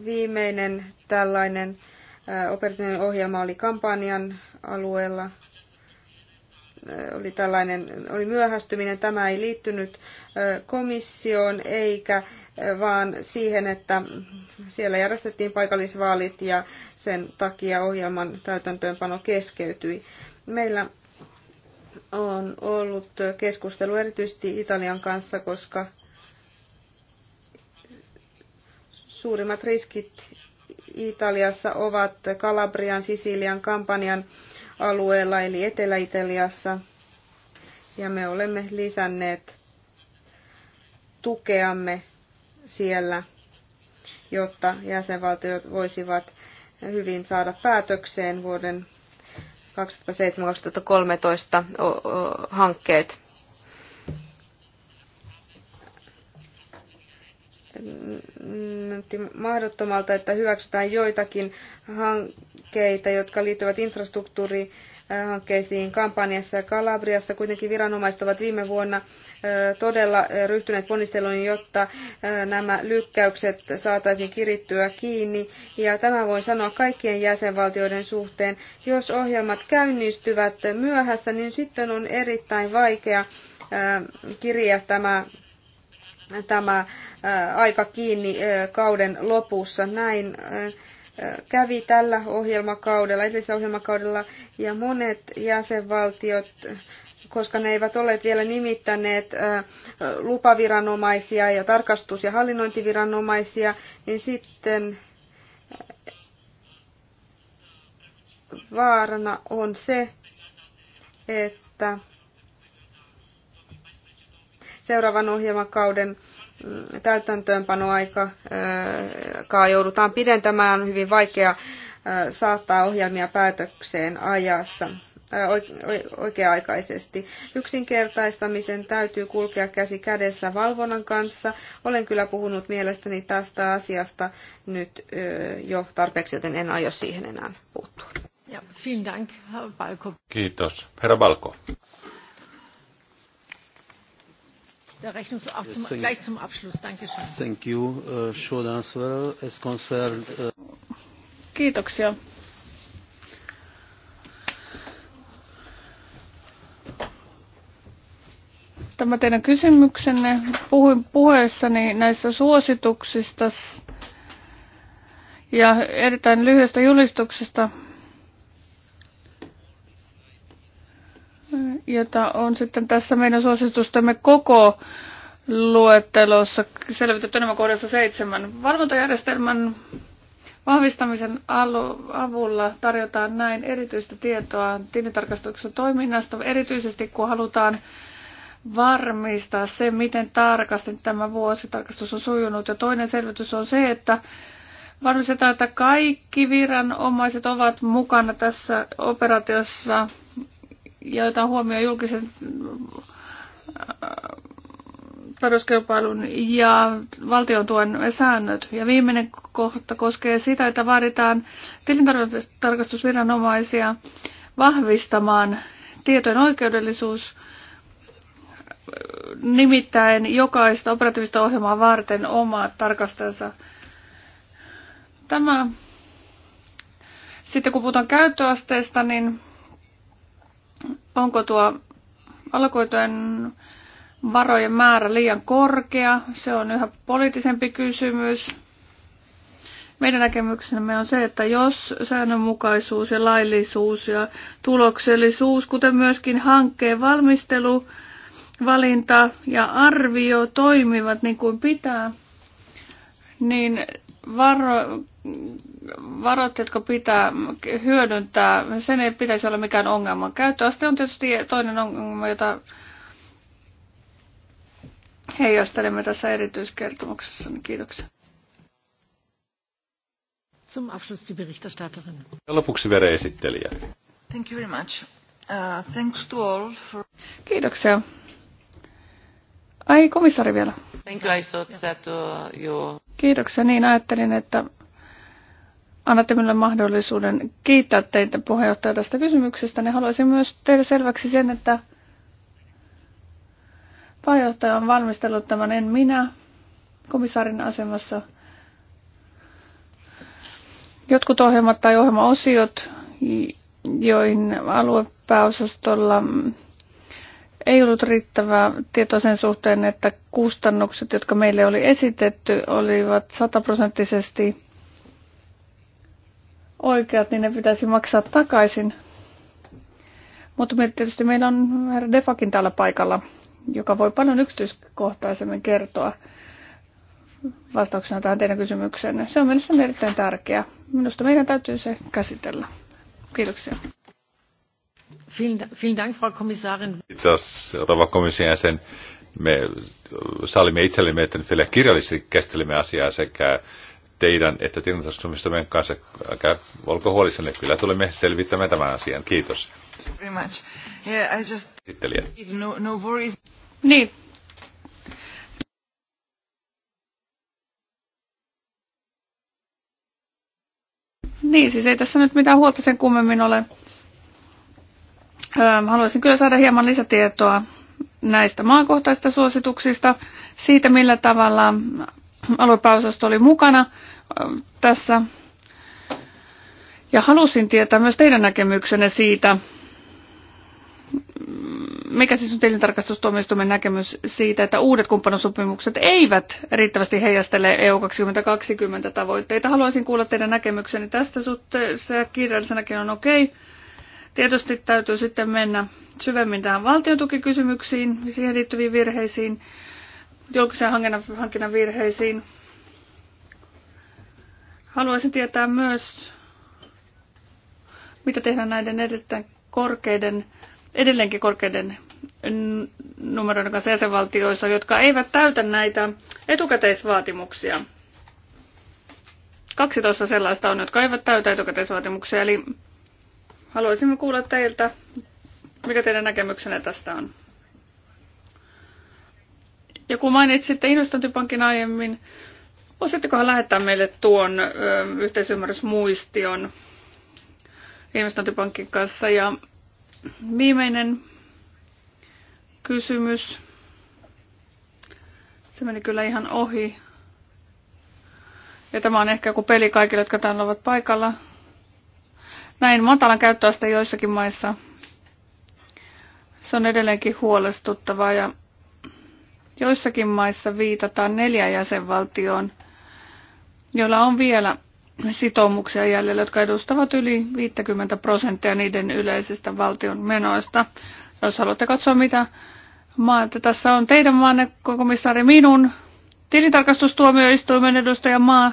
Speaker 2: viimeinen tällainen operatiivinen ohjelma oli kampanjan alueella. Oli tällainen, oli myöhästyminen. Tämä ei liittynyt komissioon eikä vaan siihen, että siellä järjestettiin paikallisvaalit ja sen takia ohjelman täytäntöönpano keskeytyi. Meillä on ollut keskustelu erityisesti Italian kanssa, koska suurimmat riskit Italiassa ovat Kalabrian, Sisilian, Kampanjan alueella eli Etelä-Italiassa. Ja me olemme lisänneet tukeamme siellä, jotta jäsenvaltiot voisivat hyvin saada päätökseen vuoden 2007-2013 hankkeet. näytti mahdottomalta, että hyväksytään joitakin hankkeita, jotka liittyvät infrastruktuuriin hankkeisiin kampanjassa ja Kalabriassa. Kuitenkin viranomaiset ovat viime vuonna todella ryhtyneet ponnisteluun, jotta nämä lykkäykset saataisiin kirittyä kiinni. Ja tämä voi sanoa kaikkien jäsenvaltioiden suhteen. Jos ohjelmat käynnistyvät myöhässä, niin sitten on erittäin vaikea kirjaa tämä tämä aika kiinni kauden lopussa. Näin kävi tällä ohjelmakaudella, edellisellä ohjelmakaudella, ja monet jäsenvaltiot koska ne eivät ole vielä nimittäneet lupaviranomaisia ja tarkastus- ja hallinnointiviranomaisia, niin sitten vaarana on se, että seuraavan ohjelmakauden täytäntöönpanoaika äh, joudutaan pidentämään, on hyvin vaikea äh, saattaa ohjelmia päätökseen ajassa äh, oikea-aikaisesti. Yksinkertaistamisen täytyy kulkea käsi kädessä valvonnan kanssa. Olen kyllä puhunut mielestäni tästä asiasta nyt jo tarpeeksi, joten en aio siihen enää
Speaker 1: puuttua. Ja, vielen Dank, Herr Balko.
Speaker 3: Kiitos. Herra Balko
Speaker 1: der zum, gleich zum Abschluss. Dankeschön. Thank you. Uh, short answer uh... Kiitoksia. Tämä teidän kysymyksenne. Puhuin puheessani näistä suosituksista ja erittäin lyhyestä julistuksesta jota on sitten tässä meidän suositustamme koko luettelossa selvitetty enemmän kohdassa seitsemän. Valvontajärjestelmän vahvistamisen avulla tarjotaan näin erityistä tietoa tilintarkastuksen toiminnasta, erityisesti kun halutaan varmistaa se, miten tarkasti tämä vuositarkastus on sujunut. Ja toinen selvitys on se, että varmistetaan, että kaikki viranomaiset ovat mukana tässä operaatiossa ja otetaan huomioon julkisen äh, tarjouskilpailun ja valtion tuen säännöt. Ja viimeinen kohta koskee sitä, että vaaditaan tilintarkastusviranomaisia vahvistamaan tietojen oikeudellisuus nimittäin jokaista operatiivista ohjelmaa varten omaa tarkastajansa. Tämä sitten kun puhutaan käyttöasteesta, niin onko tuo alkoitujen varojen määrä liian korkea. Se on yhä poliittisempi kysymys. Meidän näkemyksemme on se, että jos säännönmukaisuus ja laillisuus ja tuloksellisuus, kuten myöskin hankkeen valmistelu, valinta ja arvio toimivat niin kuin pitää, niin varo- varat, jotka pitää hyödyntää, sen ei pitäisi olla mikään ongelma. Käyttöaste on tietysti toinen ongelma, jota heijastelemme tässä erityiskertomuksessa. Niin kiitoksia.
Speaker 3: Zum Abschluss die Berichterstatterin. Ja lopuksi vereesittelijä.
Speaker 1: Thank you very much. Uh, thanks to all for... Kiitoksia. Ai, komissari vielä.
Speaker 3: Thank you, I thought that uh, you...
Speaker 1: Kiitoksia, niin ajattelin, että annatte minulle mahdollisuuden kiittää teitä puheenjohtaja tästä kysymyksestä, niin haluaisin myös tehdä selväksi sen, että puheenjohtaja on valmistellut tämän en minä komissaarin asemassa. Jotkut ohjelmat tai ohjelmaosiot, joihin aluepääosastolla ei ollut riittävää tietoa sen suhteen, että kustannukset, jotka meille oli esitetty, olivat sataprosenttisesti oikeat, niin ne pitäisi maksaa takaisin. Mutta me, tietysti meillä on herra Defakin täällä paikalla, joka voi paljon yksityiskohtaisemmin kertoa vastauksena tähän teidän kysymykseenne. Se on mielestäni erittäin tärkeää. Minusta meidän täytyy se käsitellä. Kiitoksia. Vielen Dank, Frau Kommissarin.
Speaker 3: Kiitos, Rova komission jäsen. Me sallimme itsellemme, että vielä kirjallisesti käsittelemme asiaa sekä teidän että meidän kanssa. Älkää olko huolissanne, kyllä tulemme selvittämään tämän asian. Kiitos.
Speaker 1: Very much. Yeah, I just... No, no worries. Niin, Niin, siis ei tässä nyt mitään huolta sen kummemmin ole. Öö, haluaisin kyllä saada hieman lisätietoa näistä maakohtaisista suosituksista, siitä millä tavalla aluepääosasto oli mukana ähm, tässä. Ja halusin tietää myös teidän näkemyksenne siitä, mikä siis on tilintarkastustuomioistuimen näkemys siitä, että uudet kumppanuussopimukset eivät riittävästi heijastele EU 2020 tavoitteita. Haluaisin kuulla teidän näkemyksenne tästä suhteessa ja kirjallisenakin on okei. Okay. Tietysti täytyy sitten mennä syvemmin tähän valtiotukikysymyksiin, siihen liittyviin virheisiin julkisen hankinnan, hankinnan virheisiin. Haluaisin tietää myös, mitä tehdään näiden erittäin korkeiden, edelleenkin korkeiden numeroiden kanssa jäsenvaltioissa, jotka eivät täytä näitä etukäteisvaatimuksia. 12 sellaista on, jotka eivät täytä etukäteisvaatimuksia, eli haluaisimme kuulla teiltä, mikä teidän näkemyksenne tästä on. Ja kun mainitsitte investointipankin aiemmin, voisittekohan lähettää meille tuon ö, yhteisymmärrysmuistion investointipankin kanssa? Ja viimeinen kysymys. Se meni kyllä ihan ohi. Ja tämä on ehkä joku peli kaikille, jotka täällä ovat paikalla. Näin matalan käyttöaste joissakin maissa. Se on edelleenkin huolestuttavaa ja Joissakin maissa viitataan neljä jäsenvaltioon, joilla on vielä sitoumuksia jäljellä, jotka edustavat yli 50 prosenttia niiden yleisistä valtion menoista. Jos haluatte katsoa, mitä maata tässä on teidän maanne, komissaari minun, tilintarkastustuomioistuimen edustaja maa,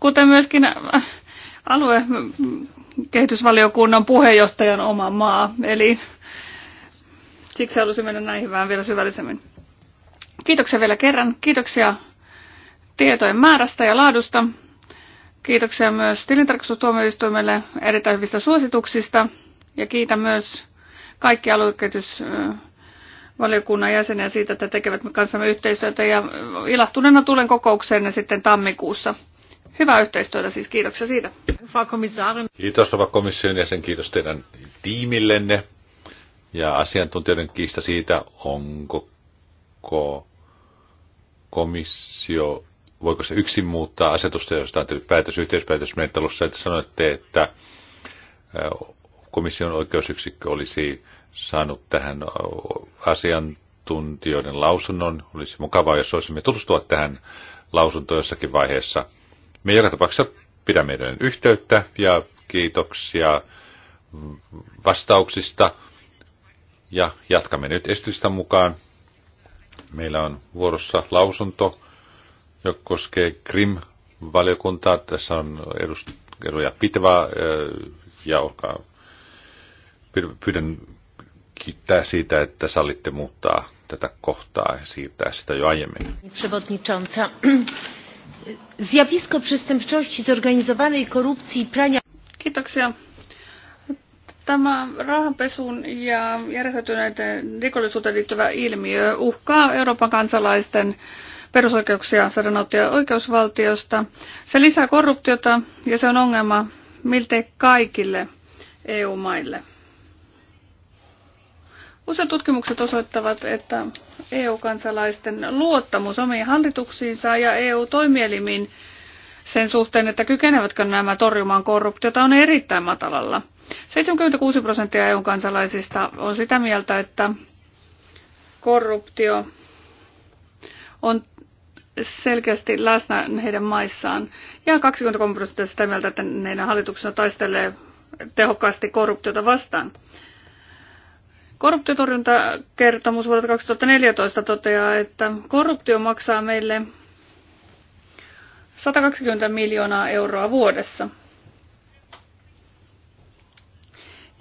Speaker 1: kuten myöskin äh, aluekehitysvaliokunnan puheenjohtajan oma maa. Eli Siksi halusin mennä näihin vähän vielä syvällisemmin. Kiitoksia vielä kerran. Kiitoksia tietojen määrästä ja laadusta. Kiitoksia myös tilintarkastustuomioistuimelle erittäin hyvistä suosituksista. Ja kiitän myös kaikki aluekehitysvaliokunnan jäseniä siitä, että tekevät me kanssamme yhteistyötä. Ja ilahtuneena tulen kokoukseenne sitten tammikuussa. Hyvää yhteistyötä siis, kiitoksia siitä.
Speaker 3: Kiitos Rova komission jäsen, kiitos teidän tiimillenne ja asiantuntijoiden kiista siitä, onko komissio, voiko se yksin muuttaa asetusta, josta on tehty päätös yhteispäätösmenettelyssä, että sanoitte, että komission oikeusyksikkö olisi saanut tähän asiantuntijoiden lausunnon. Olisi mukavaa, jos olisimme tutustua tähän lausuntoon jossakin vaiheessa. Me joka tapauksessa pidämme meidän yhteyttä ja kiitoksia vastauksista. Ja jatkamme nyt esitystä mukaan. Meillä on vuorossa lausunto, joka koskee Krim-valiokuntaa. Tässä on edustaja Pitva ja olkaa. Pyydän kiittää siitä, että sallitte muuttaa tätä kohtaa ja siirtää sitä jo aiemmin.
Speaker 1: Przewodnicząca. Zjawisko zorganizowanej korupcji Kiitoksia Tämä rahanpesun ja järjestäytyneiden rikollisuuteen liittyvä ilmiö uhkaa Euroopan kansalaisten perusoikeuksia saada nauttia oikeusvaltiosta. Se lisää korruptiota ja se on ongelma miltei kaikille EU-maille. Useat tutkimukset osoittavat, että EU-kansalaisten luottamus omiin hallituksiinsa ja EU-toimielimiin sen suhteen, että kykenevätkö nämä torjumaan korruptiota, on erittäin matalalla. 76 prosenttia EUn kansalaisista on sitä mieltä, että korruptio on selkeästi läsnä heidän maissaan. Ja 23 prosenttia sitä mieltä, että heidän hallituksensa taistelee tehokkaasti korruptiota vastaan. Korruptiotorjuntakertomus vuodelta 2014 toteaa, että korruptio maksaa meille 120 miljoonaa euroa vuodessa.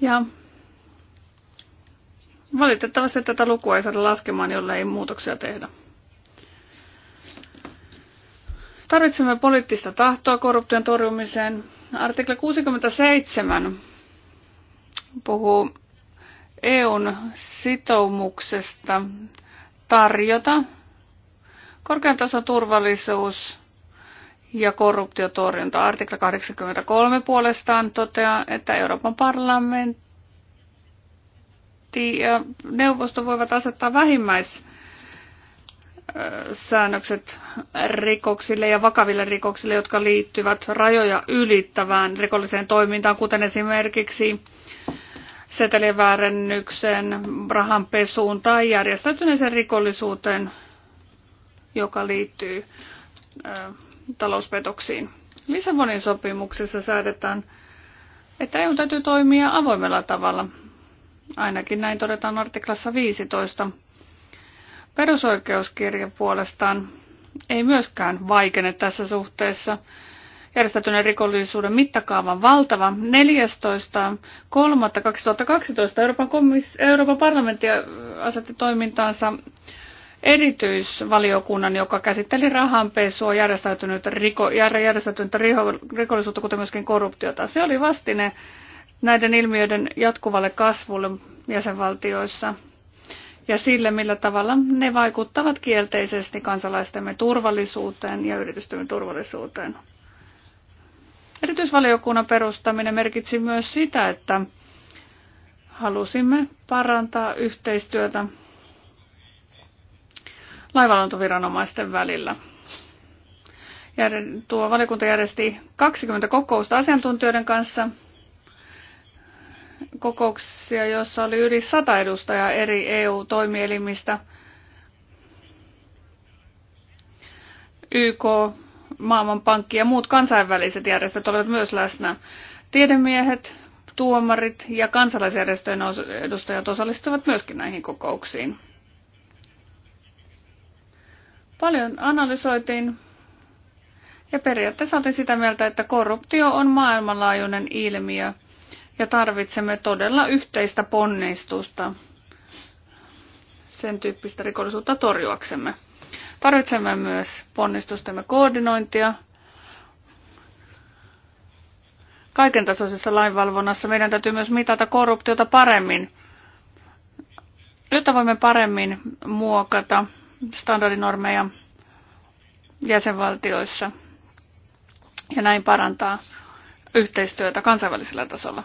Speaker 1: Ja valitettavasti tätä lukua ei saada laskemaan, jollei muutoksia tehdä. Tarvitsemme poliittista tahtoa korruption torjumiseen. Artikla 67 puhuu EUn sitoumuksesta tarjota korkean tason turvallisuus ja korruptiotorjunta. Artikla 83 puolestaan toteaa, että Euroopan parlamentti ja neuvosto voivat asettaa vähimmäissäännökset rikoksille ja vakaville rikoksille, jotka liittyvät rajoja ylittävään rikolliseen toimintaan, kuten esimerkiksi setelien väärennykseen, rahanpesuun tai järjestäytyneeseen rikollisuuteen, joka liittyy talouspetoksiin. Lissabonin sopimuksessa säädetään, että EU täytyy toimia avoimella tavalla. Ainakin näin todetaan artiklassa 15. Perusoikeuskirja puolestaan ei myöskään vaikene tässä suhteessa. Järjestäytyneen rikollisuuden mittakaava on valtava. 14.3.2012 Euroopan, komis- Euroopan parlamentti asetti toimintaansa erityisvaliokunnan, joka käsitteli rahanpesua, järjestäytynyt järjestäytynyttä rikollisuutta, kuten myöskin korruptiota. Se oli vastine näiden ilmiöiden jatkuvalle kasvulle jäsenvaltioissa ja sille, millä tavalla ne vaikuttavat kielteisesti kansalaistemme turvallisuuteen ja yritystemme turvallisuuteen. Erityisvaliokunnan perustaminen merkitsi myös sitä, että halusimme parantaa yhteistyötä laivalantoviranomaisten välillä. Ja tuo valiokunta järjesti 20 kokousta asiantuntijoiden kanssa, kokouksia, joissa oli yli 100 edustajaa eri EU-toimielimistä, YK, Maailmanpankki ja muut kansainväliset järjestöt olivat myös läsnä. Tiedemiehet, tuomarit ja kansalaisjärjestöjen edustajat osallistuivat myöskin näihin kokouksiin. Paljon analysoitiin ja periaatteessa oltiin sitä mieltä, että korruptio on maailmanlaajuinen ilmiö ja tarvitsemme todella yhteistä ponnistusta sen tyyppistä rikollisuutta torjuaksemme. Tarvitsemme myös ponnistustemme koordinointia. Kaiken tasoisessa lainvalvonnassa meidän täytyy myös mitata korruptiota paremmin, jotta voimme paremmin muokata standardinormeja jäsenvaltioissa ja näin parantaa yhteistyötä kansainvälisellä tasolla.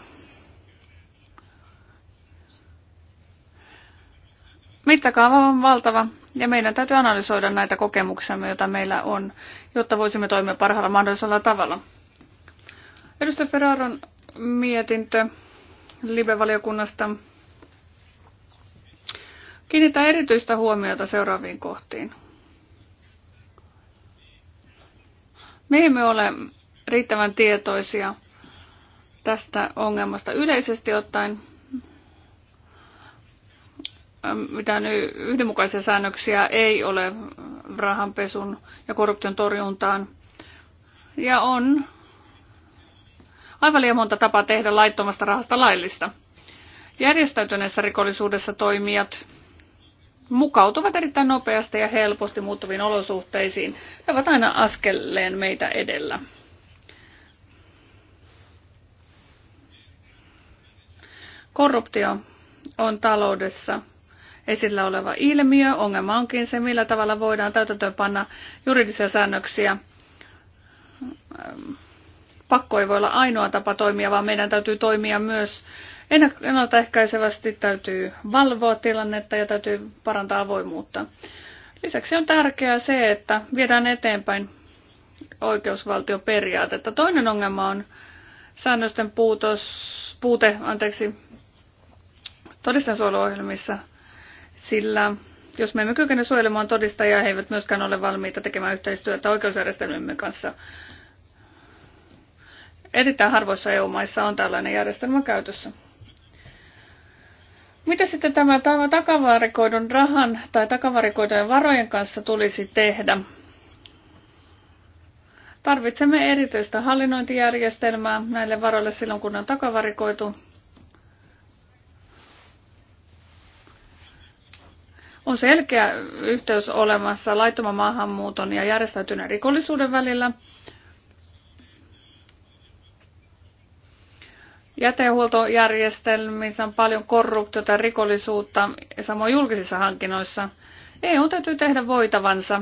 Speaker 1: Mittakaava on valtava ja meidän täytyy analysoida näitä kokemuksia, joita meillä on, jotta voisimme toimia parhaalla mahdollisella tavalla. Edustaja Ferraron mietintö Libe-valiokunnasta Kiinnitä erityistä huomiota seuraaviin kohtiin. Me emme ole riittävän tietoisia tästä ongelmasta yleisesti ottaen, mitään yhdenmukaisia säännöksiä ei ole rahanpesun ja korruption torjuntaan. Ja on aivan liian monta tapaa tehdä laittomasta rahasta laillista. Järjestäytyneessä rikollisuudessa toimijat mukautuvat erittäin nopeasti ja helposti muuttuviin olosuhteisiin. He ovat aina askelleen meitä edellä. Korruptio on taloudessa esillä oleva ilmiö. Ongelma onkin se, millä tavalla voidaan täytäntöönpanna juridisia säännöksiä. Pakko ei voi olla ainoa tapa toimia, vaan meidän täytyy toimia myös Ennaltaehkäisevästi täytyy valvoa tilannetta ja täytyy parantaa avoimuutta. Lisäksi on tärkeää se, että viedään eteenpäin oikeusvaltioperiaatetta. Toinen ongelma on säännösten puutos, puute anteeksi, todistansuojeluohjelmissa, sillä jos me emme kykene suojelemaan todistajia, he eivät myöskään ole valmiita tekemään yhteistyötä oikeusjärjestelmämme kanssa. Erittäin harvoissa EU-maissa on tällainen järjestelmä käytössä. Mitä sitten tämä, takavarikoidun rahan tai takavarikoidun varojen kanssa tulisi tehdä? Tarvitsemme erityistä hallinnointijärjestelmää näille varoille silloin, kun ne on takavarikoitu. On selkeä yhteys olemassa laittoman maahanmuuton ja järjestäytyneen rikollisuuden välillä. jätehuoltojärjestelmissä on paljon korruptiota, ja rikollisuutta, samoin julkisissa hankinnoissa. EU täytyy tehdä voitavansa,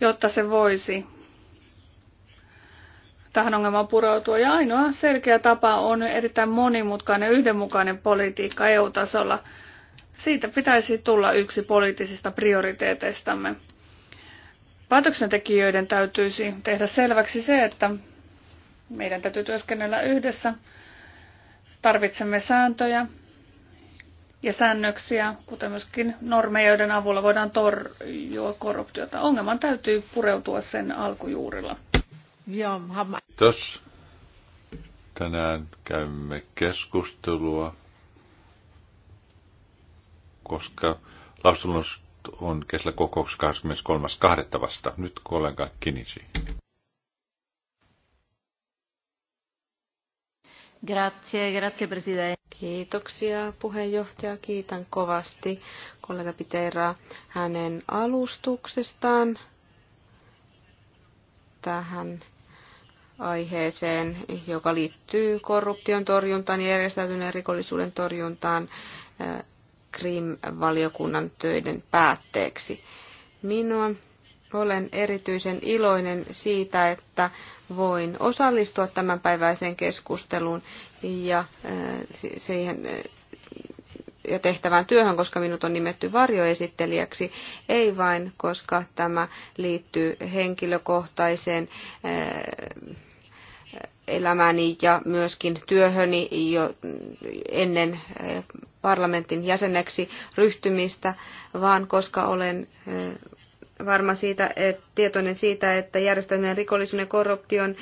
Speaker 1: jotta se voisi tähän ongelmaan pureutua. Ja ainoa selkeä tapa on erittäin monimutkainen yhdenmukainen politiikka EU-tasolla. Siitä pitäisi tulla yksi poliittisista prioriteeteistamme. Päätöksentekijöiden täytyisi tehdä selväksi se, että meidän täytyy työskennellä yhdessä – Tarvitsemme sääntöjä ja säännöksiä, kuten myöskin normeja, joiden avulla voidaan torjua korruptiota. Ongelman täytyy pureutua sen alkujuurilla.
Speaker 3: Kiitos. Tänään käymme keskustelua, koska lausunnos on kesällä kokouksessa 23.2. vasta. Nyt kollega Kinisi.
Speaker 2: Grazie, grazie presidente. Kiitoksia puheenjohtaja. Kiitän kovasti kollega Piteira hänen alustuksestaan tähän aiheeseen, joka liittyy korruption torjuntaan ja järjestäytyneen rikollisuuden torjuntaan eh, Krim-valiokunnan töiden päätteeksi. Minua olen erityisen iloinen siitä, että voin osallistua tämänpäiväiseen keskusteluun ja äh, siihen äh, ja tehtävään työhön, koska minut on nimetty varjoesittelijäksi, ei vain koska tämä liittyy henkilökohtaiseen äh, elämäni ja myöskin työhöni jo ennen parlamentin jäseneksi ryhtymistä, vaan koska olen varma siitä, että, tietoinen siitä, että järjestäytyneen rikollisuuden ja korruption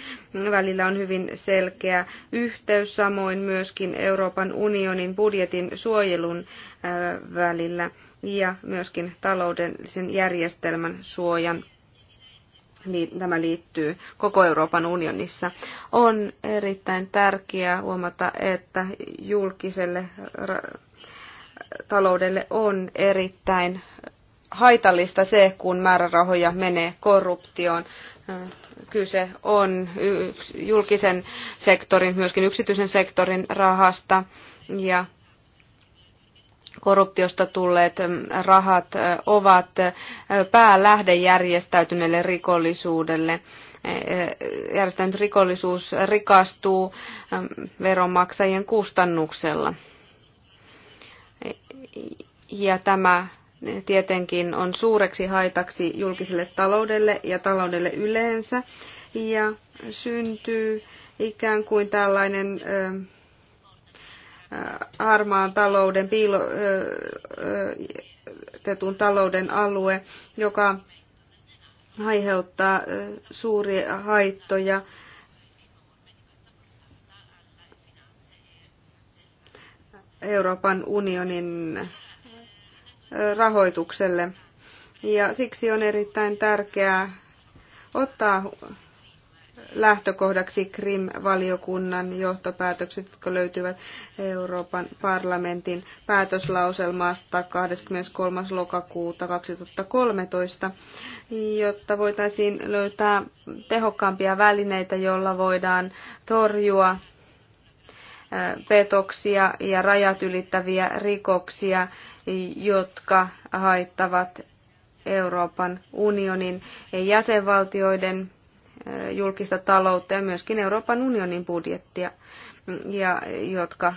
Speaker 2: välillä on hyvin selkeä yhteys, samoin myöskin Euroopan unionin budjetin suojelun äh, välillä ja myöskin taloudellisen järjestelmän suojan tämä liittyy koko Euroopan unionissa. On erittäin tärkeää huomata, että julkiselle taloudelle on erittäin haitallista se, kun määrärahoja menee korruptioon. Kyse on julkisen sektorin, myöskin yksityisen sektorin rahasta ja korruptiosta tulleet mm, rahat ovat päälähde järjestäytyneelle rikollisuudelle. E, e, järjestäytynyt rikollisuus rikastuu mm, veronmaksajien kustannuksella. E, ja tämä tietenkin on suureksi haitaksi julkiselle taloudelle ja taloudelle yleensä. Ja syntyy ikään kuin tällainen harmaan talouden, piilotetun talouden alue, joka aiheuttaa suuria haittoja. Euroopan unionin rahoitukselle. Ja siksi on erittäin tärkeää ottaa lähtökohdaksi Krim-valiokunnan johtopäätökset, jotka löytyvät Euroopan parlamentin päätöslauselmasta 23. lokakuuta 2013, jotta voitaisiin löytää tehokkaampia välineitä, joilla voidaan torjua petoksia ja rajat ylittäviä rikoksia jotka haittavat Euroopan unionin jäsenvaltioiden julkista taloutta ja myöskin Euroopan unionin budjettia, ja jotka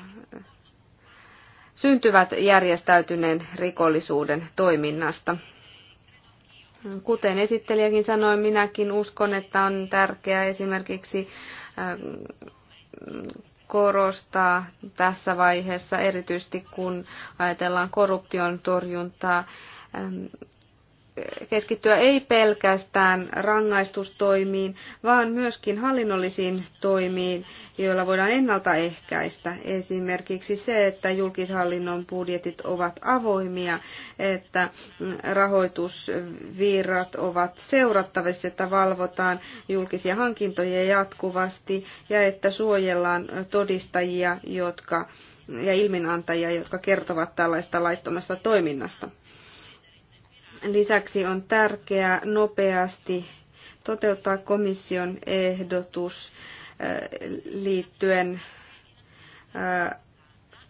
Speaker 2: syntyvät järjestäytyneen rikollisuuden toiminnasta. Kuten esittelijäkin sanoi, minäkin uskon, että on tärkeää esimerkiksi korostaa tässä vaiheessa, erityisesti kun ajatellaan korruption torjuntaa keskittyä ei pelkästään rangaistustoimiin, vaan myöskin hallinnollisiin toimiin, joilla voidaan ennaltaehkäistä. Esimerkiksi se, että julkishallinnon budjetit ovat avoimia, että rahoitusvirrat ovat seurattavissa, että valvotaan julkisia hankintoja jatkuvasti ja että suojellaan todistajia jotka, ja ilminantajia, jotka kertovat tällaista laittomasta toiminnasta. Lisäksi on tärkeää nopeasti toteuttaa komission ehdotus eh, liittyen eh,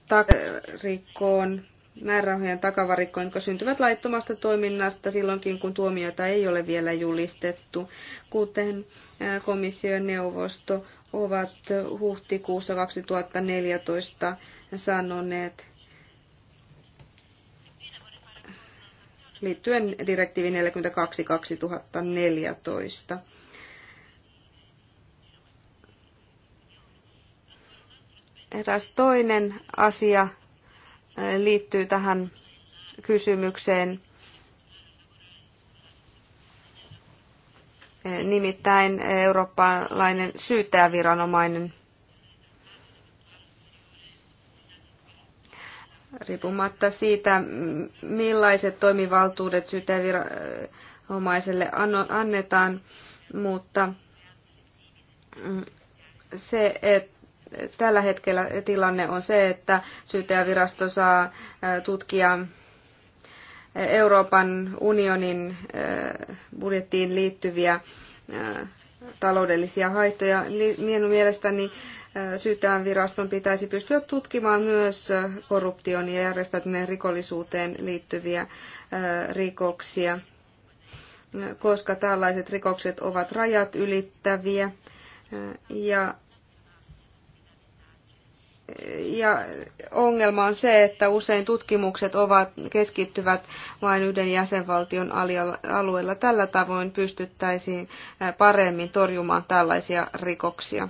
Speaker 2: takarikkoon, määrärahojen takavarikkoon, jotka syntyvät laittomasta toiminnasta silloinkin, kun tuomiota ei ole vielä julistettu, kuten eh, komission neuvosto ovat huhtikuussa 2014 sanoneet. liittyen direktiivi 42-2014. Eräs toinen asia liittyy tähän kysymykseen. Nimittäin eurooppalainen syyttäjäviranomainen riippumatta siitä, millaiset toimivaltuudet syyteviranomaiselle annetaan, mutta se, että tällä hetkellä tilanne on se, että syyttäjävirasto saa tutkia Euroopan unionin budjettiin liittyviä taloudellisia haittoja. Minun mielestäni syyttäjän viraston pitäisi pystyä tutkimaan myös korruption ja järjestäytyneen rikollisuuteen liittyviä rikoksia, koska tällaiset rikokset ovat rajat ylittäviä ja ja ongelma on se, että usein tutkimukset ovat, keskittyvät vain yhden jäsenvaltion alueella. Tällä tavoin pystyttäisiin paremmin torjumaan tällaisia rikoksia.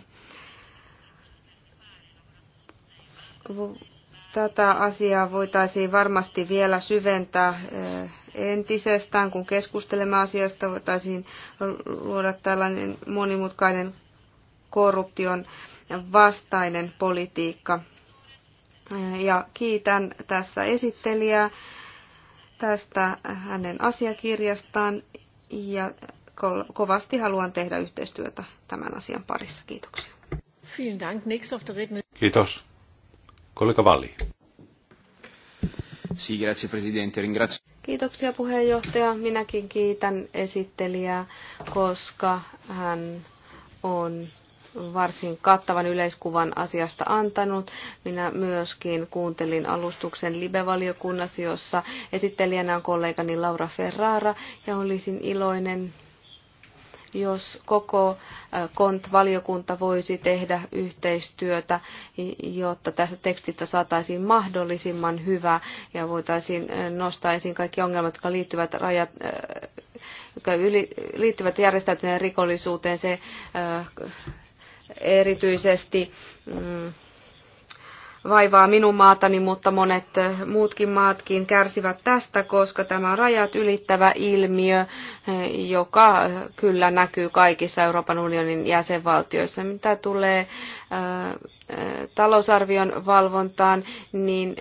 Speaker 2: Tätä asiaa voitaisiin varmasti vielä syventää eh, entisestään, kun keskustelemme asiasta, voitaisiin luoda tällainen monimutkainen korruption vastainen politiikka. Eh, ja kiitän tässä esittelijää tästä hänen asiakirjastaan ja kovasti haluan tehdä yhteistyötä tämän asian parissa. Kiitoksia.
Speaker 3: Kiitos. Kollega Valli.
Speaker 2: Kiitoksia puheenjohtaja. Minäkin kiitän esittelijää, koska hän on varsin kattavan yleiskuvan asiasta antanut. Minä myöskin kuuntelin alustuksen live-valiokunnassa, jossa esittelijänä on kollegani Laura Ferrara, ja olisin iloinen, jos koko KONT-valiokunta voisi tehdä yhteistyötä, jotta tästä tekstistä saataisiin mahdollisimman hyvä ja voitaisiin nostaa esiin kaikki ongelmat, jotka liittyvät rajat jotka liittyvät järjestäytyneen rikollisuuteen, se erityisesti mm, vaivaa minun maatani, mutta monet eh, muutkin maatkin kärsivät tästä, koska tämä on rajat ylittävä ilmiö, eh, joka eh, kyllä näkyy kaikissa Euroopan unionin jäsenvaltioissa. Mitä tulee talousarvion valvontaan, niin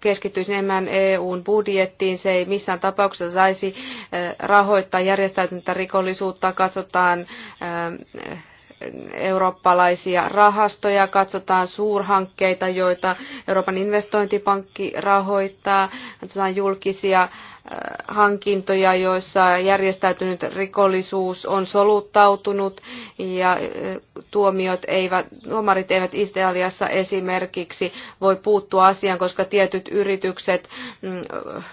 Speaker 2: keskittyisin enemmän EUn budjettiin. Se ei missään tapauksessa saisi rahoittaa järjestäytyntä rikollisuutta. Katsotaan eurooppalaisia rahastoja, katsotaan suurhankkeita, joita Euroopan investointipankki rahoittaa, katsotaan julkisia hankintoja, joissa järjestäytynyt rikollisuus on soluttautunut ja e, tuomiot eivät, tuomarit eivät Israeliassa esimerkiksi voi puuttua asiaan, koska tietyt yritykset mm,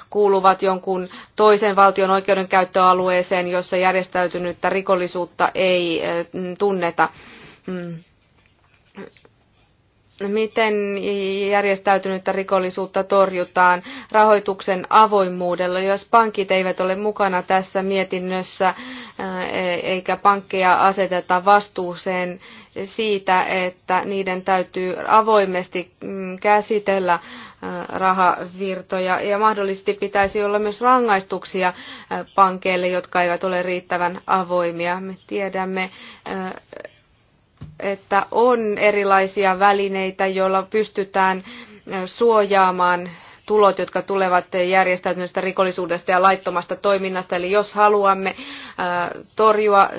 Speaker 2: kuuluvat jonkun toisen valtion oikeudenkäyttöalueeseen, jossa järjestäytynyttä rikollisuutta ei e, mm, tunneta. Mm miten järjestäytynyttä rikollisuutta torjutaan rahoituksen avoimuudella. Jos pankit eivät ole mukana tässä mietinnössä eikä pankkeja aseteta vastuuseen siitä, että niiden täytyy avoimesti mm, käsitellä rahavirtoja ja mahdollisesti pitäisi olla myös rangaistuksia pankeille, jotka eivät ole riittävän avoimia. Me tiedämme että on erilaisia välineitä, joilla pystytään suojaamaan tulot, jotka tulevat järjestäytyneestä rikollisuudesta ja laittomasta toiminnasta. Eli jos haluamme torjua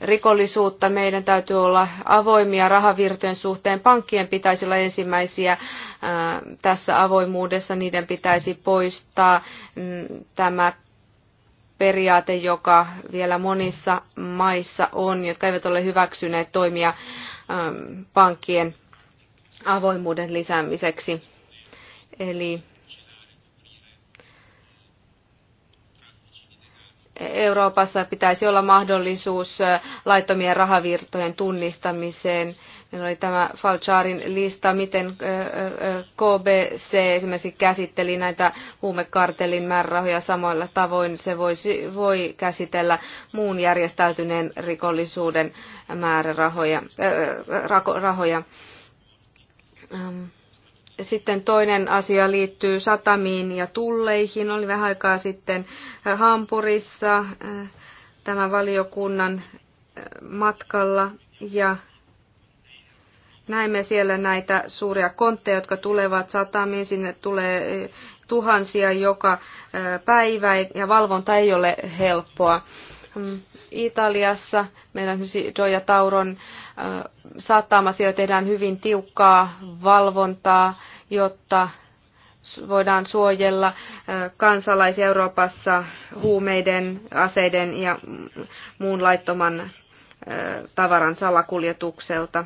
Speaker 2: rikollisuutta, meidän täytyy olla avoimia rahavirtojen suhteen. Pankkien pitäisi olla ensimmäisiä tässä avoimuudessa, niiden pitäisi poistaa mm, tämä periaate, joka vielä monissa maissa on, jotka eivät ole hyväksyneet toimia ähm, pankkien avoimuuden lisäämiseksi. Eli Euroopassa pitäisi olla mahdollisuus äh, laittomien rahavirtojen tunnistamiseen Meillä oli tämä Falcharin lista, miten KBC esimerkiksi käsitteli näitä huumekartelin määrärahoja samoilla tavoin. Se voisi, voi käsitellä muun järjestäytyneen rikollisuuden määrärahoja. Äh, rahoja. Ähm. Sitten toinen asia liittyy satamiin ja tulleihin. Oli vähän aikaa sitten Hampurissa tämä valiokunnan matkalla ja Näemme siellä näitä suuria kontteja, jotka tulevat satamiin. Sinne tulee eh, tuhansia joka eh, päivä ja valvonta ei ole helppoa. Mm, Italiassa meillä on esimerkiksi Gioia Tauron eh, satama, siellä tehdään hyvin tiukkaa valvontaa, jotta voidaan suojella kansalaisia Euroopassa huumeiden, aseiden ja muun laittoman tavaran salakuljetukselta.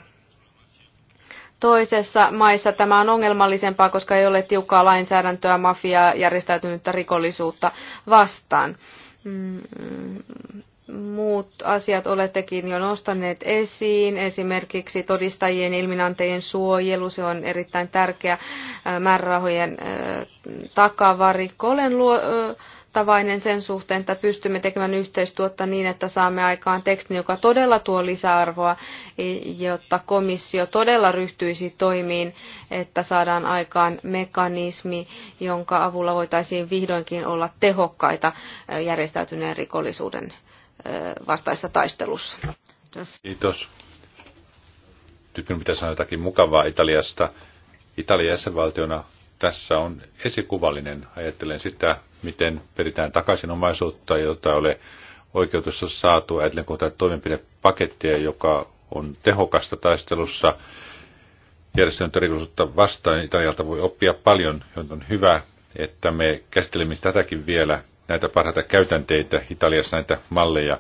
Speaker 2: Toisessa maissa tämä on ongelmallisempaa, koska ei ole tiukkaa lainsäädäntöä mafiaa järjestäytynyttä rikollisuutta vastaan. Mm, muut asiat olettekin jo nostaneet esiin, esimerkiksi todistajien ilminantajien suojelu, se on erittäin tärkeä määrärahojen takavarikko. Olen luo, luottavainen sen suhteen, että pystymme tekemään yhteistyötä niin, että saamme aikaan tekstin, joka todella tuo lisäarvoa, jotta komissio todella ryhtyisi toimiin, että saadaan aikaan mekanismi, jonka avulla voitaisiin vihdoinkin olla tehokkaita järjestäytyneen rikollisuuden vastaista taistelussa.
Speaker 3: Kiitos. Nyt minun pitää sanoa jotakin mukavaa Italiasta. Italia jäsenvaltiona tässä on esikuvallinen. Ajattelen sitä, miten peritään takaisin omaisuutta, jota ei ole oikeutussa saatu. Ajattelen kun tätä toimenpidepakettia, joka on tehokasta taistelussa järjestöntö rikollisuutta vastaan. Niin Italialta voi oppia paljon, joten on hyvä, että me käsittelemme tätäkin vielä, näitä parhaita käytänteitä Italiassa, näitä malleja.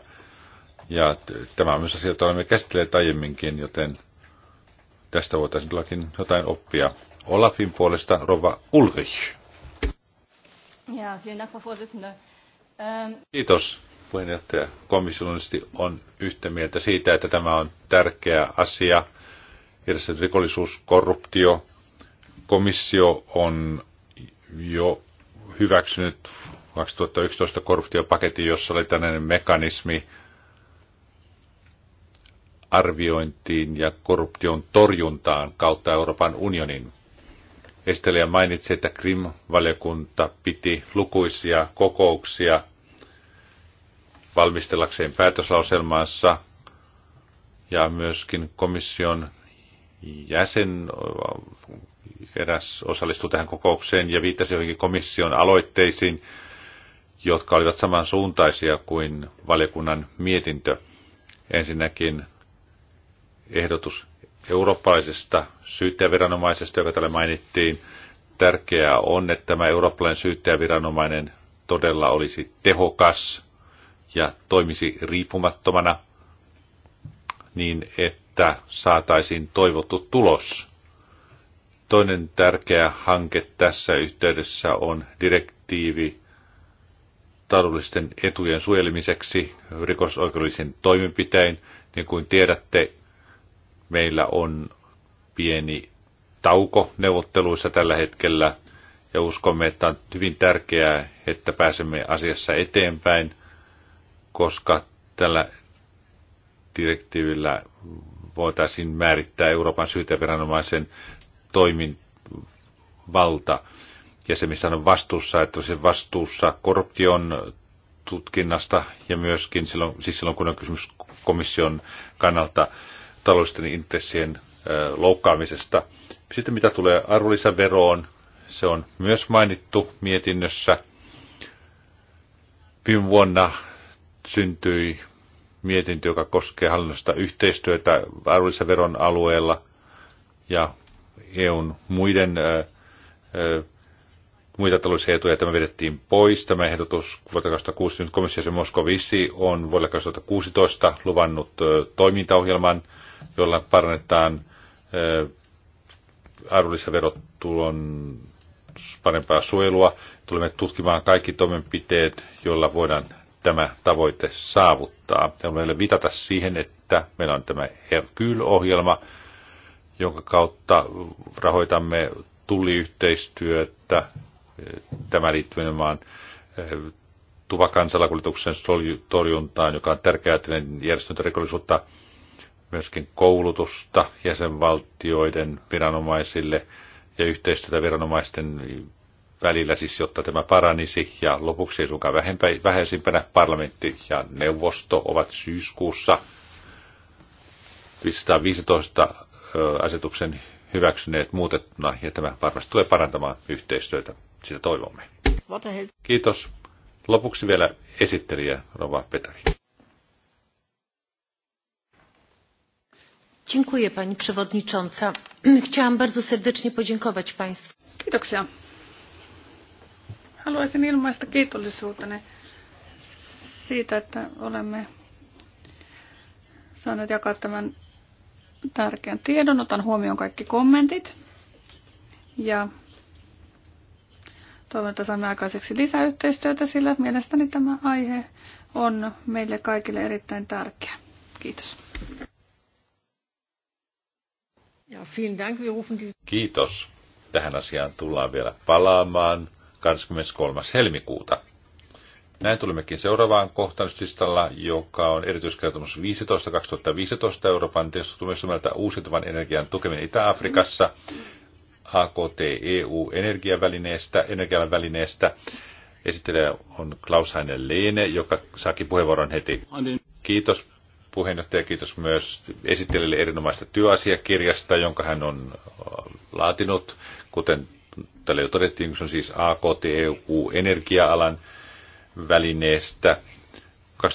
Speaker 3: Ja tämä on myös asia, jota olemme käsitelleet aiemminkin, joten tästä voitaisiin jotain oppia. Olafin puolesta Rova Ulrich.
Speaker 1: Ja, dank, ähm...
Speaker 3: Kiitos puheenjohtaja. Komissionisti on yhtä mieltä siitä, että tämä on tärkeä asia. Järjestetty rikollisuus, korruptio. Komissio on jo hyväksynyt 2011 korruptiopaketin, jossa oli tällainen mekanismi arviointiin ja korruption torjuntaan kautta Euroopan unionin. Estelijä mainitsi, että Krim-valiokunta piti lukuisia kokouksia valmistellakseen päätöslauselmaansa ja myöskin komission jäsen äh, eräs osallistui tähän kokoukseen ja viittasi johonkin komission aloitteisiin, jotka olivat samansuuntaisia kuin valiokunnan mietintö. Ensinnäkin ehdotus eurooppalaisesta syyttäjäviranomaisesta, joka täällä mainittiin. Tärkeää on, että tämä eurooppalainen syyttäjäviranomainen todella olisi tehokas ja toimisi riippumattomana niin, että saataisiin toivottu tulos. Toinen tärkeä hanke tässä yhteydessä on direktiivi taloudellisten etujen suojelemiseksi rikosoikeudellisen toimenpitein. Niin kuin tiedätte, Meillä on pieni tauko neuvotteluissa tällä hetkellä ja uskomme, että on hyvin tärkeää, että pääsemme asiassa eteenpäin, koska tällä direktiivillä voitaisiin määrittää Euroopan syyteviranomaisen toimivalta ja se, missä on vastuussa, että se vastuussa korruption tutkinnasta ja myöskin silloin, siis silloin kun on kysymys komission kannalta taloudellisten intressien loukkaamisesta. Sitten mitä tulee arvonlisäveroon, se on myös mainittu mietinnössä. Viime vuonna syntyi mietintö, joka koskee hallinnosta yhteistyötä arvonlisäveron alueella ja EUn muiden muita taloudellisia etuja. Tämä vedettiin pois. Tämä ehdotus vuodelta 2016 komissiossa Moskovissi on vuodelta 2016 luvannut toimintaohjelman – jolla parannetaan arvonlisäverotulon parempaa suojelua. Tulemme tutkimaan kaikki toimenpiteet, joilla voidaan tämä tavoite saavuttaa. Haluan vitata siihen, että meillä on tämä Herkyl-ohjelma, jonka kautta rahoitamme tulliyhteistyötä. Tämä liittyy nimenomaan tuvakansalakuljetuksen torjuntaan, joka on tärkeää järjestöntä rikollisuutta myöskin koulutusta jäsenvaltioiden viranomaisille ja yhteistyötä viranomaisten välillä, siis jotta tämä paranisi. Ja lopuksi ei suinkaan vähäisimpänä parlamentti ja neuvosto ovat syyskuussa 515 asetuksen hyväksyneet muutettuna, ja tämä varmasti tulee parantamaan yhteistyötä. Sitä toivomme. Kiitos. Lopuksi vielä esittelijä Rova Petari.
Speaker 1: pani przewodnicząca.
Speaker 2: Chciałam bardzo serdecznie podziękować państwu.
Speaker 1: Kiitoksia. Haluaisin ilmaista kiitollisuuteni siitä, että olemme saaneet jakaa tämän tärkeän tiedon. Otan huomioon kaikki kommentit ja toivon, että saamme aikaiseksi lisäyhteistyötä, sillä mielestäni tämä aihe on meille kaikille erittäin tärkeä. Kiitos.
Speaker 3: Kiitos. Tähän asiaan tullaan vielä palaamaan 23. helmikuuta. Näin tulimmekin seuraavaan kohtaamislistalla, joka on erityiskertomus 15 2015 Euroopan tietysti uusiutuvan energian tukeminen Itä-Afrikassa, AKT-EU-energiavälineestä, energian välineestä. Esittelijä on Klaus Heinen Leene, joka saakin puheenvuoron heti. Kiitos puheenjohtaja. Kiitos myös esittelijälle erinomaista työasiakirjasta, jonka hän on äh, laatinut. Kuten täällä jo todettiin, se on siis AKT-EU-energia-alan välineestä. 2006-2013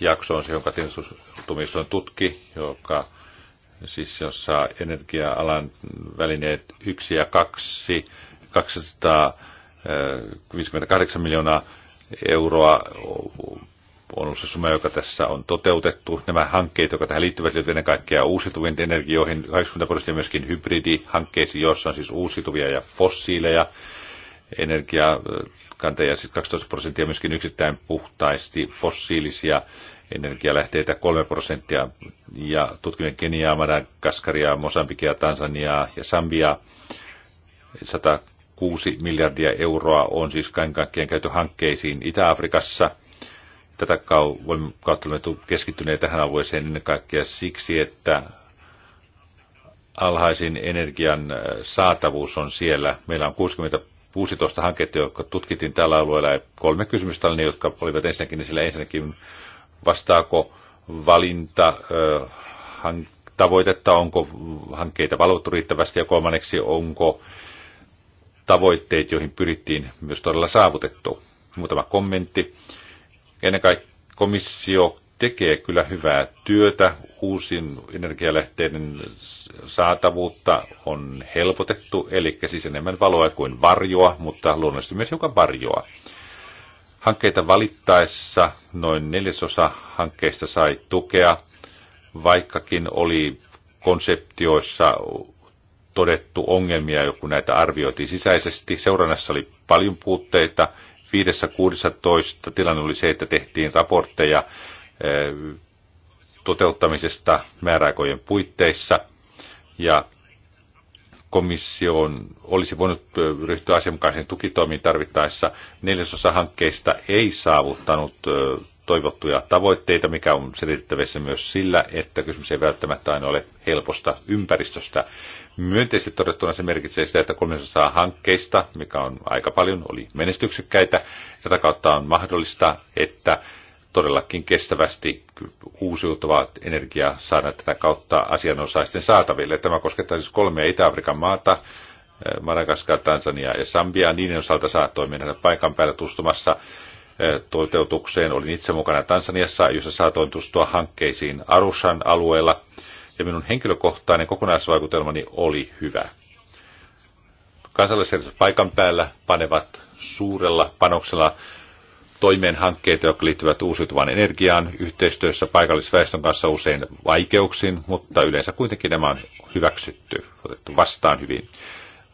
Speaker 3: jakso on se, jonka tietotuomioistuin tutki, joka siis jossa energia-alan välineet 1 ja 2, 258 äh, miljoonaa euroa on se summa, joka tässä on toteutettu. Nämä hankkeet, jotka tähän liittyvät, liittyvät ennen kaikkea uusiutuviin energioihin, 80 prosenttia myöskin hybridihankkeisiin, joissa on siis uusiutuvia ja fossiileja energiakanteja, siis 12 prosenttia myöskin yksittäin puhtaasti fossiilisia energialähteitä 3 prosenttia, ja tutkimme Keniaa, Madagaskaria, Mosambikia, Tansaniaa ja Sambia 106 miljardia euroa on siis kaiken kaikkiaan käyty hankkeisiin Itä-Afrikassa – Tätä kautta olemme keskittyneet tähän alueeseen ennen kaikkea siksi, että alhaisin energian äh, saatavuus on siellä. Meillä on 60 16 hanketta, jotka tutkittiin tällä alueella, ja kolme kysymystä oli ne, jotka olivat ensinnäkin niin sillä ensinnäkin, vastaako valinta äh, tavoitetta, onko hankkeita valvottu riittävästi, ja kolmanneksi, onko tavoitteet, joihin pyrittiin, myös todella saavutettu. Muutama kommentti. Ennen kaikkea komissio tekee kyllä hyvää työtä. Uusin energialähteiden saatavuutta on helpotettu, eli siis enemmän valoa kuin varjoa, mutta luonnollisesti myös hiukan varjoa. Hankkeita valittaessa noin neljäsosa hankkeista sai tukea, vaikkakin oli konseptioissa todettu ongelmia, kun näitä arvioitiin sisäisesti. Seurannassa oli paljon puutteita 5.16. tilanne oli se, että tehtiin raportteja eh, toteuttamisesta määräaikojen puitteissa ja komission olisi voinut eh, ryhtyä asianmukaisiin tukitoimiin tarvittaessa. Neljäsosa hankkeista ei saavuttanut eh, toivottuja tavoitteita, mikä on selitettävissä myös sillä, että kysymys ei välttämättä aina ole helposta ympäristöstä. Myönteisesti todettuna se merkitsee sitä, että 300 hankkeista, mikä on aika paljon, oli menestyksekkäitä. Tätä kautta on mahdollista, että todellakin kestävästi uusiutuvaa energiaa saadaan tätä kautta asianosaisten saataville. Tämä koskettaa siis kolmea Itä-Afrikan maata, Madagaskar, Tansania ja Sambia. Niiden osalta saattoi mennä paikan päällä tustumassa Eh, toteutukseen. Olin itse mukana Tansaniassa, jossa saatoin tutustua hankkeisiin Arushan alueella, ja minun henkilökohtainen kokonaisvaikutelmani oli hyvä. Kansallisjärjestöt paikan päällä panevat suurella panoksella toimeen hankkeita, jotka liittyvät uusiutuvaan energiaan, yhteistyössä paikallisväestön kanssa usein vaikeuksiin, mutta yleensä kuitenkin nämä on hyväksytty, otettu vastaan hyvin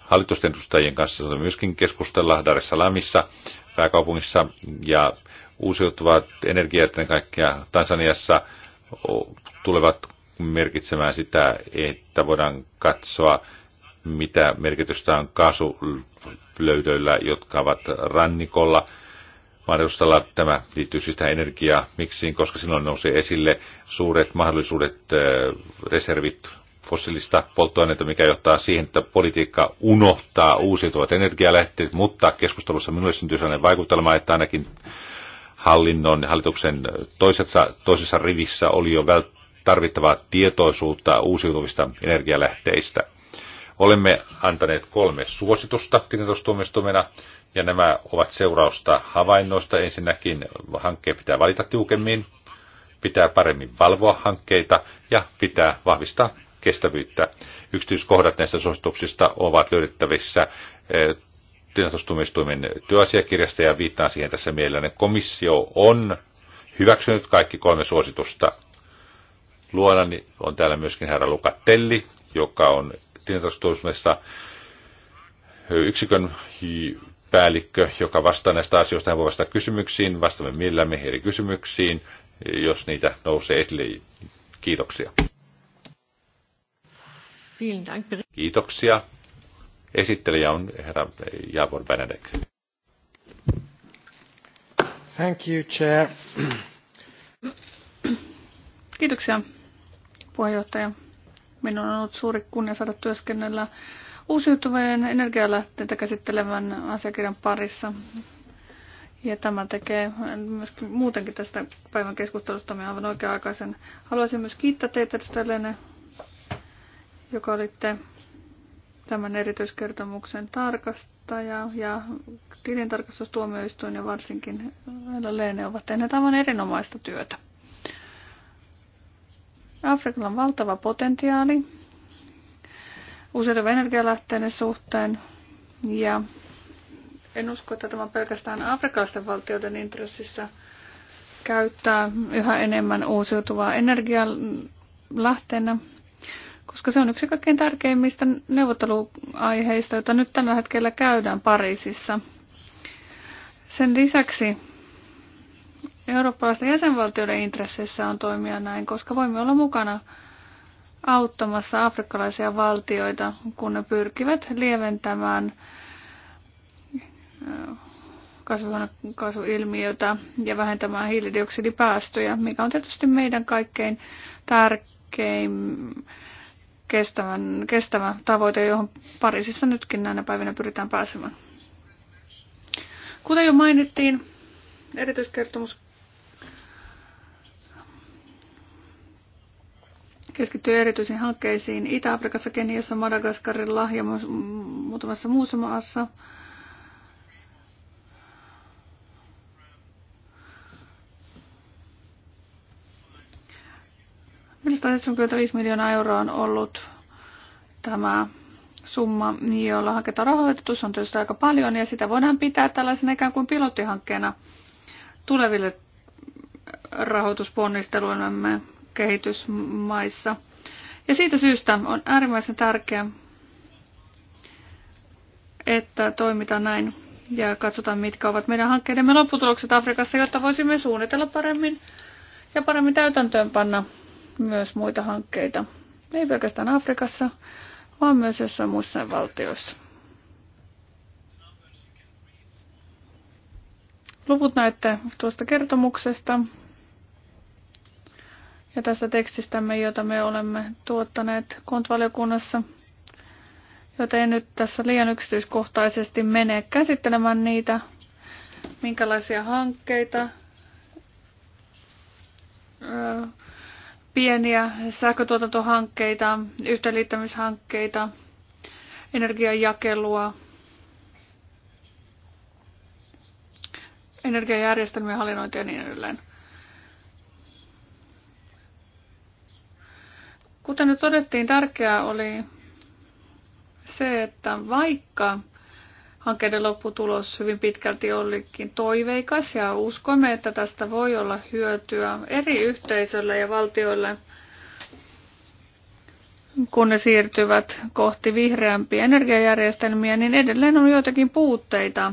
Speaker 3: hallitusten edustajien kanssa saatoimme myöskin keskustella Dar es Salaamissa pääkaupungissa ja uusiutuvat energiat ennen kaikkea Tansaniassa tulevat merkitsemään sitä, että voidaan katsoa, mitä merkitystä on kaasulöydöillä, jotka ovat rannikolla. Mahdollisuudella tämä liittyy siis tähän energiaa, miksiin, koska silloin nousee esille suuret mahdollisuudet, reservit fossiilista polttoaineita, mikä johtaa siihen, että politiikka unohtaa uusiutuvat energialähteet, mutta keskustelussa minulle syntyy sellainen vaikutelma, että ainakin hallinnon ja hallituksen toisessa, toisessa rivissä oli jo vält- tarvittavaa tietoisuutta uusiutuvista energialähteistä. Olemme antaneet kolme suositusta tilintostuomioistumena, ja nämä ovat seurausta havainnoista. Ensinnäkin hankkeen pitää valita tiukemmin, pitää paremmin valvoa hankkeita ja pitää vahvistaa kestävyyttä. Yksityiskohdat näistä suosituksista ovat löydettävissä eh, tilastustumistuimen työasiakirjasta ja viittaan siihen tässä mielelläni. Komissio on hyväksynyt kaikki kolme suositusta. Luonani on täällä myöskin herra Lukatelli, joka on tilastustumisessa yksikön päällikkö, joka vastaa näistä asioista. Hän voi vastata kysymyksiin, vastaamme mielellämme eri kysymyksiin, jos niitä nousee esille. Kiitoksia. Kiitoksia. Esittelijä on herra Javor Benedek. Thank you, chair.
Speaker 1: Kiitoksia, puheenjohtaja. Minun on ollut suuri kunnia saada työskennellä uusiutuvien energialähteitä käsittelevän asiakirjan parissa. Ja tämä tekee myöskin muutenkin tästä päivän keskustelusta aivan oikea-aikaisen. Haluaisin myös kiittää teitä, edustaja Lene, joka oli tämän erityiskertomuksen tarkastaja ja tilintarkastustuomioistuin ja varsinkin Leila Leene ovat tehneet aivan erinomaista työtä. Afrikalla on valtava potentiaali uusiutuvan energialähteiden suhteen ja en usko, että tämä on pelkästään afrikkalaisten valtioiden intressissä käyttää yhä enemmän uusiutuvaa energialähteenä koska se on yksi kaikkein tärkeimmistä neuvotteluaiheista, joita nyt tällä hetkellä käydään Pariisissa. Sen lisäksi eurooppalaisten jäsenvaltioiden intresseissä on toimia näin, koska voimme olla mukana auttamassa afrikkalaisia valtioita, kun ne pyrkivät lieventämään kasvihuonekaasuilmiötä ja vähentämään hiilidioksidipäästöjä, mikä on tietysti meidän kaikkein tärkein kestävän, kestävä tavoite, johon Pariisissa nytkin näinä päivinä pyritään pääsemään. Kuten jo mainittiin, erityiskertomus keskittyy erityisiin hankkeisiin Itä-Afrikassa, Keniassa, Madagaskarilla ja muutamassa muussa maassa – 175 miljoonaa euroa on ollut tämä summa, jolla hanketta rahoitus, on tietysti aika paljon ja sitä voidaan pitää tällaisena ikään kuin pilottihankkeena tuleville rahoitusponnisteluillemme kehitysmaissa. Ja siitä syystä on äärimmäisen tärkeää, että toimitaan näin ja katsotaan, mitkä ovat meidän hankkeidemme lopputulokset Afrikassa, jotta voisimme suunnitella paremmin ja paremmin täytäntöönpanna myös muita hankkeita. Ei pelkästään Afrikassa, vaan myös jossain muissa valtioissa. Luvut näette tuosta kertomuksesta ja tästä tekstistämme, jota me olemme tuottaneet kontvaliokunnassa joten en nyt tässä liian yksityiskohtaisesti mene käsittelemään niitä, minkälaisia hankkeita pieniä sähkötuotantohankkeita, yhteenliittämishankkeita, energiajakelua, energiajärjestelmien hallinnointia ja niin edelleen. Kuten nyt todettiin, tärkeää oli se, että vaikka Hankkeiden lopputulos hyvin pitkälti olikin toiveikas ja uskomme, että tästä voi olla hyötyä eri yhteisöille ja valtioille, kun ne siirtyvät kohti vihreämpiä energiajärjestelmiä, niin edelleen on joitakin puutteita.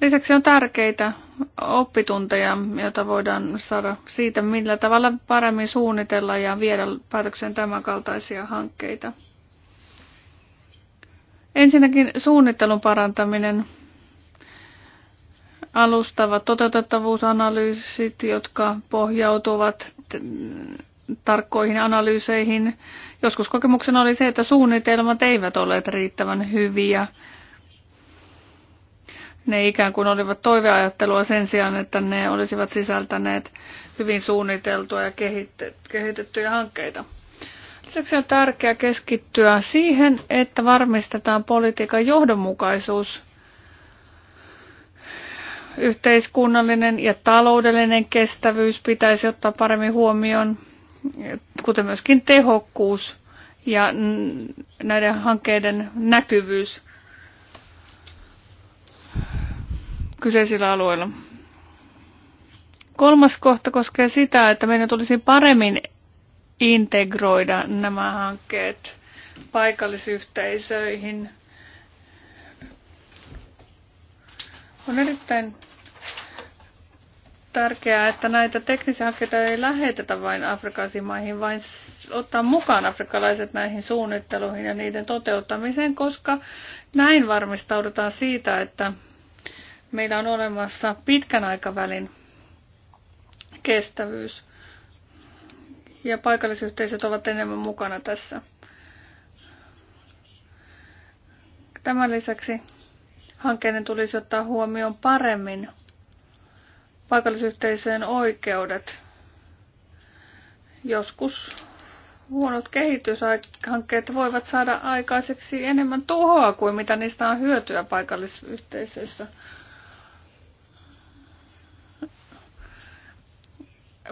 Speaker 1: Lisäksi on tärkeitä oppitunteja, joita voidaan saada siitä, millä tavalla paremmin suunnitella ja viedä päätökseen tämänkaltaisia hankkeita. Ensinnäkin suunnittelun parantaminen, alustavat toteutettavuusanalyysit, jotka pohjautuvat tarkkoihin analyyseihin. Joskus kokemuksena oli se, että suunnitelmat eivät olleet riittävän hyviä. Ne ikään kuin olivat toiveajattelua sen sijaan, että ne olisivat sisältäneet hyvin suunniteltuja ja kehitettyjä hankkeita se on tärkeää keskittyä siihen, että varmistetaan politiikan johdonmukaisuus, yhteiskunnallinen ja taloudellinen kestävyys pitäisi ottaa paremmin huomioon, kuten myöskin tehokkuus ja näiden hankkeiden näkyvyys kyseisillä alueilla. Kolmas kohta koskee sitä, että meidän tulisi paremmin integroida nämä hankkeet paikallisyhteisöihin. On erittäin tärkeää, että näitä teknisiä hankkeita ei lähetetä vain afrikaisiin maihin, vaan ottaa mukaan afrikkalaiset näihin suunnitteluihin ja niiden toteuttamiseen, koska näin varmistaudutaan siitä, että meillä on olemassa pitkän aikavälin kestävyys ja paikallisyhteisöt ovat enemmän mukana tässä. Tämän lisäksi hankkeiden tulisi ottaa huomioon paremmin paikallisyhteisöjen oikeudet. Joskus huonot kehityshankkeet voivat saada aikaiseksi enemmän tuhoa kuin mitä niistä on hyötyä paikallisyhteisöissä.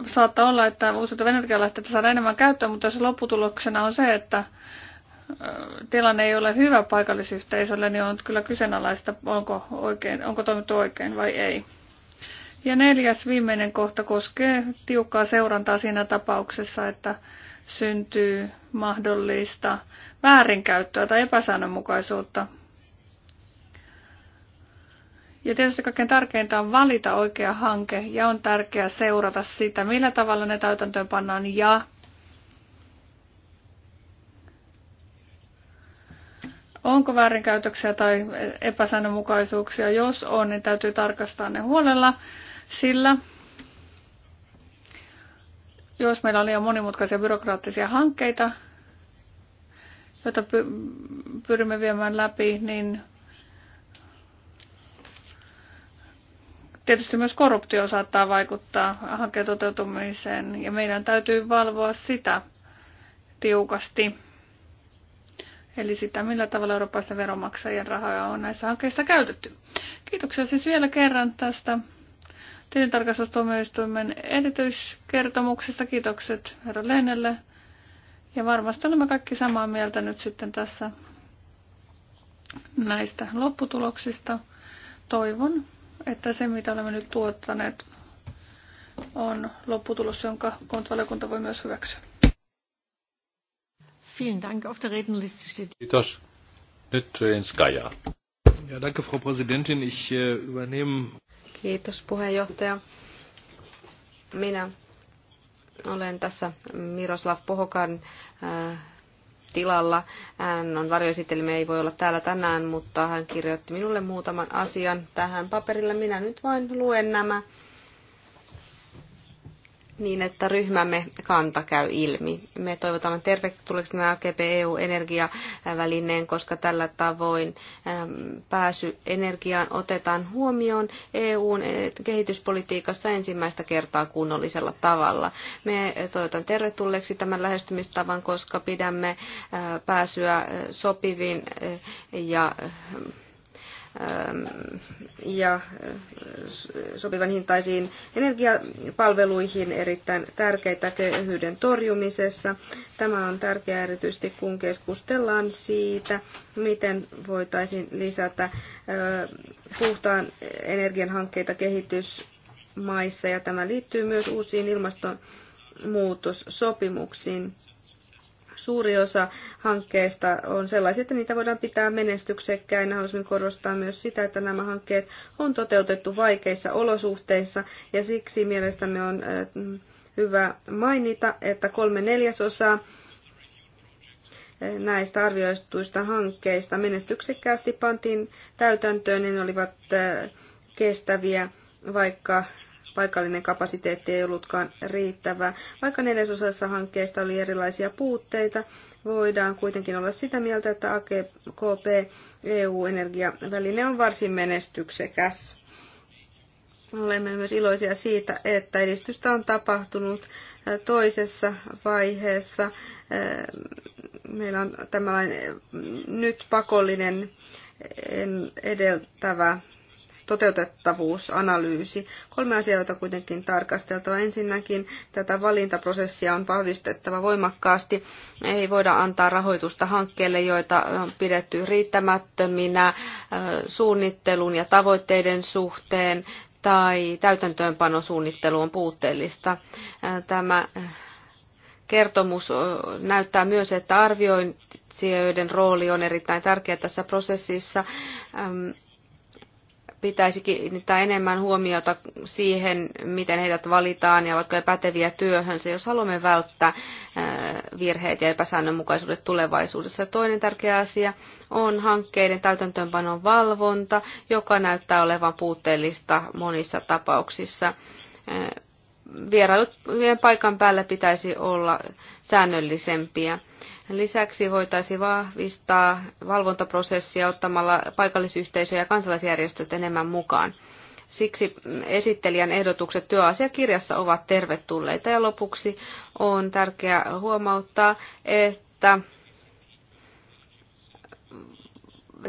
Speaker 1: saattaa olla, että uusiutuvia energialähteitä saadaan enemmän käyttöön, mutta jos lopputuloksena on se, että tilanne ei ole hyvä paikallisyhteisölle, niin on kyllä kyseenalaista, onko, oikein, onko toimittu oikein vai ei. Ja neljäs viimeinen kohta koskee tiukkaa seurantaa siinä tapauksessa, että syntyy mahdollista väärinkäyttöä tai epäsäännönmukaisuutta ja tietysti kaikkein tärkeintä on valita oikea hanke ja on tärkeää seurata sitä, millä tavalla ne täytäntöön pannaan ja onko väärinkäytöksiä tai epäsäännönmukaisuuksia. Jos on, niin täytyy tarkastaa ne huolella, sillä jos meillä on liian monimutkaisia byrokraattisia hankkeita, joita pyrimme viemään läpi, niin Tietysti myös korruptio saattaa vaikuttaa hankkeen toteutumiseen ja meidän täytyy valvoa sitä tiukasti. Eli sitä, millä tavalla eurooppalaisten veronmaksajien rahoja on näissä hankkeissa käytetty. Kiitoksia siis vielä kerran tästä tilintarkastustuomioistuimen erityiskertomuksesta. Kiitokset herra Lehnelle. Ja varmasti olemme kaikki samaa mieltä nyt sitten tässä näistä lopputuloksista. Toivon, että se mitä olemme nyt tuottaneet on lopputulos, jonka kontvalikunta voi myös hyväksyä. Vielen Dank. Auf der Rednerliste steht. Kiitos.
Speaker 3: Nyt Enskaja. Ja, danke, Frau Präsidentin. Ich äh, übernehme.
Speaker 1: Kiitos,
Speaker 2: puheenjohtaja. Minä olen tässä Miroslav Pohokan äh, tilalla. Hän on varjoesittelijä, ei voi olla täällä tänään, mutta hän kirjoitti minulle muutaman asian tähän paperille. Minä nyt vain luen nämä niin, että ryhmämme kanta käy ilmi. Me toivotamme tervetulleeksi tämä AGP EU-energiavälineen, koska tällä tavoin pääsy energiaan otetaan huomioon EUn e, kehityspolitiikassa ensimmäistä kertaa kunnollisella tavalla. Me toivotan tervetulleeksi tämän lähestymistavan, koska pidämme pääsyä sopiviin ja Ähm, ja äh, sopivan hintaisiin energiapalveluihin erittäin tärkeitä köyhyyden torjumisessa. Tämä on tärkeää erityisesti kun keskustellaan siitä, miten voitaisiin lisätä äh, puhtaan energian hankkeita kehitysmaissa ja tämä liittyy myös uusiin ilmastonmuutossopimuksiin suuri osa hankkeista on sellaisia, että niitä voidaan pitää menestyksekkäinä. Haluaisin korostaa myös sitä, että nämä hankkeet on toteutettu vaikeissa olosuhteissa ja siksi mielestämme on hyvä mainita, että kolme neljäsosaa näistä arvioistuista hankkeista menestyksekkäästi pantiin täytäntöön, niin ne olivat kestäviä, vaikka paikallinen kapasiteetti ei ollutkaan riittävä. Vaikka neljäsosassa hankkeesta oli erilaisia puutteita, voidaan kuitenkin olla sitä mieltä, että AKP EU-energiaväline on varsin menestyksekäs. Olemme myös iloisia siitä, että edistystä on tapahtunut toisessa vaiheessa. Meillä on tämmöinen nyt pakollinen edeltävä toteutettavuusanalyysi. Kolme asiaa, joita kuitenkin tarkasteltava. Ensinnäkin tätä valintaprosessia on vahvistettava voimakkaasti. Ei voida antaa rahoitusta hankkeelle, joita on pidetty riittämättöminä suunnittelun ja tavoitteiden suhteen tai täytäntöönpanosuunnittelu on puutteellista. Tämä kertomus näyttää myös, että Sijoiden rooli on erittäin tärkeä tässä prosessissa pitäisi kiinnittää enemmän huomiota siihen, miten heidät valitaan ja ovatko he päteviä työhönsä, jos haluamme välttää äh, virheet ja epäsäännönmukaisuudet tulevaisuudessa. Toinen tärkeä asia on hankkeiden täytäntöönpanon valvonta, joka näyttää olevan puutteellista monissa tapauksissa. Äh, Vierailut paikan päällä pitäisi olla säännöllisempiä. Lisäksi voitaisiin vahvistaa valvontaprosessia ottamalla paikallisyhteisö ja kansalaisjärjestöt enemmän mukaan. Siksi esittelijän ehdotukset työasiakirjassa ovat tervetulleita. Ja lopuksi on tärkeää huomauttaa, että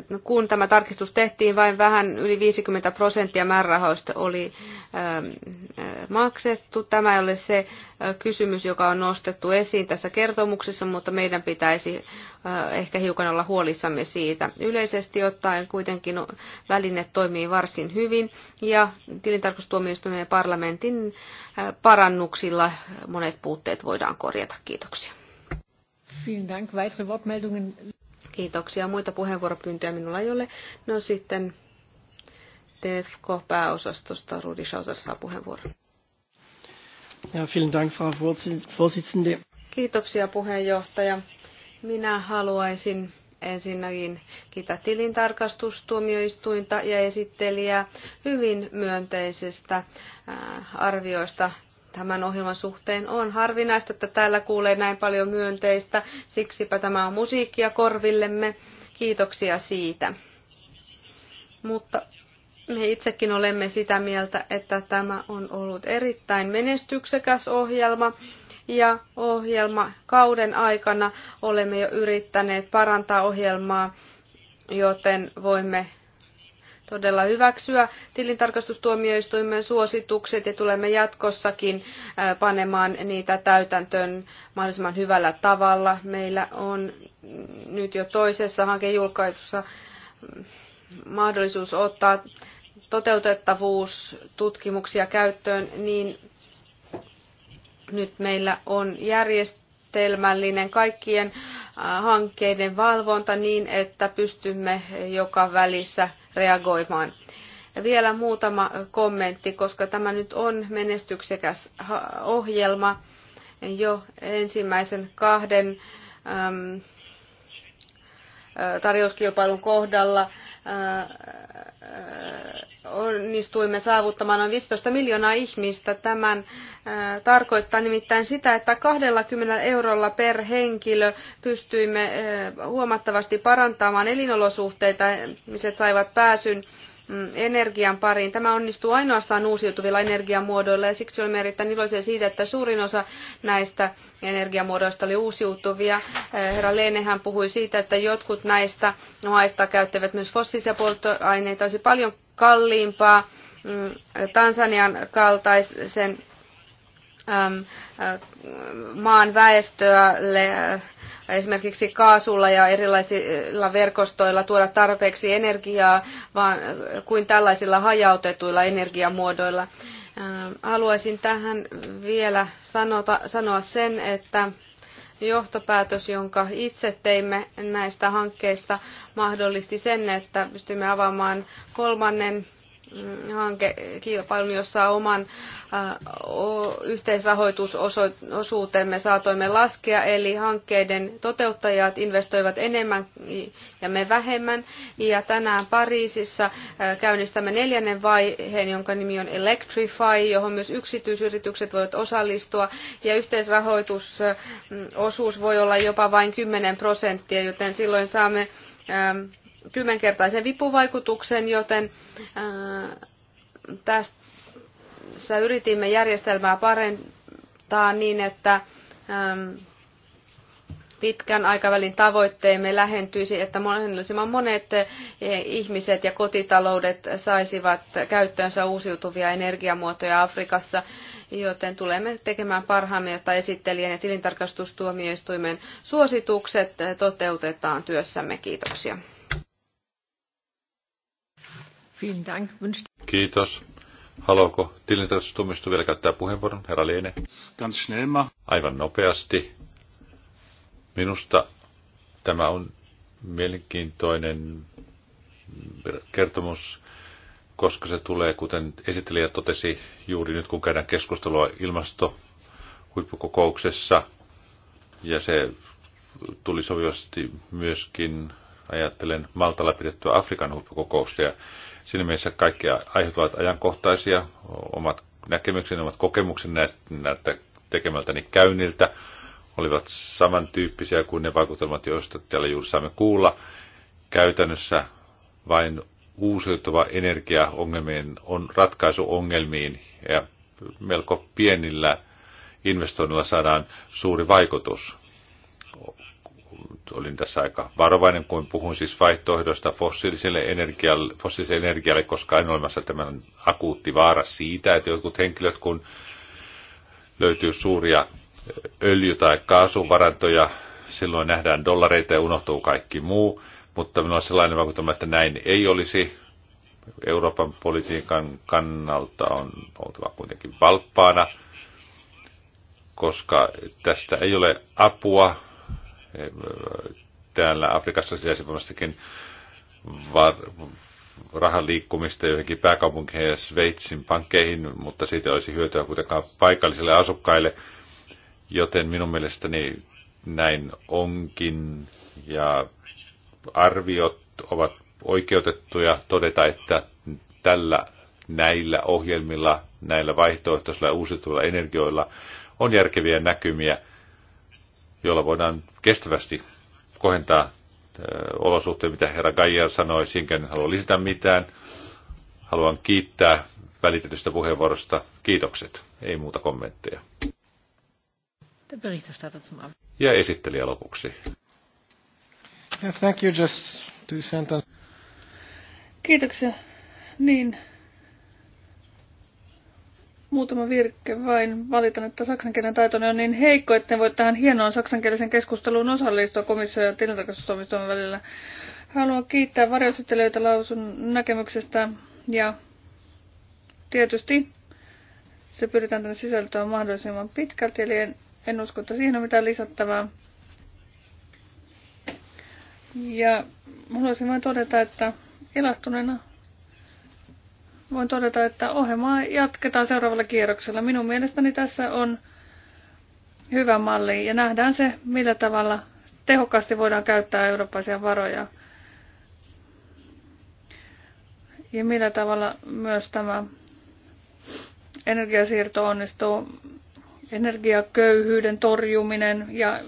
Speaker 2: No, kun tämä tarkistus tehtiin, vain vähän yli 50 prosenttia määrärahoista oli ähm, äh, maksettu. Tämä ei ole se äh, kysymys, joka on nostettu esiin tässä kertomuksessa, mutta meidän pitäisi äh, ehkä hiukan olla huolissamme siitä. Yleisesti ottaen kuitenkin väline toimii varsin hyvin ja tilintarkastustuomioistuimen ja parlamentin parannuksilla monet puutteet voidaan korjata. Kiitoksia. Vielen Dank. Weitere Wortmeldungen? Kiitoksia. Muita puheenvuoropyyntöjä minulla ei ole. No sitten TFK pääosastosta Rudi Schauser saa puheenvuoron.
Speaker 1: Ja, vielen Dank, Frau Vorsitzende.
Speaker 2: Kiitoksia puheenjohtaja. Minä haluaisin ensinnäkin kiittää tilintarkastustuomioistuinta ja esittelijää hyvin myönteisestä arvioista tämän ohjelman suhteen on. Harvinaista, että täällä kuulee näin paljon myönteistä, siksipä tämä on musiikkia korvillemme. Kiitoksia siitä. Mutta me itsekin olemme sitä mieltä, että tämä on ollut erittäin menestyksekäs ohjelma ja ohjelma kauden aikana olemme jo yrittäneet parantaa ohjelmaa, joten voimme todella hyväksyä tilintarkastustuomioistuimen suositukset ja tulemme jatkossakin panemaan niitä täytäntöön mahdollisimman hyvällä tavalla. Meillä on nyt jo toisessa hankejulkaisussa mm, mahdollisuus ottaa toteutettavuustutkimuksia käyttöön, niin nyt meillä on järjestelmällinen kaikkien hankkeiden valvonta niin, että pystymme joka välissä – reagoimaan. Ja vielä muutama kommentti, koska tämä nyt on menestyksekäs ohjelma jo ensimmäisen kahden äm, tarjouskilpailun kohdalla onnistuimme saavuttamaan noin 15 miljoonaa ihmistä. Tämän tarkoittaa nimittäin sitä, että 20 eurolla per henkilö pystyimme huomattavasti parantamaan elinolosuhteita. Ihmiset saivat pääsyn Mm, energian pariin. Tämä onnistuu ainoastaan uusiutuvilla energiamuodoilla ja siksi olemme erittäin iloisia siitä, että suurin osa näistä energiamuodoista oli uusiutuvia. Eh, herra Leenehän puhui siitä, että jotkut näistä maista käyttävät myös fossiilisia polttoaineita. Olisi paljon kalliimpaa mm, Tansanian kaltaisen maan väestölle esimerkiksi kaasulla ja erilaisilla verkostoilla tuoda tarpeeksi energiaa vaan kuin tällaisilla hajautetuilla energiamuodoilla. Äh, haluaisin tähän vielä sanota, sanoa sen, että johtopäätös, jonka itse teimme näistä hankkeista, mahdollisti sen, että pystymme avaamaan kolmannen hanke, jossa oman äh, yhteisrahoitusosuutemme saatoimme laskea, eli hankkeiden toteuttajat investoivat enemmän ja me vähemmän. Ja tänään Pariisissa äh, käynnistämme neljännen vaiheen, jonka nimi on Electrify, johon myös yksityisyritykset voivat osallistua. Ja yhteisrahoitusosuus äh, voi olla jopa vain 10 prosenttia, joten silloin saamme ähm, kymmenkertaisen vipuvaikutuksen, joten tässä yritimme järjestelmää parentaa niin, että pitkän aikavälin tavoitteemme lähentyisi, että mahdollisimman monet ihmiset ja kotitaloudet saisivat käyttöönsä uusiutuvia energiamuotoja Afrikassa, joten tulemme tekemään parhaamme, jotta esittelijän ja tilintarkastustuomioistuimen suositukset toteutetaan työssämme. Kiitoksia.
Speaker 3: Kiitos. Haluaako tilintarkastustuomioistuin vielä käyttää puheenvuoron, herra Liene? Ganz schnell Aivan nopeasti. Minusta tämä on mielenkiintoinen kertomus, koska se tulee, kuten esittelijä totesi juuri nyt, kun käydään keskustelua ilmastohuippukokouksessa, ja se tuli sovivasti myöskin, ajattelen, Maltalla pidettyä Afrikan huippukokousta, ja Siinä mielessä kaikki aiheet ovat ajankohtaisia, omat näkemykseni, omat kokemukseni näiltä tekemältäni käynniltä olivat samantyyppisiä kuin ne vaikutelmat, joista täällä juuri saamme kuulla. Käytännössä vain uusiutuva energia on ratkaisu ongelmiin ja melko pienillä investoinnilla saadaan suuri vaikutus olin tässä aika varovainen, kun puhun siis vaihtoehdosta fossiiliselle energialle, fossiiliselle energialle koska on olemassa tämän akuutti vaara siitä, että jotkut henkilöt, kun löytyy suuria öljy- tai kaasuvarantoja, silloin nähdään dollareita ja unohtuu kaikki muu, mutta minulla on sellainen vaikutelma, että näin ei olisi. Euroopan politiikan kannalta on oltava kuitenkin valppaana, koska tästä ei ole apua täällä Afrikassa sijaitsevastikin rahan liikkumista johonkin pääkaupunkeihin ja Sveitsin pankkeihin, mutta siitä olisi hyötyä kuitenkaan paikallisille asukkaille, joten minun mielestäni näin onkin ja arviot ovat oikeutettuja todeta, että tällä näillä ohjelmilla, näillä vaihtoehtoisilla ja uusiutuvilla energioilla on järkeviä näkymiä – jolla voidaan kestävästi kohentaa äh, olosuhteet, mitä herra Gaia sanoi. Siinkään halua lisätä mitään. Haluan kiittää välitetystä puheenvuorosta. Kiitokset. Ei muuta kommentteja. Ja esittelijä lopuksi.
Speaker 1: Yeah, thank you. Just two sentences. Kiitoksia. Niin, Muutama virke vain. Valitan, että saksan taitoni on niin heikko, että ne voi tähän hienoon saksankielisen keskusteluun osallistua komissio- ja tilintarkastustoimiston välillä. Haluan kiittää varjoesittelijöitä lausun näkemyksestä ja tietysti se pyritään tänne sisältöön mahdollisimman pitkälti, eli en, en usko, että siihen on mitään lisättävää. Ja haluaisin vain todeta, että ilahtuneena voin todeta, että ohjelmaa jatketaan seuraavalla kierroksella. Minun mielestäni tässä on hyvä malli ja nähdään se, millä tavalla tehokkaasti voidaan käyttää eurooppaisia varoja. Ja millä tavalla myös tämä energiasiirto onnistuu, energiaköyhyyden torjuminen ja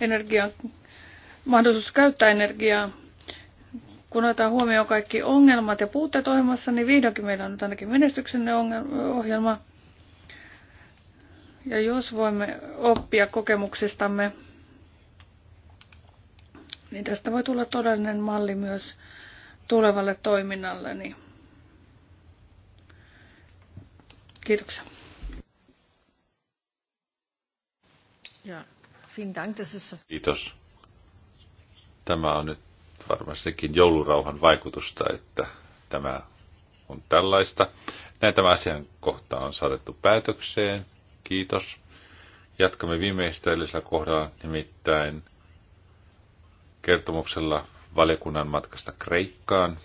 Speaker 1: energian, mahdollisuus käyttää energiaa kun otetaan huomioon kaikki ongelmat ja puutteet ohjelmassa, niin vihdoinkin meillä on nyt ainakin menestyksenne ohjelma. Ja jos voimme oppia kokemuksistamme, niin tästä voi tulla todellinen malli myös tulevalle toiminnalle. Niin Kiitoksia. Ja, Dank,
Speaker 3: Kiitos. Tämä on nyt varmastikin joulurauhan vaikutusta, että tämä on tällaista. Näin tämä asian kohta on saatettu päätökseen. Kiitos. Jatkamme viimeistä edellisellä kohdalla, nimittäin kertomuksella valiokunnan matkasta Kreikkaan.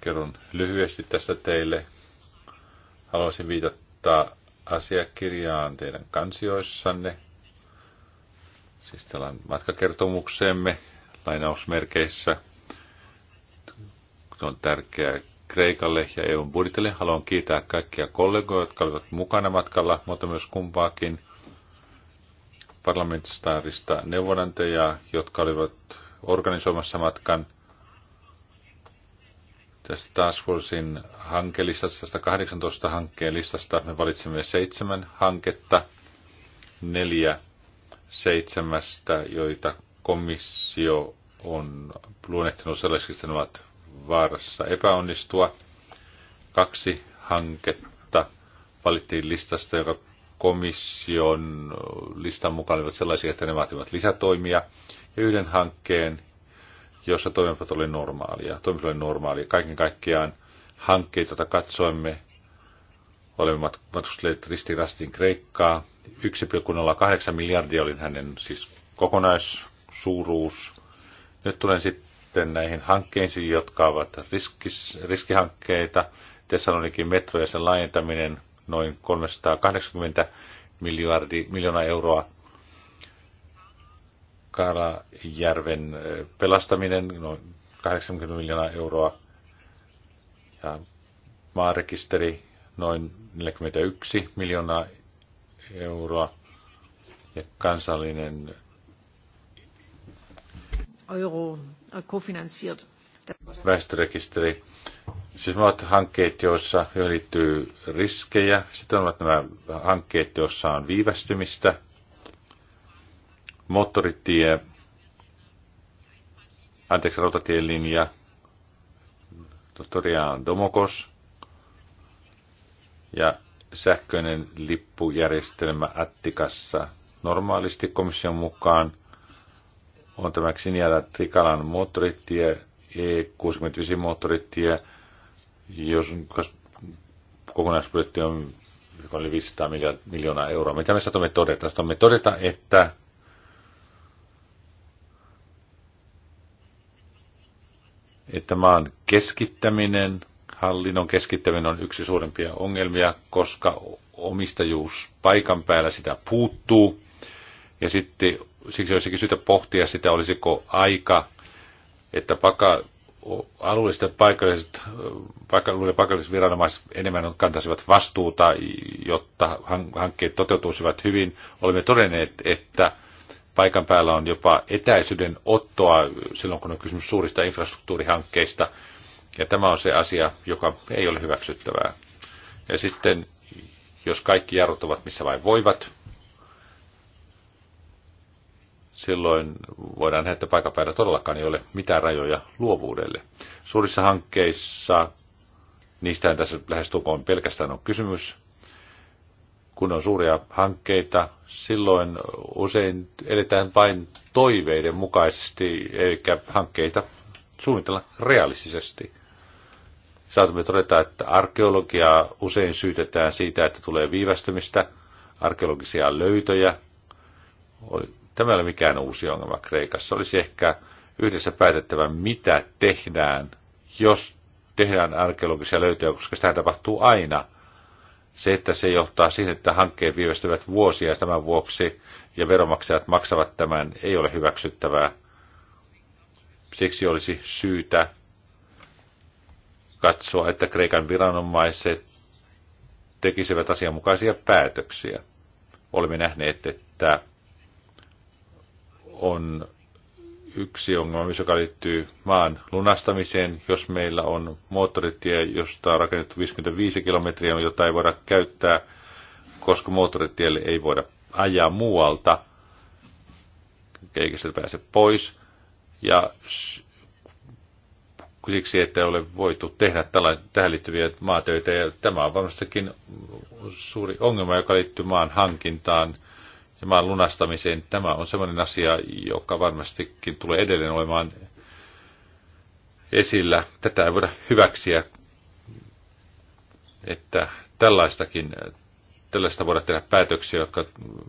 Speaker 3: Kerron lyhyesti tästä teille. Haluaisin viitata asiakirjaan teidän kansioissanne, siis tällä matkakertomuksemme lainausmerkeissä. Se on tärkeää Kreikalle ja EUn budjetille. Haluan kiittää kaikkia kollegoja, jotka olivat mukana matkalla, mutta myös kumpaakin parlamentistaarista neuvonantajaa, jotka olivat organisoimassa matkan tästä Task Forcein hankelistasta, 18 hankkeen listasta me valitsimme seitsemän hanketta, neljä seitsemästä, joita komissio on luonnehtinut sellaisiksi, että ne ovat vaarassa epäonnistua. Kaksi hanketta valittiin listasta, joka komission listan mukaan olivat sellaisia, että ne vaativat lisätoimia. Ja yhden hankkeen, jossa toimivat oli normaalia. Toimivat oli normaalia. Kaiken kaikkiaan hankkeita, joita katsoimme, olemme matkustelleet ristirastiin Kreikkaa, 1,08 miljardia oli hänen siis kokonaissuuruus. Nyt tulen sitten näihin hankkeisiin, jotka ovat riskis, riskihankkeita. Thessalonikin metro ja sen laajentaminen noin 380 miljardi, miljoonaa euroa. Kaalajärven eh, pelastaminen noin 80 miljoonaa euroa. Ja maarekisteri noin 41 miljoonaa euroa ja kansallinen
Speaker 1: euro äh, kofinansiert.
Speaker 3: Väestörekisteri. Siis ne ovat hankkeet, joissa liittyy riskejä. Sitten ovat nämä hankkeet, joissa on viivästymistä. Moottoritie, anteeksi, Tohtoria on Domokos ja sähköinen lippujärjestelmä Attikassa. Normaalisti komission mukaan on tämä Xiniala Trikalan moottoritie, e 69 moottoritie, jos kokonaisbudjetti on joka oli 500 miljoonaa euroa. Mitä me saatamme todeta? Saatamme todeta, että että maan keskittäminen hallinnon keskittäminen on yksi suurimpia ongelmia, koska omistajuus paikan päällä sitä puuttuu. Ja sitten siksi olisikin syytä pohtia sitä, olisiko aika, että paka, alueelliset paikalliset, paikalliset, paikalliset viranomaiset enemmän kantaisivat vastuuta, jotta hankkeet toteutuisivat hyvin. Olemme todenneet, että paikan päällä on jopa etäisyyden ottoa silloin, kun on kysymys suurista infrastruktuurihankkeista – ja tämä on se asia, joka ei ole hyväksyttävää. Ja sitten, jos kaikki jarrut ovat missä vain voivat, silloin voidaan nähdä, että paikapäivä todellakaan ei ole mitään rajoja luovuudelle. Suurissa hankkeissa, niistä tässä lähes tukoon pelkästään on kysymys, kun on suuria hankkeita, silloin usein eletään vain toiveiden mukaisesti, eikä hankkeita suunnitella realistisesti. Saatamme todeta, että arkeologiaa usein syytetään siitä, että tulee viivästymistä, arkeologisia löytöjä. Tämä ei ole mikään uusi ongelma Kreikassa. Olisi ehkä yhdessä päätettävä, mitä tehdään, jos tehdään arkeologisia löytöjä, koska sitä tapahtuu aina. Se, että se johtaa siihen, että hankkeen viivästyvät vuosia tämän vuoksi ja veromaksajat maksavat tämän, ei ole hyväksyttävää. Siksi olisi syytä katsoa, että Kreikan viranomaiset tekisivät asianmukaisia päätöksiä. Olemme nähneet, että on yksi ongelma, joka liittyy maan lunastamiseen. Jos meillä on moottoritie, josta on rakennettu 55 kilometriä, niin jota ei voida käyttää, koska moottoritielle ei voida ajaa muualta, eikä se pääse pois. Ja siksi, että ole voitu tehdä tähän liittyviä maatöitä. Ja tämä on varmastikin suuri ongelma, joka liittyy maan hankintaan ja maan lunastamiseen. Tämä on sellainen asia, joka varmastikin tulee edelleen olemaan esillä. Tätä ei voida hyväksiä, että tällaistakin tällaista voida tehdä päätöksiä, jotka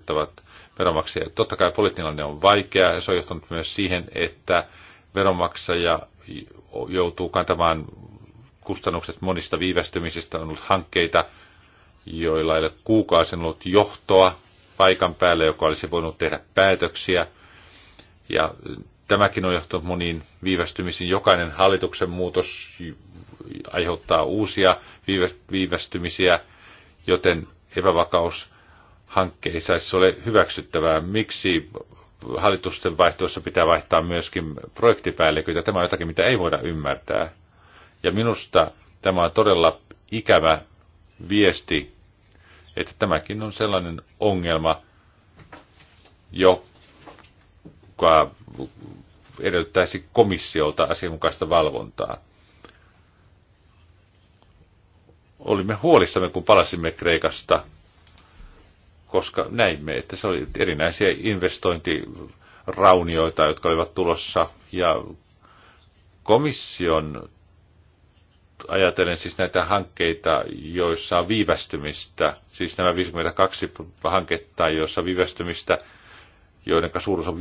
Speaker 3: ovat veronmaksajia. Totta kai poliittinen on vaikea ja se on johtanut myös siihen, että veronmaksaja joutuu kantamaan kustannukset monista viivästymisistä. On ollut hankkeita, joilla ei ole kuukausin ollut johtoa paikan päälle, joka olisi voinut tehdä päätöksiä. Ja tämäkin on johtanut moniin viivästymisiin. Jokainen hallituksen muutos aiheuttaa uusia viivästymisiä, joten epävakaus hankkeissa ei saisi ole hyväksyttävää. Miksi hallitusten vaihtoissa pitää vaihtaa myöskin projektipäälliköitä. Tämä on jotakin, mitä ei voida ymmärtää. Ja minusta tämä on todella ikävä viesti, että tämäkin on sellainen ongelma, joka edellyttäisi komissiolta asianmukaista valvontaa. Olimme huolissamme, kun palasimme Kreikasta – koska näimme, että se oli erinäisiä investointiraunioita, jotka olivat tulossa, ja komission ajatellen siis näitä hankkeita, joissa on viivästymistä, siis nämä 52 hanketta, joissa on viivästymistä, joiden suuruus on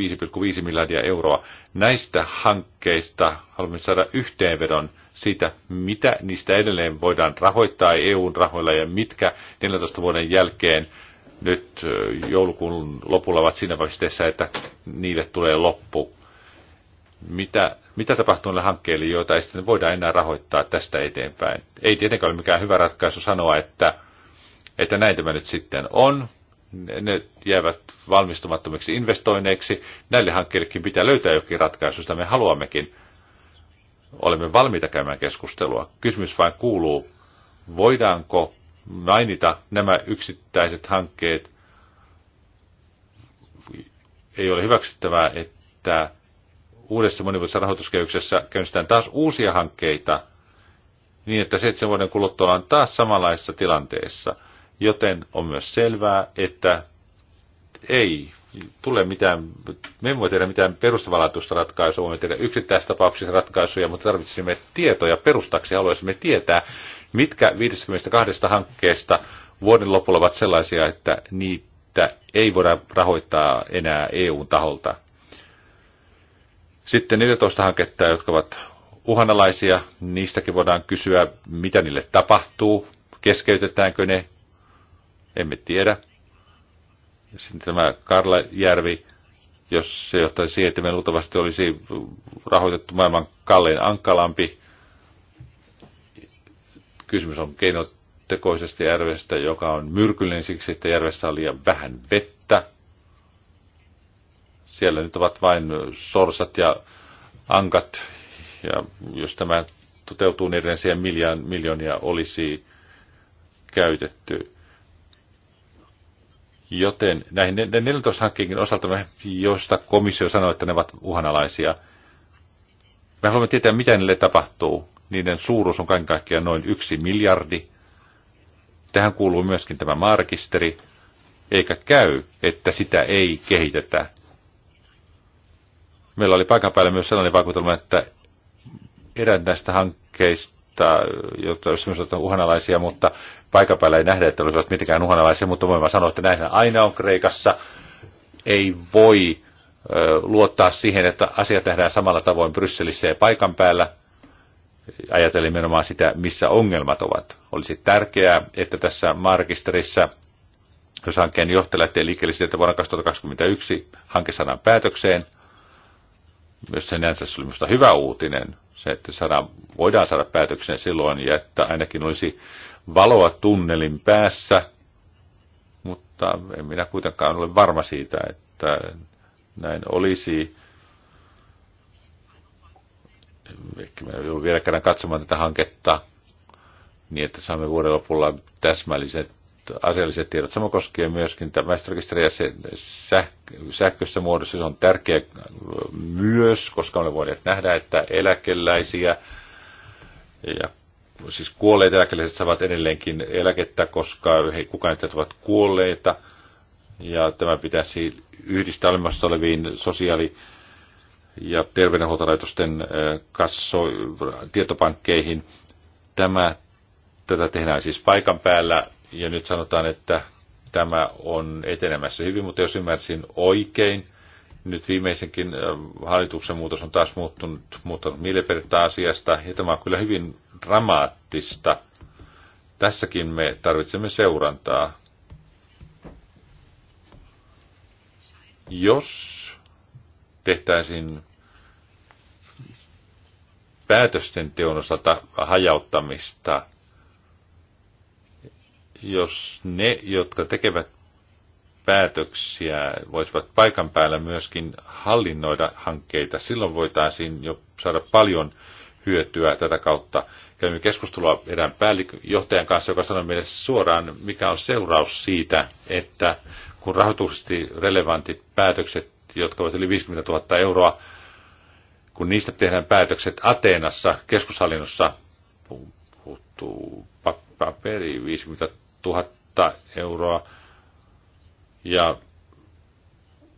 Speaker 3: 5,5 miljardia euroa. Näistä hankkeista haluamme saada yhteenvedon siitä, mitä niistä edelleen voidaan rahoittaa EUn rahoilla ja mitkä 14 vuoden jälkeen nyt joulukuun lopulla ovat siinä vaiheessa, että niille tulee loppu. Mitä, mitä tapahtuu näille hankkeille, joita ei sitten voida enää rahoittaa tästä eteenpäin? Ei tietenkään ole mikään hyvä ratkaisu sanoa, että, että näin tämä nyt sitten on. Ne jäävät valmistumattomiksi investoinneiksi. Näille hankkeillekin pitää löytää jokin ratkaisu, sitä me haluammekin. Olemme valmiita käymään keskustelua. Kysymys vain kuuluu, voidaanko mainita nämä yksittäiset hankkeet. Ei ole hyväksyttävää, että uudessa monivuotisessa rahoituskehyksessä käynnistetään taas uusia hankkeita niin, että seitsemän vuoden kuluttua ollaan taas samanlaisessa tilanteessa. Joten on myös selvää, että ei tule mitään, me emme voi tehdä mitään perustavanlaatuista ratkaisua, voimme tehdä yksittäistapauksissa ratkaisuja, mutta tarvitsisimme tietoja perustaksi, haluaisimme tietää, mitkä 52 hankkeesta vuoden lopulla ovat sellaisia, että niitä ei voida rahoittaa enää EUn taholta. Sitten 14 hanketta, jotka ovat uhanalaisia, niistäkin voidaan kysyä, mitä niille tapahtuu, keskeytetäänkö ne, emme tiedä. Ja sitten tämä Karlajärvi, jos se johtaisi siihen, että me luultavasti olisi rahoitettu maailman kallein ankkalampi. Kysymys on keinotekoisesta järvestä, joka on myrkyllinen siksi, että järvessä on liian vähän vettä. Siellä nyt ovat vain sorsat ja ankat, ja jos tämä toteutuu, niin edelleen siihen miljoonia olisi käytetty. Joten näihin 14 hankkeenkin osalta, joista komissio sanoi, että ne ovat uhanalaisia, me haluamme tietää, mitä niille tapahtuu. Niiden suuruus on kaiken kaikkiaan noin yksi miljardi. Tähän kuuluu myöskin tämä maarekisteri, eikä käy, että sitä ei kehitetä. Meillä oli paikan päällä myös sellainen vaikutelma, että eräät näistä hankkeista mutta jotka olisivat uhanalaisia, mutta paikan päällä ei nähdä, että olisivat mitenkään uhanalaisia, mutta voin vaan sanoa, että näinhän aina on Kreikassa. Ei voi luottaa siihen, että asia tehdään samalla tavoin Brysselissä ja paikan päällä. Ajatellen nimenomaan sitä, missä ongelmat ovat. Olisi tärkeää, että tässä maarekisterissä, jos hankkeen johtaja lähtee liikkeelle siitä, että vuonna 2021 hanke saadaan päätökseen – myös sinänsä se oli minusta hyvä uutinen, se, että saadaan, voidaan saada päätöksen silloin ja että ainakin olisi valoa tunnelin päässä, mutta en minä kuitenkaan ole varma siitä, että näin olisi. Ehkä minä vielä kerran katsomaan tätä hanketta niin, että saamme vuoden lopulla täsmälliset asialliset tiedot. Sama koskee myöskin tämä väestörekisteriä se sähkössä muodossa. Se on tärkeä myös, koska olemme voineet nähdä, että eläkeläisiä ja siis kuolleet eläkeläiset saavat edelleenkin eläkettä, koska he kukaan ei ovat kuolleita. Ja tämä pitäisi yhdistää olemassa oleviin sosiaali- ja terveydenhuoltolaitosten kasso, tietopankkeihin. Tämä, tätä tehdään siis paikan päällä ja nyt sanotaan, että tämä on etenemässä hyvin, mutta jos ymmärsin oikein, nyt viimeisenkin äh, hallituksen muutos on taas muuttunut, muuttunut mielipidettä asiasta, ja tämä on kyllä hyvin dramaattista. Tässäkin me tarvitsemme seurantaa. Jos tehtäisiin päätösten teon osalta hajauttamista – jos ne, jotka tekevät päätöksiä, voisivat paikan päällä myöskin hallinnoida hankkeita, silloin voitaisiin jo saada paljon hyötyä tätä kautta. Kävimme keskustelua erään päälliköjohtajan kanssa, joka sanoi meille suoraan, mikä on seuraus siitä, että kun rahoituksesti relevantit päätökset, jotka ovat yli 50 000 euroa, kun niistä tehdään päätökset Ateenassa, keskushallinnossa, puuttuu paperi 50 000 euroa. Ja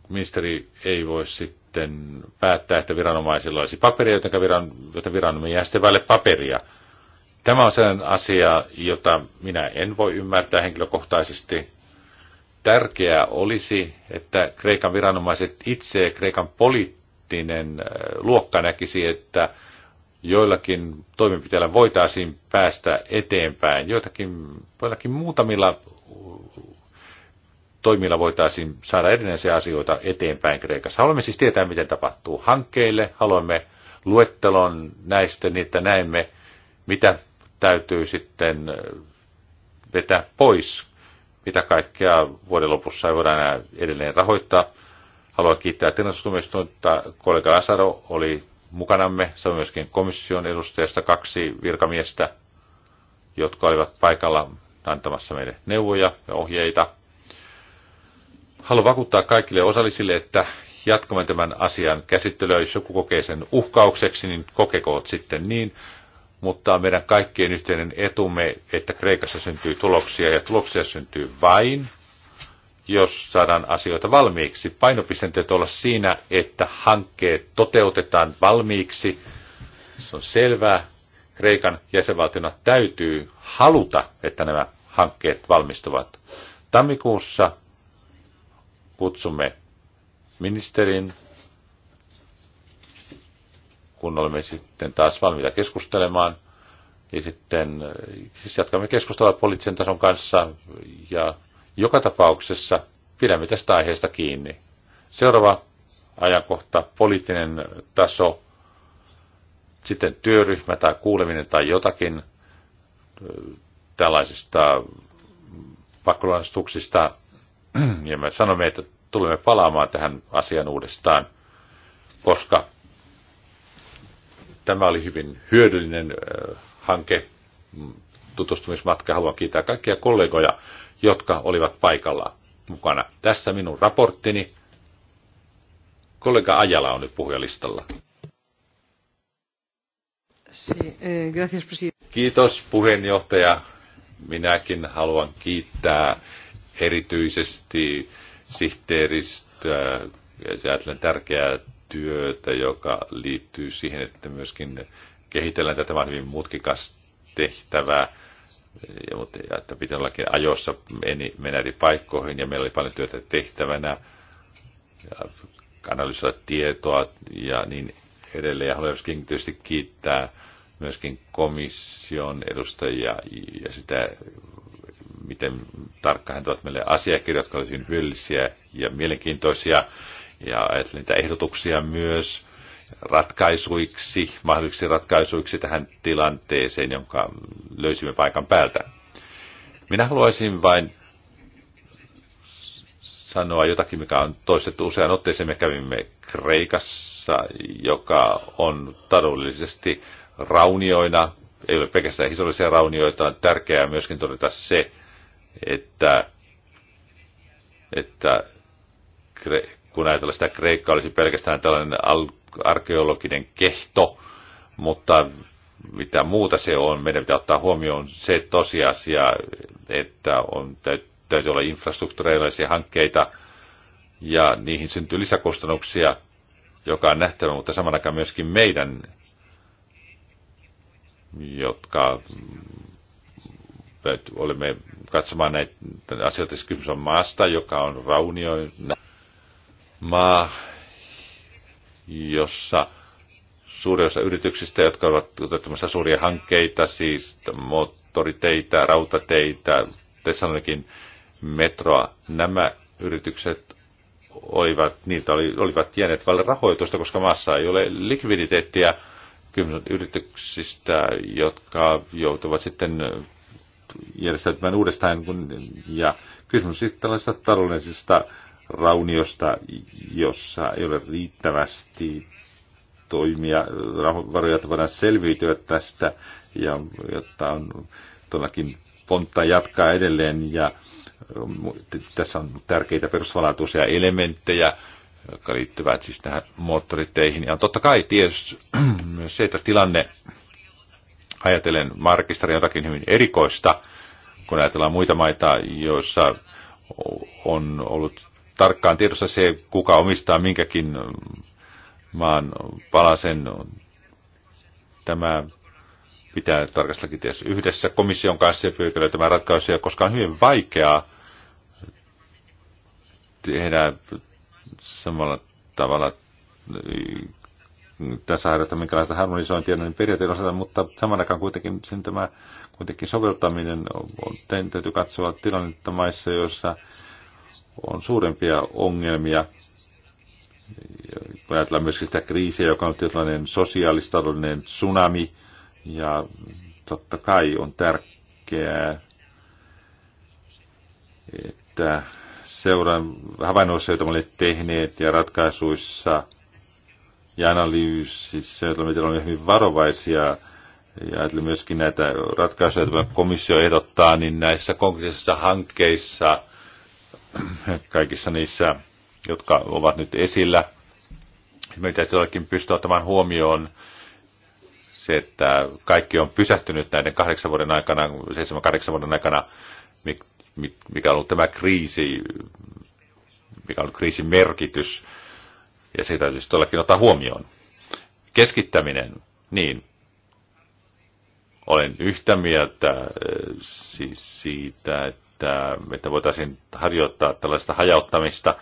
Speaker 3: ministeri ei voi sitten päättää, että viranomaisilla olisi paperia, joten viran, joten viranomainen jää sitten vaille paperia. Tämä on sellainen asia, jota minä en voi ymmärtää henkilökohtaisesti. Tärkeää olisi, että Kreikan viranomaiset itse, Kreikan poliittinen äh, luokka näkisi, että joillakin toimenpiteillä voitaisiin päästä eteenpäin, joitakin, joillakin muutamilla toimilla voitaisiin saada erinäisiä asioita eteenpäin Kreikassa. Haluamme siis tietää, miten tapahtuu hankkeille, haluamme luettelon näistä, niin että näemme, mitä täytyy sitten äh, vetää pois, mitä kaikkea vuoden lopussa ei voida enää edelleen rahoittaa. Haluan kiittää tilastumistointa. Kollega Lasaro oli mukanamme. Se on myöskin komission edustajasta kaksi virkamiestä, jotka olivat paikalla antamassa meille neuvoja ja ohjeita. Haluan vakuuttaa kaikille osallisille, että jatkamme tämän asian käsittelyä. Jos joku kokee sen uhkaukseksi, niin kokekoot sitten niin. Mutta meidän kaikkien yhteinen etumme, että Kreikassa syntyy tuloksia, ja tuloksia syntyy vain – jos saadaan asioita valmiiksi. Painopisteen täytyy olla siinä, että hankkeet toteutetaan valmiiksi. Se on selvää. Kreikan jäsenvaltiona täytyy haluta, että nämä hankkeet valmistuvat. Tammikuussa kutsumme ministerin, kun olemme sitten taas valmiita keskustelemaan. Ja sitten äh, siis jatkamme keskustelua poliittisen tason kanssa ja joka tapauksessa pidämme tästä aiheesta kiinni. Seuraava ajankohta, poliittinen taso, sitten työryhmä tai kuuleminen tai jotakin tällaisista pakkolaistuksista. Ja me sanomme, että tulemme palaamaan tähän asiaan uudestaan, koska tämä oli hyvin hyödyllinen hanke, mm, tutustumismatka. Haluan kiittää kaikkia kollegoja, jotka olivat paikalla mukana. Tässä minun raporttini. Kollega Ajala on nyt puhujalistalla. Eh, Kiitos puheenjohtaja. Minäkin haluan kiittää erityisesti sihteeristä ja ajatellen tärkeää työtä, joka liittyy siihen, että myöskin kehitellään tätä vaan hyvin mutkikas tehtävää ja, mutta, ja että piti ollakin ajoissa meni paikkoihin ja meillä oli paljon työtä tehtävänä ja analysoida tietoa ja niin edelleen. Ja haluan myöskin tietysti kiittää myöskin komission edustajia ja sitä, miten tarkkaan he tuovat meille asiakirjat, jotka olivat hyödyllisiä ja mielenkiintoisia. Ja ajattelin niitä ehdotuksia myös ratkaisuiksi, mahdollisiksi ratkaisuiksi tähän tilanteeseen, jonka löysimme paikan päältä. Minä haluaisin vain sanoa jotakin, mikä on toistettu usean otteeseen. Me kävimme Kreikassa, joka on taloudellisesti raunioina, ei ole pelkästään historiallisia raunioita, on tärkeää myöskin todeta se, että, että kun ajatellaan sitä, että Kreikka olisi pelkästään tällainen al- arkeologinen kehto, mutta mitä muuta se on, meidän pitää ottaa huomioon se tosiasia, että on, täytyy olla infrastruktureillisia hankkeita ja niihin syntyy lisäkustannuksia, joka on nähtävä, mutta saman aikaan myöskin meidän, jotka olemme katsomaan näitä asioita. Siis kysymys on maasta, joka on raunio maa, jossa suuri osa yrityksistä, jotka ovat toteuttamassa suuria hankkeita, siis moottoriteitä, rautateitä, Tessalonikin metroa, nämä yritykset olivat, niiltä oli, olivat jääneet vaille rahoitusta, koska maassa ei ole likviditeettiä kymmenen yrityksistä, jotka joutuvat sitten järjestäytymään uudestaan. Kun, ja kysymys sitten siis tällaisista taloudellisista rauniosta, jossa ei ole riittävästi toimia, varoja, että voidaan selviytyä tästä, ja jotta on todellakin pontta jatkaa edelleen, ja mm, tässä on tärkeitä perusvalatuisia elementtejä, jotka liittyvät siis tähän moottoriteihin. Ja totta kai tietysti myös se, että tilanne, ajatellen on jotakin hyvin erikoista, kun ajatellaan muita maita, joissa on ollut tarkkaan tiedossa se, kuka omistaa minkäkin maan palasen. Tämä pitää tarkastellakin tietysti yhdessä komission kanssa ja pyytää tämä ratkaisuja, koska on hyvin vaikeaa tehdä samalla tavalla tässä harjoittaa minkälaista harmonisointia niin periaatteella osalta, mutta saman aikaan kuitenkin sen tämä kuitenkin soveltaminen, on, täytyy katsoa tilannetta maissa, joissa on suurempia ongelmia. Kun ajatellaan myöskin sitä kriisiä, joka on tietynlainen sosiaalistaloudellinen tsunami, ja totta kai on tärkeää, että seuraan havainnoissa, joita olemme tehneet ja ratkaisuissa ja analyysissä, joita olemme olemme hyvin varovaisia ja ajatellen myöskin näitä ratkaisuja, joita komissio ehdottaa, niin näissä konkreettisissa hankkeissa – kaikissa niissä, jotka ovat nyt esillä. Me pitäisi jollakin pystyä ottamaan huomioon se, että kaikki on pysähtynyt näiden kahdeksan vuoden aikana, seitsemän kahdeksan vuoden aikana, mikä on ollut tämä kriisi, mikä on ollut kriisin merkitys, ja se täytyy todellakin ottaa huomioon. Keskittäminen, niin, olen yhtä mieltä siis siitä, että että, että voitaisiin harjoittaa tällaista hajauttamista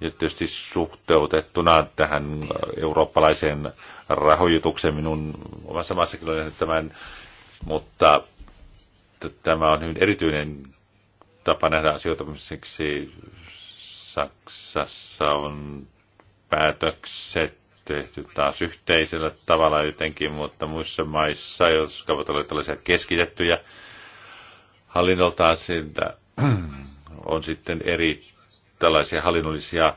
Speaker 3: ja tietysti suhteutettuna tähän eurooppalaiseen rahoitukseen minun omassa maassakin olen tämän, mutta tämä on hyvin erityinen tapa nähdä asioita, siksi Saksassa on päätökset tehty taas yhteisellä tavalla jotenkin, mutta muissa maissa, jos ovat olleet tällaisia keskitettyjä, Hallinnoltaan siltä on sitten eri tällaisia hallinnollisia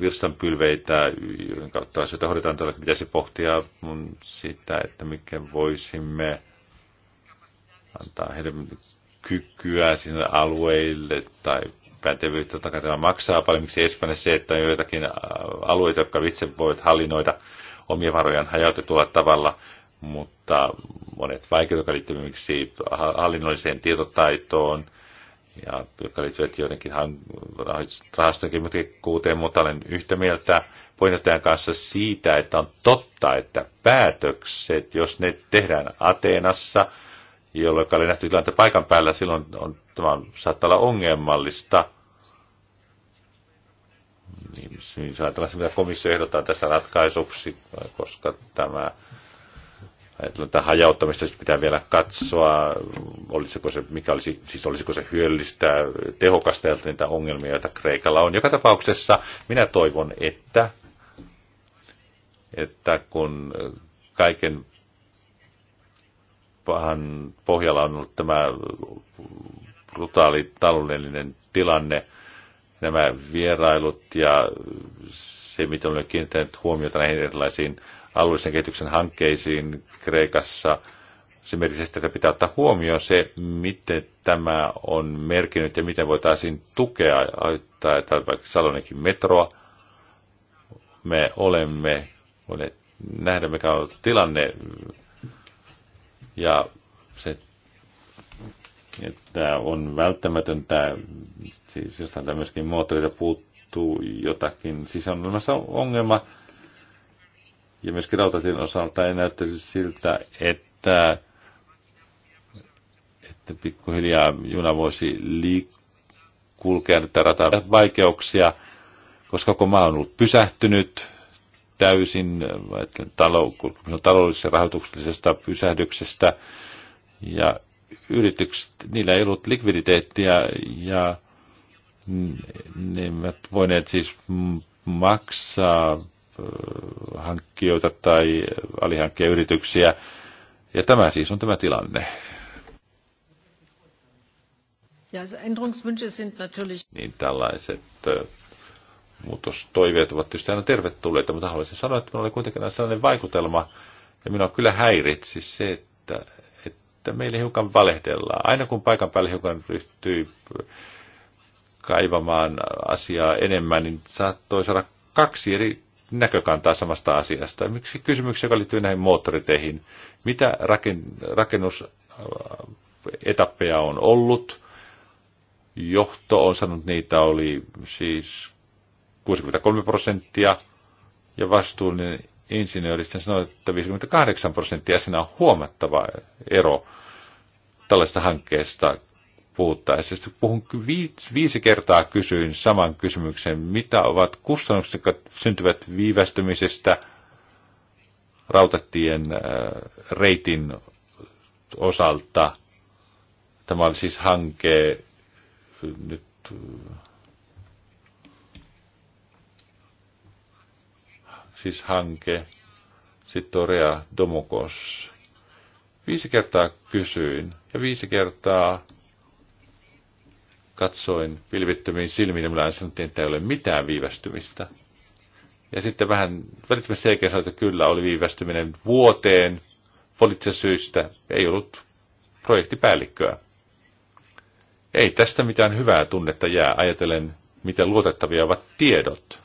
Speaker 3: virstanpylveitä, joiden kautta asioita hoidetaan tuolla, että pitäisi pohtia mun sitä, että miten voisimme antaa heidän kykyä sinne alueille tai pätevyyttä. Totta kai tämä maksaa paljon, miksi Espanjassa se, että on joitakin alueita, jotka itse voivat hallinnoida omia varojaan hajautetulla tavalla mutta monet vaikeudet, jotka liittyvät esimerkiksi hallinnolliseen tietotaitoon ja jotka liittyvät joidenkin rahastojenkin kuuteen, mutta olen yhtä mieltä puheenjohtajan kanssa siitä, että on totta, että päätökset, jos ne tehdään Ateenassa, jolloin oli nähty tilannetta paikan päällä, silloin on, tämä saattaa olla ongelmallista. Niin, jos siis ajatellaan mitä komissio ehdottaa tässä ratkaisuksi, koska tämä ajatellaan tätä hajauttamista, pitää vielä katsoa, olisiko se, mikä olisi, siis olisiko se hyödyllistä, tehokasta ja niitä ongelmia, joita Kreikalla on. Joka tapauksessa minä toivon, että, että kun kaiken pahan pohjalla on ollut tämä brutaali taloudellinen tilanne, nämä vierailut ja se, miten olen kiinnittänyt huomiota näihin erilaisiin alueellisen kehityksen hankkeisiin Kreikassa. Se merkitsee että pitää ottaa huomioon se, miten tämä on merkinnyt ja miten voitaisiin tukea, tai vaikka Salonikin metroa. Me olemme voineet nähdä, mikä on tilanne. Ja se että on välttämätöntä, siis jostain tämmöisikin moottoreita puuttuu jotakin, siis on olemassa ongelma ja myöskin rautatien osalta ei näyttäisi siltä, että, että pikkuhiljaa juna voisi liik- kulkea tätä rataa vaikeuksia, koska koko maa on ollut pysähtynyt täysin taloudellisesta rahoituksellisesta pysähdyksestä ja yritykset, niillä ei ollut likviditeettiä ja ne eivät voineet siis maksaa Äh, hankkijoita tai alihankkijayrityksiä. Ja tämä siis on tämä tilanne. Ja, sind natürlich... Niin tällaiset äh, muutostoiveet ovat tietysti aina tervetulleita, mutta haluaisin sanoa, että minulla oli kuitenkin sellainen vaikutelma, ja minua kyllä häiritsi se, että, että meille hiukan valehdellaan. Aina kun paikan päälle hiukan ryhtyy kaivamaan asiaa enemmän, niin saattoi saada kaksi eri näkökantaa samasta asiasta. Miksi kysymyksiä, joka liittyy näihin moottoriteihin? Mitä rakennusetappeja on ollut? Johto on sanonut, niitä oli siis 63 prosenttia, ja vastuullinen insinööri sanoi, että 58 prosenttia, siinä on huomattava ero tällaista hankkeesta puhuttaessa. Puhun viisi kertaa kysyin saman kysymyksen, mitä ovat kustannukset, jotka syntyvät viivästymisestä rautatien äh, reitin osalta. Tämä oli siis hanke äh, nyt äh, siis hanke, sitten Rea Domokos. Viisi kertaa kysyin ja viisi kertaa katsoin pilvittömiin silmiin ja minä sanottiin, että ei ole mitään viivästymistä. Ja sitten vähän välittömästi selkeä sanoi, että kyllä oli viivästyminen vuoteen poliittisista syistä. Ei ollut projektipäällikköä. Ei tästä mitään hyvää tunnetta jää, ajatellen, miten luotettavia ovat tiedot.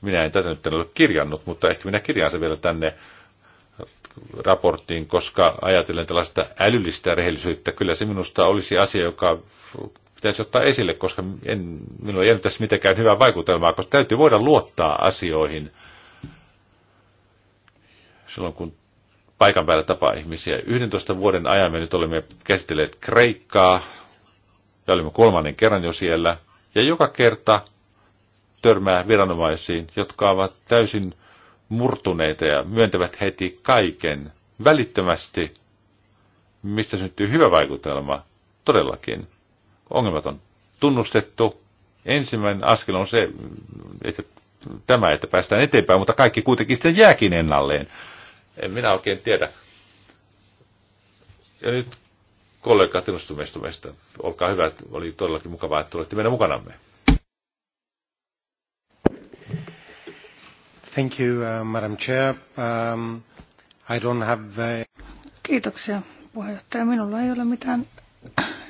Speaker 3: Minä en tätä nyt en ole kirjannut, mutta ehkä minä kirjaan sen vielä tänne raporttiin, koska ajatellen tällaista älyllistä rehellisyyttä, kyllä se minusta olisi asia, joka pitäisi ottaa esille, koska en, minulla ei jäänyt tässä mitenkään hyvää vaikutelmaa, koska täytyy voida luottaa asioihin silloin, kun paikan päällä tapaa ihmisiä. 11 vuoden ajan me nyt olemme käsitelleet Kreikkaa, ja olimme kolmannen kerran jo siellä, ja joka kerta törmää viranomaisiin, jotka ovat täysin murtuneita ja myöntävät heti kaiken välittömästi, mistä syntyy hyvä vaikutelma, todellakin. Ongelmat on tunnustettu. Ensimmäinen askel on se, että tämä, että päästään eteenpäin, mutta kaikki kuitenkin sitten jääkin ennalleen. En minä oikein tiedä. Ja nyt kollegat innostumistumista. Olkaa hyvä, oli todellakin mukavaa, että olette meidän mukanamme. Thank you, uh, Madam Chair. Um, I don't have... Uh,
Speaker 1: Kiitoksia, puheenjohtaja. Minulla ei ole mitään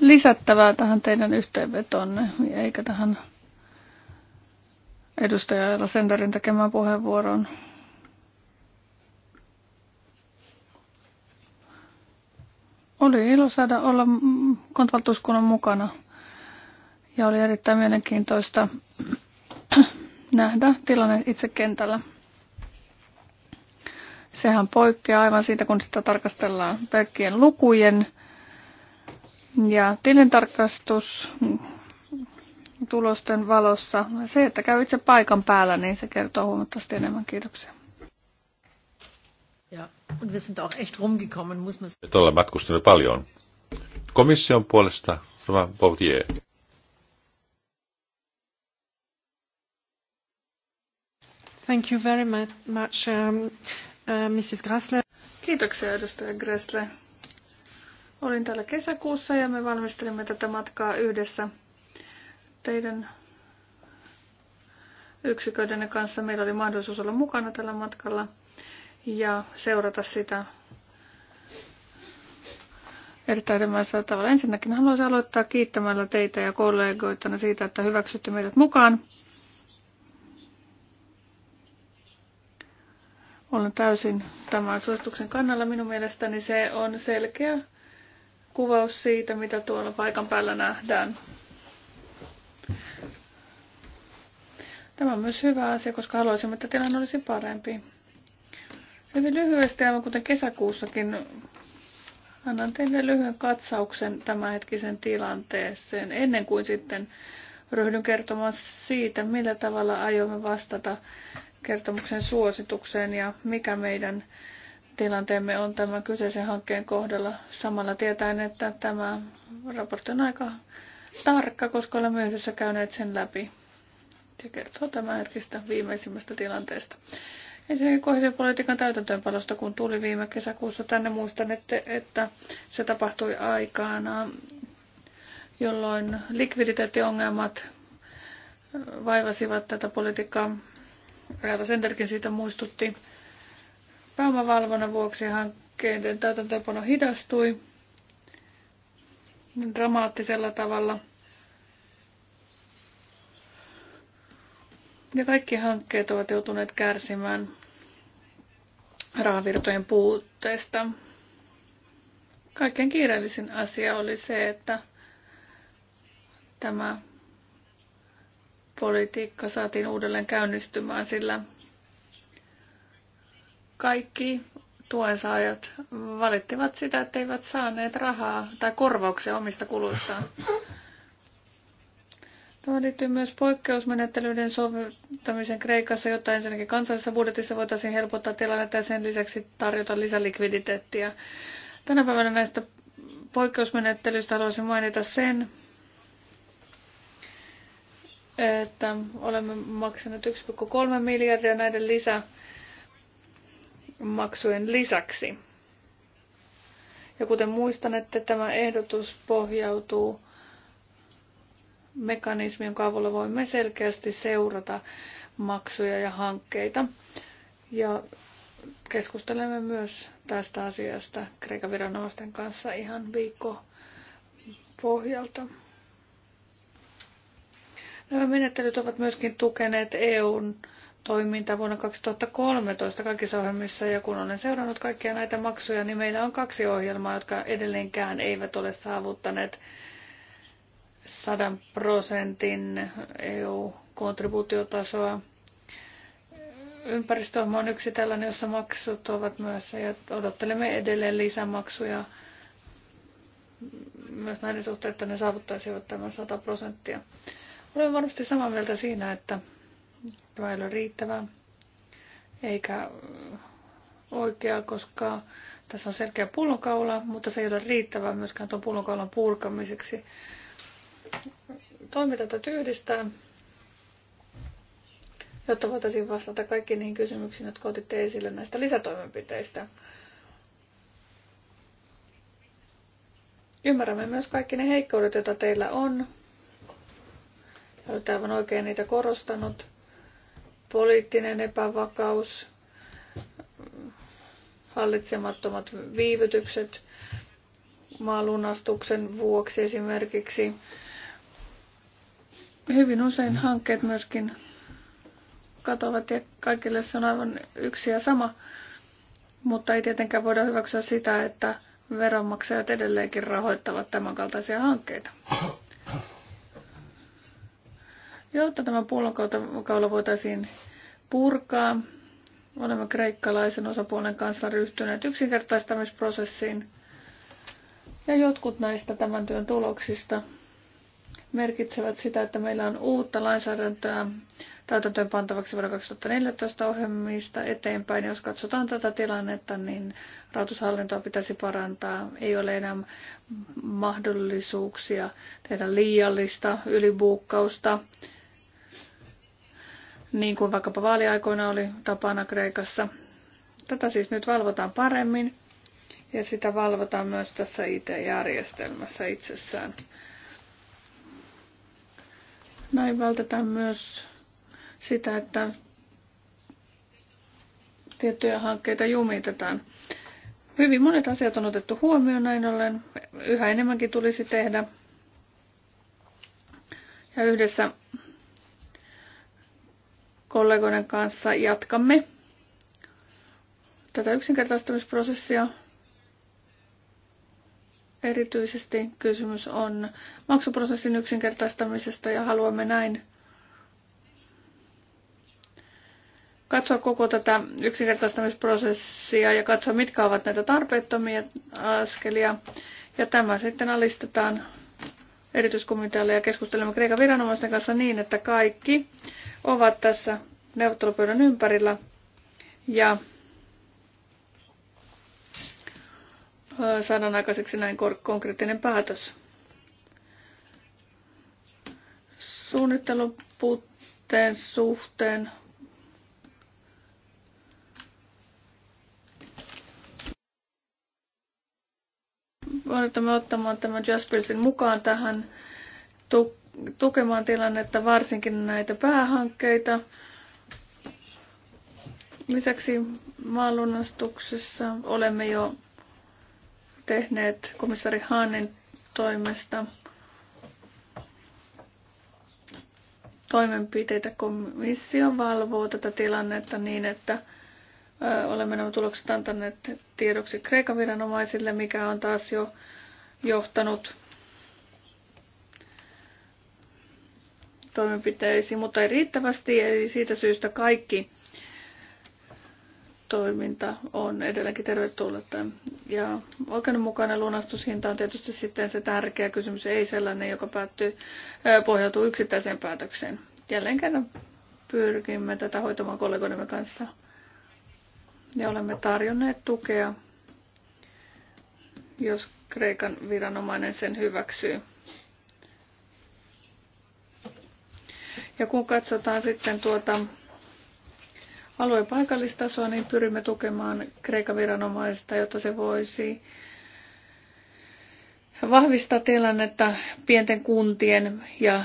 Speaker 1: lisättävää tähän teidän yhteenvetonne, eikä tähän edustaja Senderin tekemään puheenvuoroon. Oli ilo saada olla kontvaltuuskunnan mukana ja oli erittäin mielenkiintoista nähdä tilanne itse kentällä. Sehän poikkeaa aivan siitä, kun sitä tarkastellaan pelkkien lukujen. Ja tilintarkastus tulosten valossa. Se, että käy itse paikan päällä, niin se kertoo huomattavasti enemmän. Kiitoksia. Ja, und wir sind auch echt rumgekommen, muss man sagen.
Speaker 3: matkustamme paljon. Komission puolesta Roman Bourdieu.
Speaker 1: Thank you very much. Um, Äh, Mrs. Grassle. Kiitoksia edustaja Gressle. Olin täällä kesäkuussa ja me valmistelimme tätä matkaa yhdessä teidän yksiköidenne kanssa. Meillä oli mahdollisuus olla mukana tällä matkalla ja seurata sitä erittäin ymmärrettävällä tavalla. Ensinnäkin haluaisin aloittaa kiittämällä teitä ja kollegoitana siitä, että hyväksytte meidät mukaan Olen täysin tämän suosituksen kannalla. Minun mielestäni se on selkeä kuvaus siitä, mitä tuolla paikan päällä nähdään. Tämä on myös hyvä asia, koska haluaisimme, että tilanne olisi parempi. Hyvin lyhyesti, aivan kuten kesäkuussakin, annan teille lyhyen katsauksen tämänhetkisen tilanteeseen, ennen kuin sitten ryhdyn kertomaan siitä, millä tavalla aiomme vastata kertomuksen suositukseen ja mikä meidän tilanteemme on tämän kyseisen hankkeen kohdalla. Samalla tietäen, että tämä raportti on aika tarkka, koska olemme yhdessä käyneet sen läpi. Se kertoo tämän hetkistä viimeisimmästä tilanteesta. Ensinnäkin kohesiopolitiikan täytäntöönpanosta, kun tuli viime kesäkuussa tänne, muistan, että, että se tapahtui aikana, jolloin likviditeettiongelmat vaivasivat tätä politiikkaa Reata Senderkin siitä muistutti. Pääomavalvonnan vuoksi hankkeiden täytäntöönpano hidastui dramaattisella tavalla. Ja kaikki hankkeet ovat joutuneet kärsimään rahavirtojen puutteesta. Kaikkein kiireellisin asia oli se, että tämä politiikka saatiin uudelleen käynnistymään, sillä kaikki tuensaajat valittivat sitä, että eivät saaneet rahaa tai korvauksia omista kuluistaan. Tämä liittyy myös poikkeusmenettelyiden soveltamiseen Kreikassa, jotta ensinnäkin kansallisessa budjetissa voitaisiin helpottaa tilannetta ja sen lisäksi tarjota lisälikviditeettiä. Tänä päivänä näistä poikkeusmenettelyistä haluaisin mainita sen, että olemme maksaneet 1,3 miljardia näiden lisämaksujen lisäksi. Ja kuten muistan, että tämä ehdotus pohjautuu mekanismi, jonka avulla voimme selkeästi seurata maksuja ja hankkeita. Ja keskustelemme myös tästä asiasta Kreikan viranomaisten kanssa ihan viikko pohjalta. Nämä menettelyt ovat myöskin tukeneet EUn toimintaa vuonna 2013 kaikissa ohjelmissa ja kun olen seurannut kaikkia näitä maksuja, niin meillä on kaksi ohjelmaa, jotka edelleenkään eivät ole saavuttaneet 100 prosentin EU-kontribuutiotasoa. Ympäristöohjelma on yksi tällainen, jossa maksut ovat myös ja odottelemme edelleen lisämaksuja myös näiden suhteen, että ne saavuttaisivat tämän 100 prosenttia. Olen varmasti samaa mieltä siinä, että tämä ei ole riittävää eikä oikea, koska tässä on selkeä pullonkaula, mutta se ei ole riittävää myöskään tuon pullonkaulan purkamiseksi. Toiminta täytyy yhdistää, jotta voitaisiin vastata kaikkiin niihin kysymyksiin, jotka otitte esille näistä lisätoimenpiteistä. Ymmärrämme myös kaikki ne heikkoudet, joita teillä on, Olet aivan oikein niitä korostanut. Poliittinen epävakaus, hallitsemattomat viivytykset maalunastuksen vuoksi esimerkiksi. Hyvin usein hankkeet myöskin katovat ja kaikille se on aivan yksi ja sama, mutta ei tietenkään voida hyväksyä sitä, että veronmaksajat edelleenkin rahoittavat tämänkaltaisia hankkeita. Jotta tämä pullonkaula voitaisiin purkaa, olemme kreikkalaisen osapuolen kanssa ryhtyneet yksinkertaistamisprosessiin. Ja jotkut näistä tämän työn tuloksista merkitsevät sitä, että meillä on uutta lainsäädäntöä täytäntöön pantavaksi vuoden 2014 ohjelmista eteenpäin. Jos katsotaan tätä tilannetta, niin rahoitushallintoa pitäisi parantaa. Ei ole enää mahdollisuuksia tehdä liiallista ylibuukkausta niin kuin vaikkapa vaaliaikoina oli tapana Kreikassa. Tätä siis nyt valvotaan paremmin ja sitä valvotaan myös tässä IT-järjestelmässä itsessään. Näin vältetään myös sitä, että tiettyjä hankkeita jumitetaan. Hyvin monet asiat on otettu huomioon näin ollen. Yhä enemmänkin tulisi tehdä. Ja yhdessä kollegoiden kanssa jatkamme tätä yksinkertaistamisprosessia. Erityisesti kysymys on maksuprosessin yksinkertaistamisesta ja haluamme näin katsoa koko tätä yksinkertaistamisprosessia ja katsoa, mitkä ovat näitä tarpeettomia askelia. Ja tämä sitten alistetaan erityiskomitealle ja keskustelemme Kreikan viranomaisten kanssa niin, että kaikki ovat tässä neuvottelupöydän ympärillä. Ja saadaan aikaiseksi näin konkreettinen päätös. Suunnittelun puutteen suhteen Voidaan me ottamaan tämän Jaspersin mukaan tähän tukemaan tilannetta, varsinkin näitä päähankkeita. Lisäksi maanlunnastuksessa olemme jo tehneet komissari Haanen toimesta toimenpiteitä. Komissio valvoo tätä tilannetta niin, että olemme nämä tulokset antaneet tiedoksi Kreikan viranomaisille, mikä on taas jo johtanut toimenpiteisiin, mutta ei riittävästi, eli siitä syystä kaikki toiminta on edelleenkin tervetullut. Ja oikeudenmukainen lunastushinta on tietysti sitten se tärkeä kysymys, ei sellainen, joka päättyy, pohjautuu yksittäiseen päätökseen. Jälleen kerran pyrkimme tätä hoitamaan kollegoidemme kanssa. Ja olemme tarjonneet tukea, jos Kreikan viranomainen sen hyväksyy. Ja kun katsotaan sitten tuota alueen paikallistasoa, niin pyrimme tukemaan Kreikan viranomaista, jotta se voisi vahvistaa tilannetta pienten kuntien ja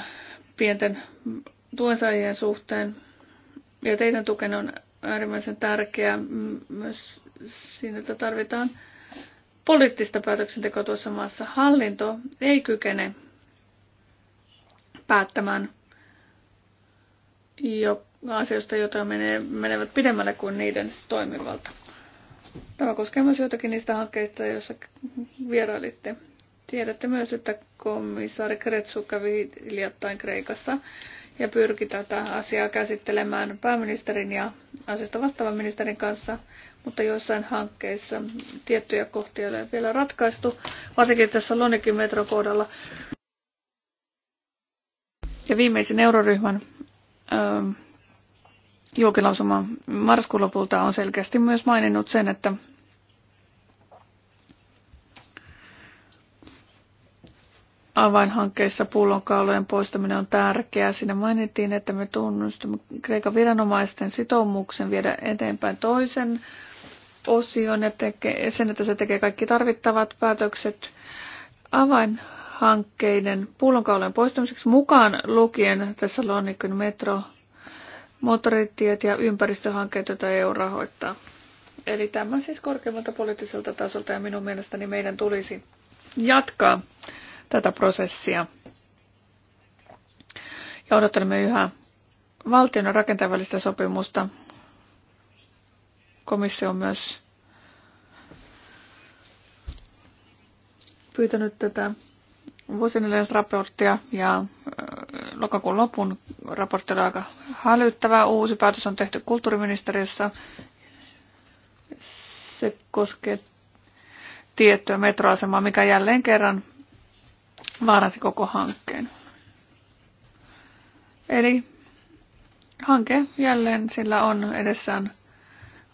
Speaker 1: pienten tuensaajien suhteen. Ja teidän tukenne on äärimmäisen tärkeää myös siinä, että tarvitaan poliittista päätöksentekoa tuossa maassa. Hallinto ei kykene päättämään jo, asioista, joita menee, menevät pidemmälle kuin niiden toimivalta. Tämä koskee myös joitakin niistä hankkeista, joissa vierailitte. Tiedätte myös, että komissaari Kretsu kävi hiljattain Kreikassa ja pyrki tätä asiaa käsittelemään pääministerin ja asiasta vastaavan ministerin kanssa, mutta joissain hankkeissa tiettyjä kohtia ei ole vielä ratkaistu, varsinkin tässä Lonikin metrokohdalla. Ja viimeisen euroryhmän Ähm, julkilausuma marraskuun lopulta on selkeästi myös maininnut sen, että avainhankkeissa pullonkaulojen poistaminen on tärkeää. Siinä mainittiin, että me tunnustamme Kreikan viranomaisten sitoumuksen viedä eteenpäin toisen osion ja teke, sen, että se tekee kaikki tarvittavat päätökset. Avain hankkeiden pullonkaulojen poistamiseksi mukaan lukien tässä Lonnikin metro, moottoritiet ja ympäristöhankkeet, joita EU rahoittaa. Eli tämä siis korkeammalta poliittiselta tasolta ja minun mielestäni meidän tulisi jatkaa tätä prosessia. Ja odottelemme yhä valtion rakentavallista sopimusta. Komissio on myös pyytänyt tätä vuosineljäsraporttia ja äh, lokakuun lopun raportti oli aika hälyttävä. Uusi päätös on tehty kulttuuriministeriössä. Se koskee tiettyä metroasemaa, mikä jälleen kerran vaarasi koko hankkeen. Eli hanke jälleen sillä on edessään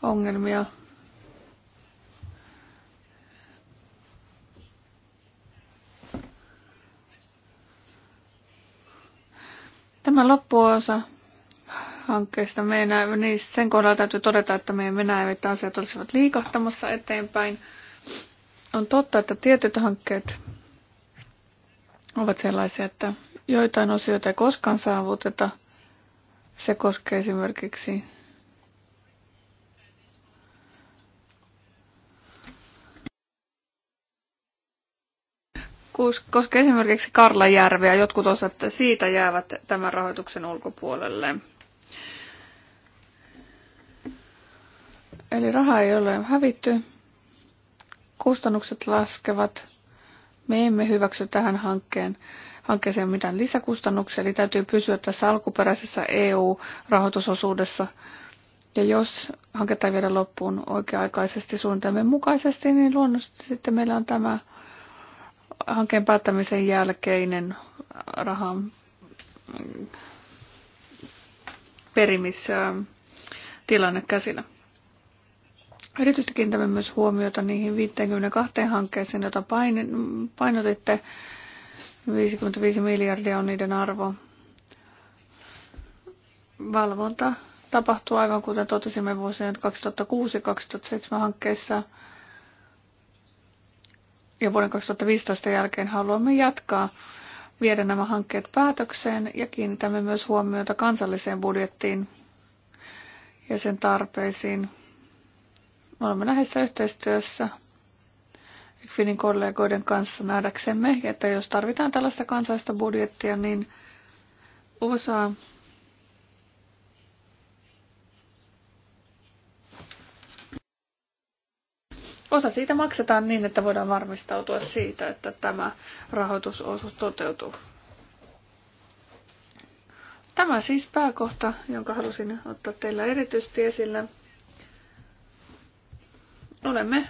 Speaker 1: ongelmia Tämä loppuosa hankkeesta meidän, niin sen kohdalla täytyy todeta, että meidän Venäjä, asiat olisivat liikahtamassa eteenpäin. On totta, että tietyt hankkeet ovat sellaisia, että joitain osioita ei koskaan saavuteta. Se koskee esimerkiksi koska esimerkiksi Karlajärveä jotkut osat siitä jäävät tämän rahoituksen ulkopuolelle. Eli rahaa ei ole hävitty, kustannukset laskevat, me emme hyväksy tähän hankkeen, hankkeeseen mitään lisäkustannuksia, eli täytyy pysyä tässä alkuperäisessä EU-rahoitusosuudessa. Ja jos hanketta ei viedä loppuun oikea-aikaisesti suunnitelmien mukaisesti, niin luonnollisesti sitten meillä on tämä hankkeen päättämisen jälkeinen rahan mm, perimistilanne äh, käsillä. Erityisesti kiinnitämme myös huomiota niihin 52 hankkeeseen, joita painotitte. 55 miljardia on niiden arvo. Valvonta tapahtuu aivan kuten totesimme vuosien 2006-2007 hankkeissa – ja vuoden 2015 jälkeen haluamme jatkaa viedä nämä hankkeet päätökseen ja kiinnitämme myös huomiota kansalliseen budjettiin ja sen tarpeisiin. Olemme läheisessä yhteistyössä Ekfinin kollegoiden kanssa nähdäksemme, että jos tarvitaan tällaista kansallista budjettia, niin osa Osa siitä maksetaan niin, että voidaan varmistautua siitä, että tämä rahoitusosuus toteutuu. Tämä siis pääkohta, jonka halusin ottaa teillä erityisesti esille. Olemme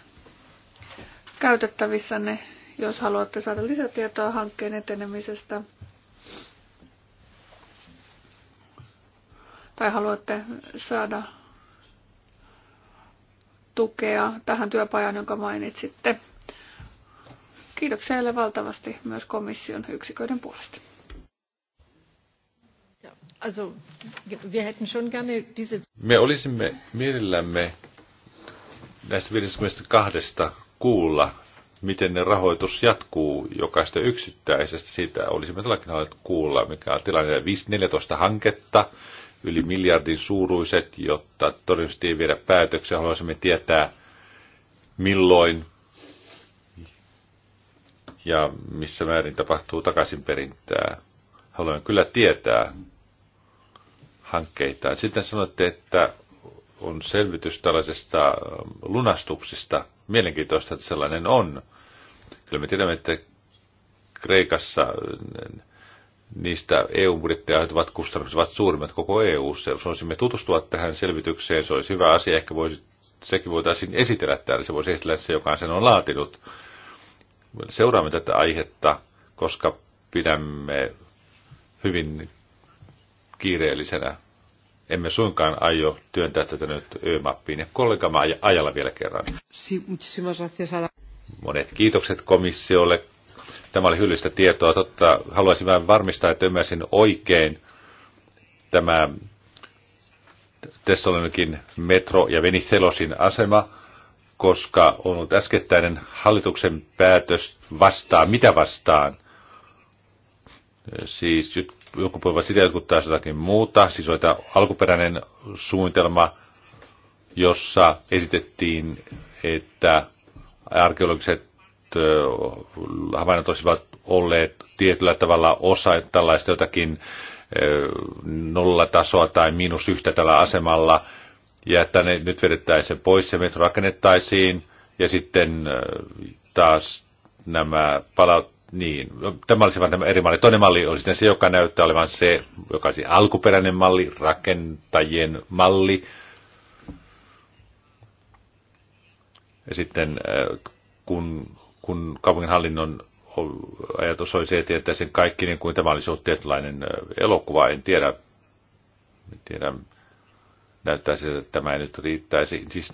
Speaker 1: käytettävissänne, jos haluatte saada lisätietoa hankkeen etenemisestä. Tai haluatte saada tukea tähän työpajaan, jonka mainitsitte. Kiitoksia heille valtavasti myös komission yksiköiden puolesta.
Speaker 3: Me olisimme mielellämme näistä 52 kuulla, miten ne rahoitus jatkuu jokaista yksittäisestä. Siitä olisimme tälläkin halunneet kuulla, mikä on tilanne 14 hanketta, yli miljardin suuruiset, jotta todennäköisesti ei viedä päätöksiä. Haluaisimme tietää, milloin ja missä määrin tapahtuu takaisinperintää. Haluan kyllä tietää hankkeita. Sitten sanoitte, että on selvitys tällaisesta ähm, lunastuksista. Mielenkiintoista, että sellainen on. Kyllä me tiedämme, että Kreikassa äh, niistä EU-budjettia aiheutuvat kustannukset ovat suurimmat koko EU-ssa. Jos tutustua tähän selvitykseen, se olisi hyvä asia. Ehkä voisi, sekin voitaisiin esitellä täällä. Se voisi esitellä se, joka sen on laatinut. Seuraamme tätä aihetta, koska pidämme hyvin kiireellisenä. Emme suinkaan aio työntää tätä nyt Ö-mappiin. Ja kollega ajalla vielä kerran. Monet kiitokset komissiolle Tämä oli hyllistä tietoa. Totta, haluaisin vain varmistaa, että ymmärsin oikein tämä Tessalonikin metro ja Veniselosin asema, koska on ollut äskettäinen hallituksen päätös vastaan, mitä vastaan. Siis joku puhuvat sitä, jotkut taas jotakin muuta. Siis oli tämä alkuperäinen suunnitelma, jossa esitettiin, että arkeologiset havainnot olisivat olleet tietyllä tavalla osa tällaista jotakin nollatasoa tai miinus yhtä tällä asemalla, ja että ne nyt vedettäisiin pois ja metro rakennettaisiin, ja sitten taas nämä palaut, niin, no, tämä olisi vain tämä eri malli. Toinen malli olisi se, joka näyttää olevan se, joka olisi alkuperäinen malli, rakentajien malli. Ja sitten kun kun kaupunginhallinnon ajatus oli se, että tietäisin kaikki niin kuin tämä olisi ollut tietynlainen elokuva. En tiedä, en tiedä näyttää siltä, että tämä ei nyt riittäisi. Siis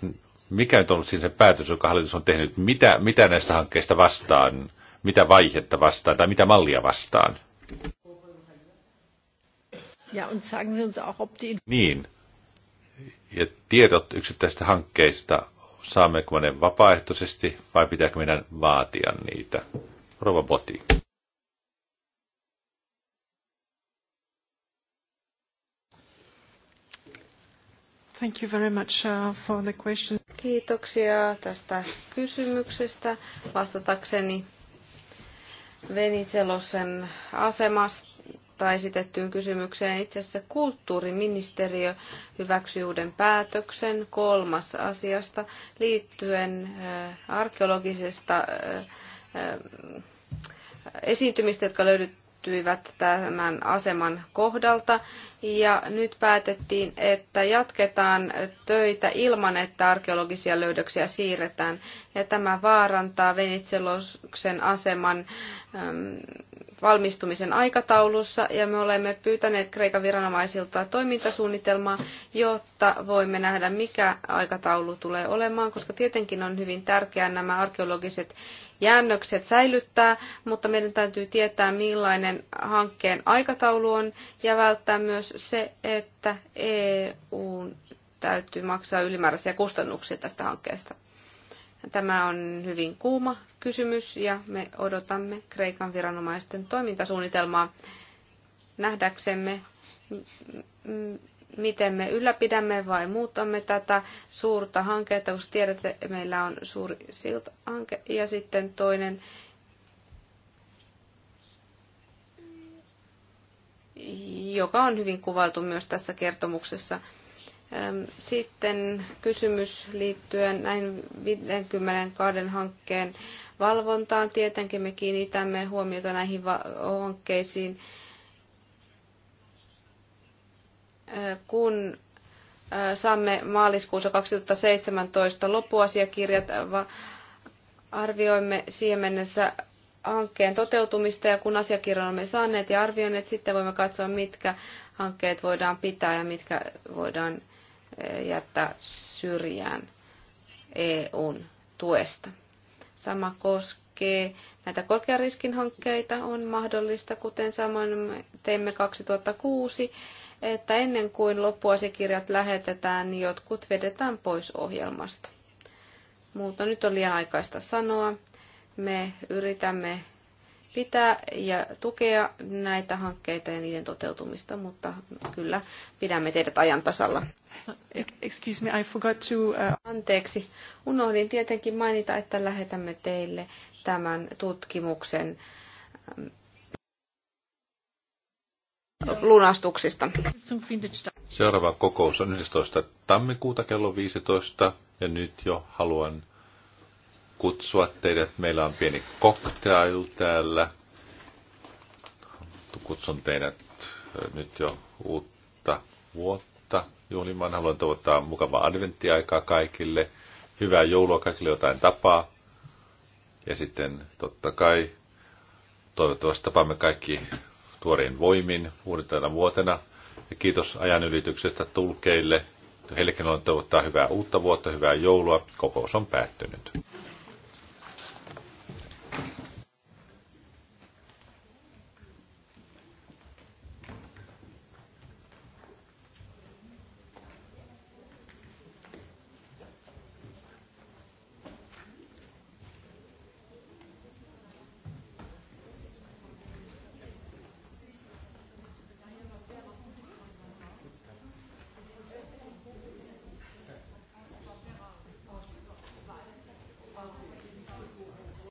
Speaker 3: mikä nyt on ollut siinä se päätös, joka hallitus on tehnyt? Mitä, mitä näistä hankkeista vastaan? Mitä vaihetta vastaan tai mitä mallia vastaan?
Speaker 1: Ja, und sagen Sie uns auch, ob die...
Speaker 3: Niin. Ja tiedot yksittäisistä hankkeista saammeko me ne vapaaehtoisesti vai pitääkö meidän vaatia niitä? Rova Boti.
Speaker 1: Thank you very much uh, for the question.
Speaker 2: Kiitoksia tästä kysymyksestä vastatakseni Venitselosen asemasta tai esitettyyn kysymykseen. Itse asiassa kulttuuriministeriö hyväksyi uuden päätöksen kolmas asiasta liittyen äh, arkeologisesta äh, äh, esiintymistä, jotka löytyivät tämän aseman kohdalta. Ja nyt päätettiin, että jatketaan töitä ilman, että arkeologisia löydöksiä siirretään. Ja tämä vaarantaa Venitseloksen aseman valmistumisen aikataulussa ja me olemme pyytäneet Kreikan viranomaisilta toimintasuunnitelmaa, jotta voimme nähdä, mikä aikataulu tulee olemaan, koska tietenkin on hyvin tärkeää nämä arkeologiset jäännökset säilyttää, mutta meidän täytyy tietää, millainen hankkeen aikataulu on ja välttää myös se, että EU täytyy maksaa ylimääräisiä kustannuksia tästä hankkeesta. Tämä on hyvin kuuma kysymys ja me odotamme Kreikan viranomaisten toimintasuunnitelmaa nähdäksemme, miten me ylläpidämme vai muutamme tätä suurta hanketta, koska tiedätte, että meillä on suuri siltahanke ja sitten toinen, joka on hyvin kuvailtu myös tässä kertomuksessa. Sitten kysymys liittyen näin 52 hankkeen valvontaan. Tietenkin me kiinnitämme huomiota näihin hankkeisiin. Kun saamme maaliskuussa 2017 loppuasiakirjat, arvioimme siihen mennessä hankkeen toteutumista ja kun asiakirjan olemme saaneet ja arvioineet, sitten voimme katsoa, mitkä hankkeet voidaan pitää ja mitkä voidaan jättää syrjään EUn tuesta. Sama koskee näitä korkeariskin hankkeita on mahdollista, kuten samoin teimme 2006, että ennen kuin loppuasiakirjat lähetetään, niin jotkut vedetään pois ohjelmasta. Mutta nyt on liian aikaista sanoa. Me yritämme pitää ja tukea näitä hankkeita ja niiden toteutumista, mutta kyllä pidämme teidät ajan tasalla. Excuse me, I forgot to... Uh, Anteeksi, unohdin tietenkin mainita, että lähetämme teille tämän tutkimuksen ähm, lunastuksista.
Speaker 3: Seuraava kokous on 11. tammikuuta kello 15 ja nyt jo haluan kutsua teidät. Meillä on pieni cocktail täällä. Kutsun teidät äh, nyt jo uutta vuotta uutta juhlimaan. Haluan toivottaa mukavaa adventtiaikaa kaikille, hyvää joulua kaikille jotain tapaa. Ja sitten totta kai toivottavasti tapaamme kaikki tuorein voimin uudentena vuotena. Ja kiitos ajan ylityksestä tulkeille. Heillekin on toivottaa hyvää uutta vuotta, hyvää joulua. Kokous on päättynyt.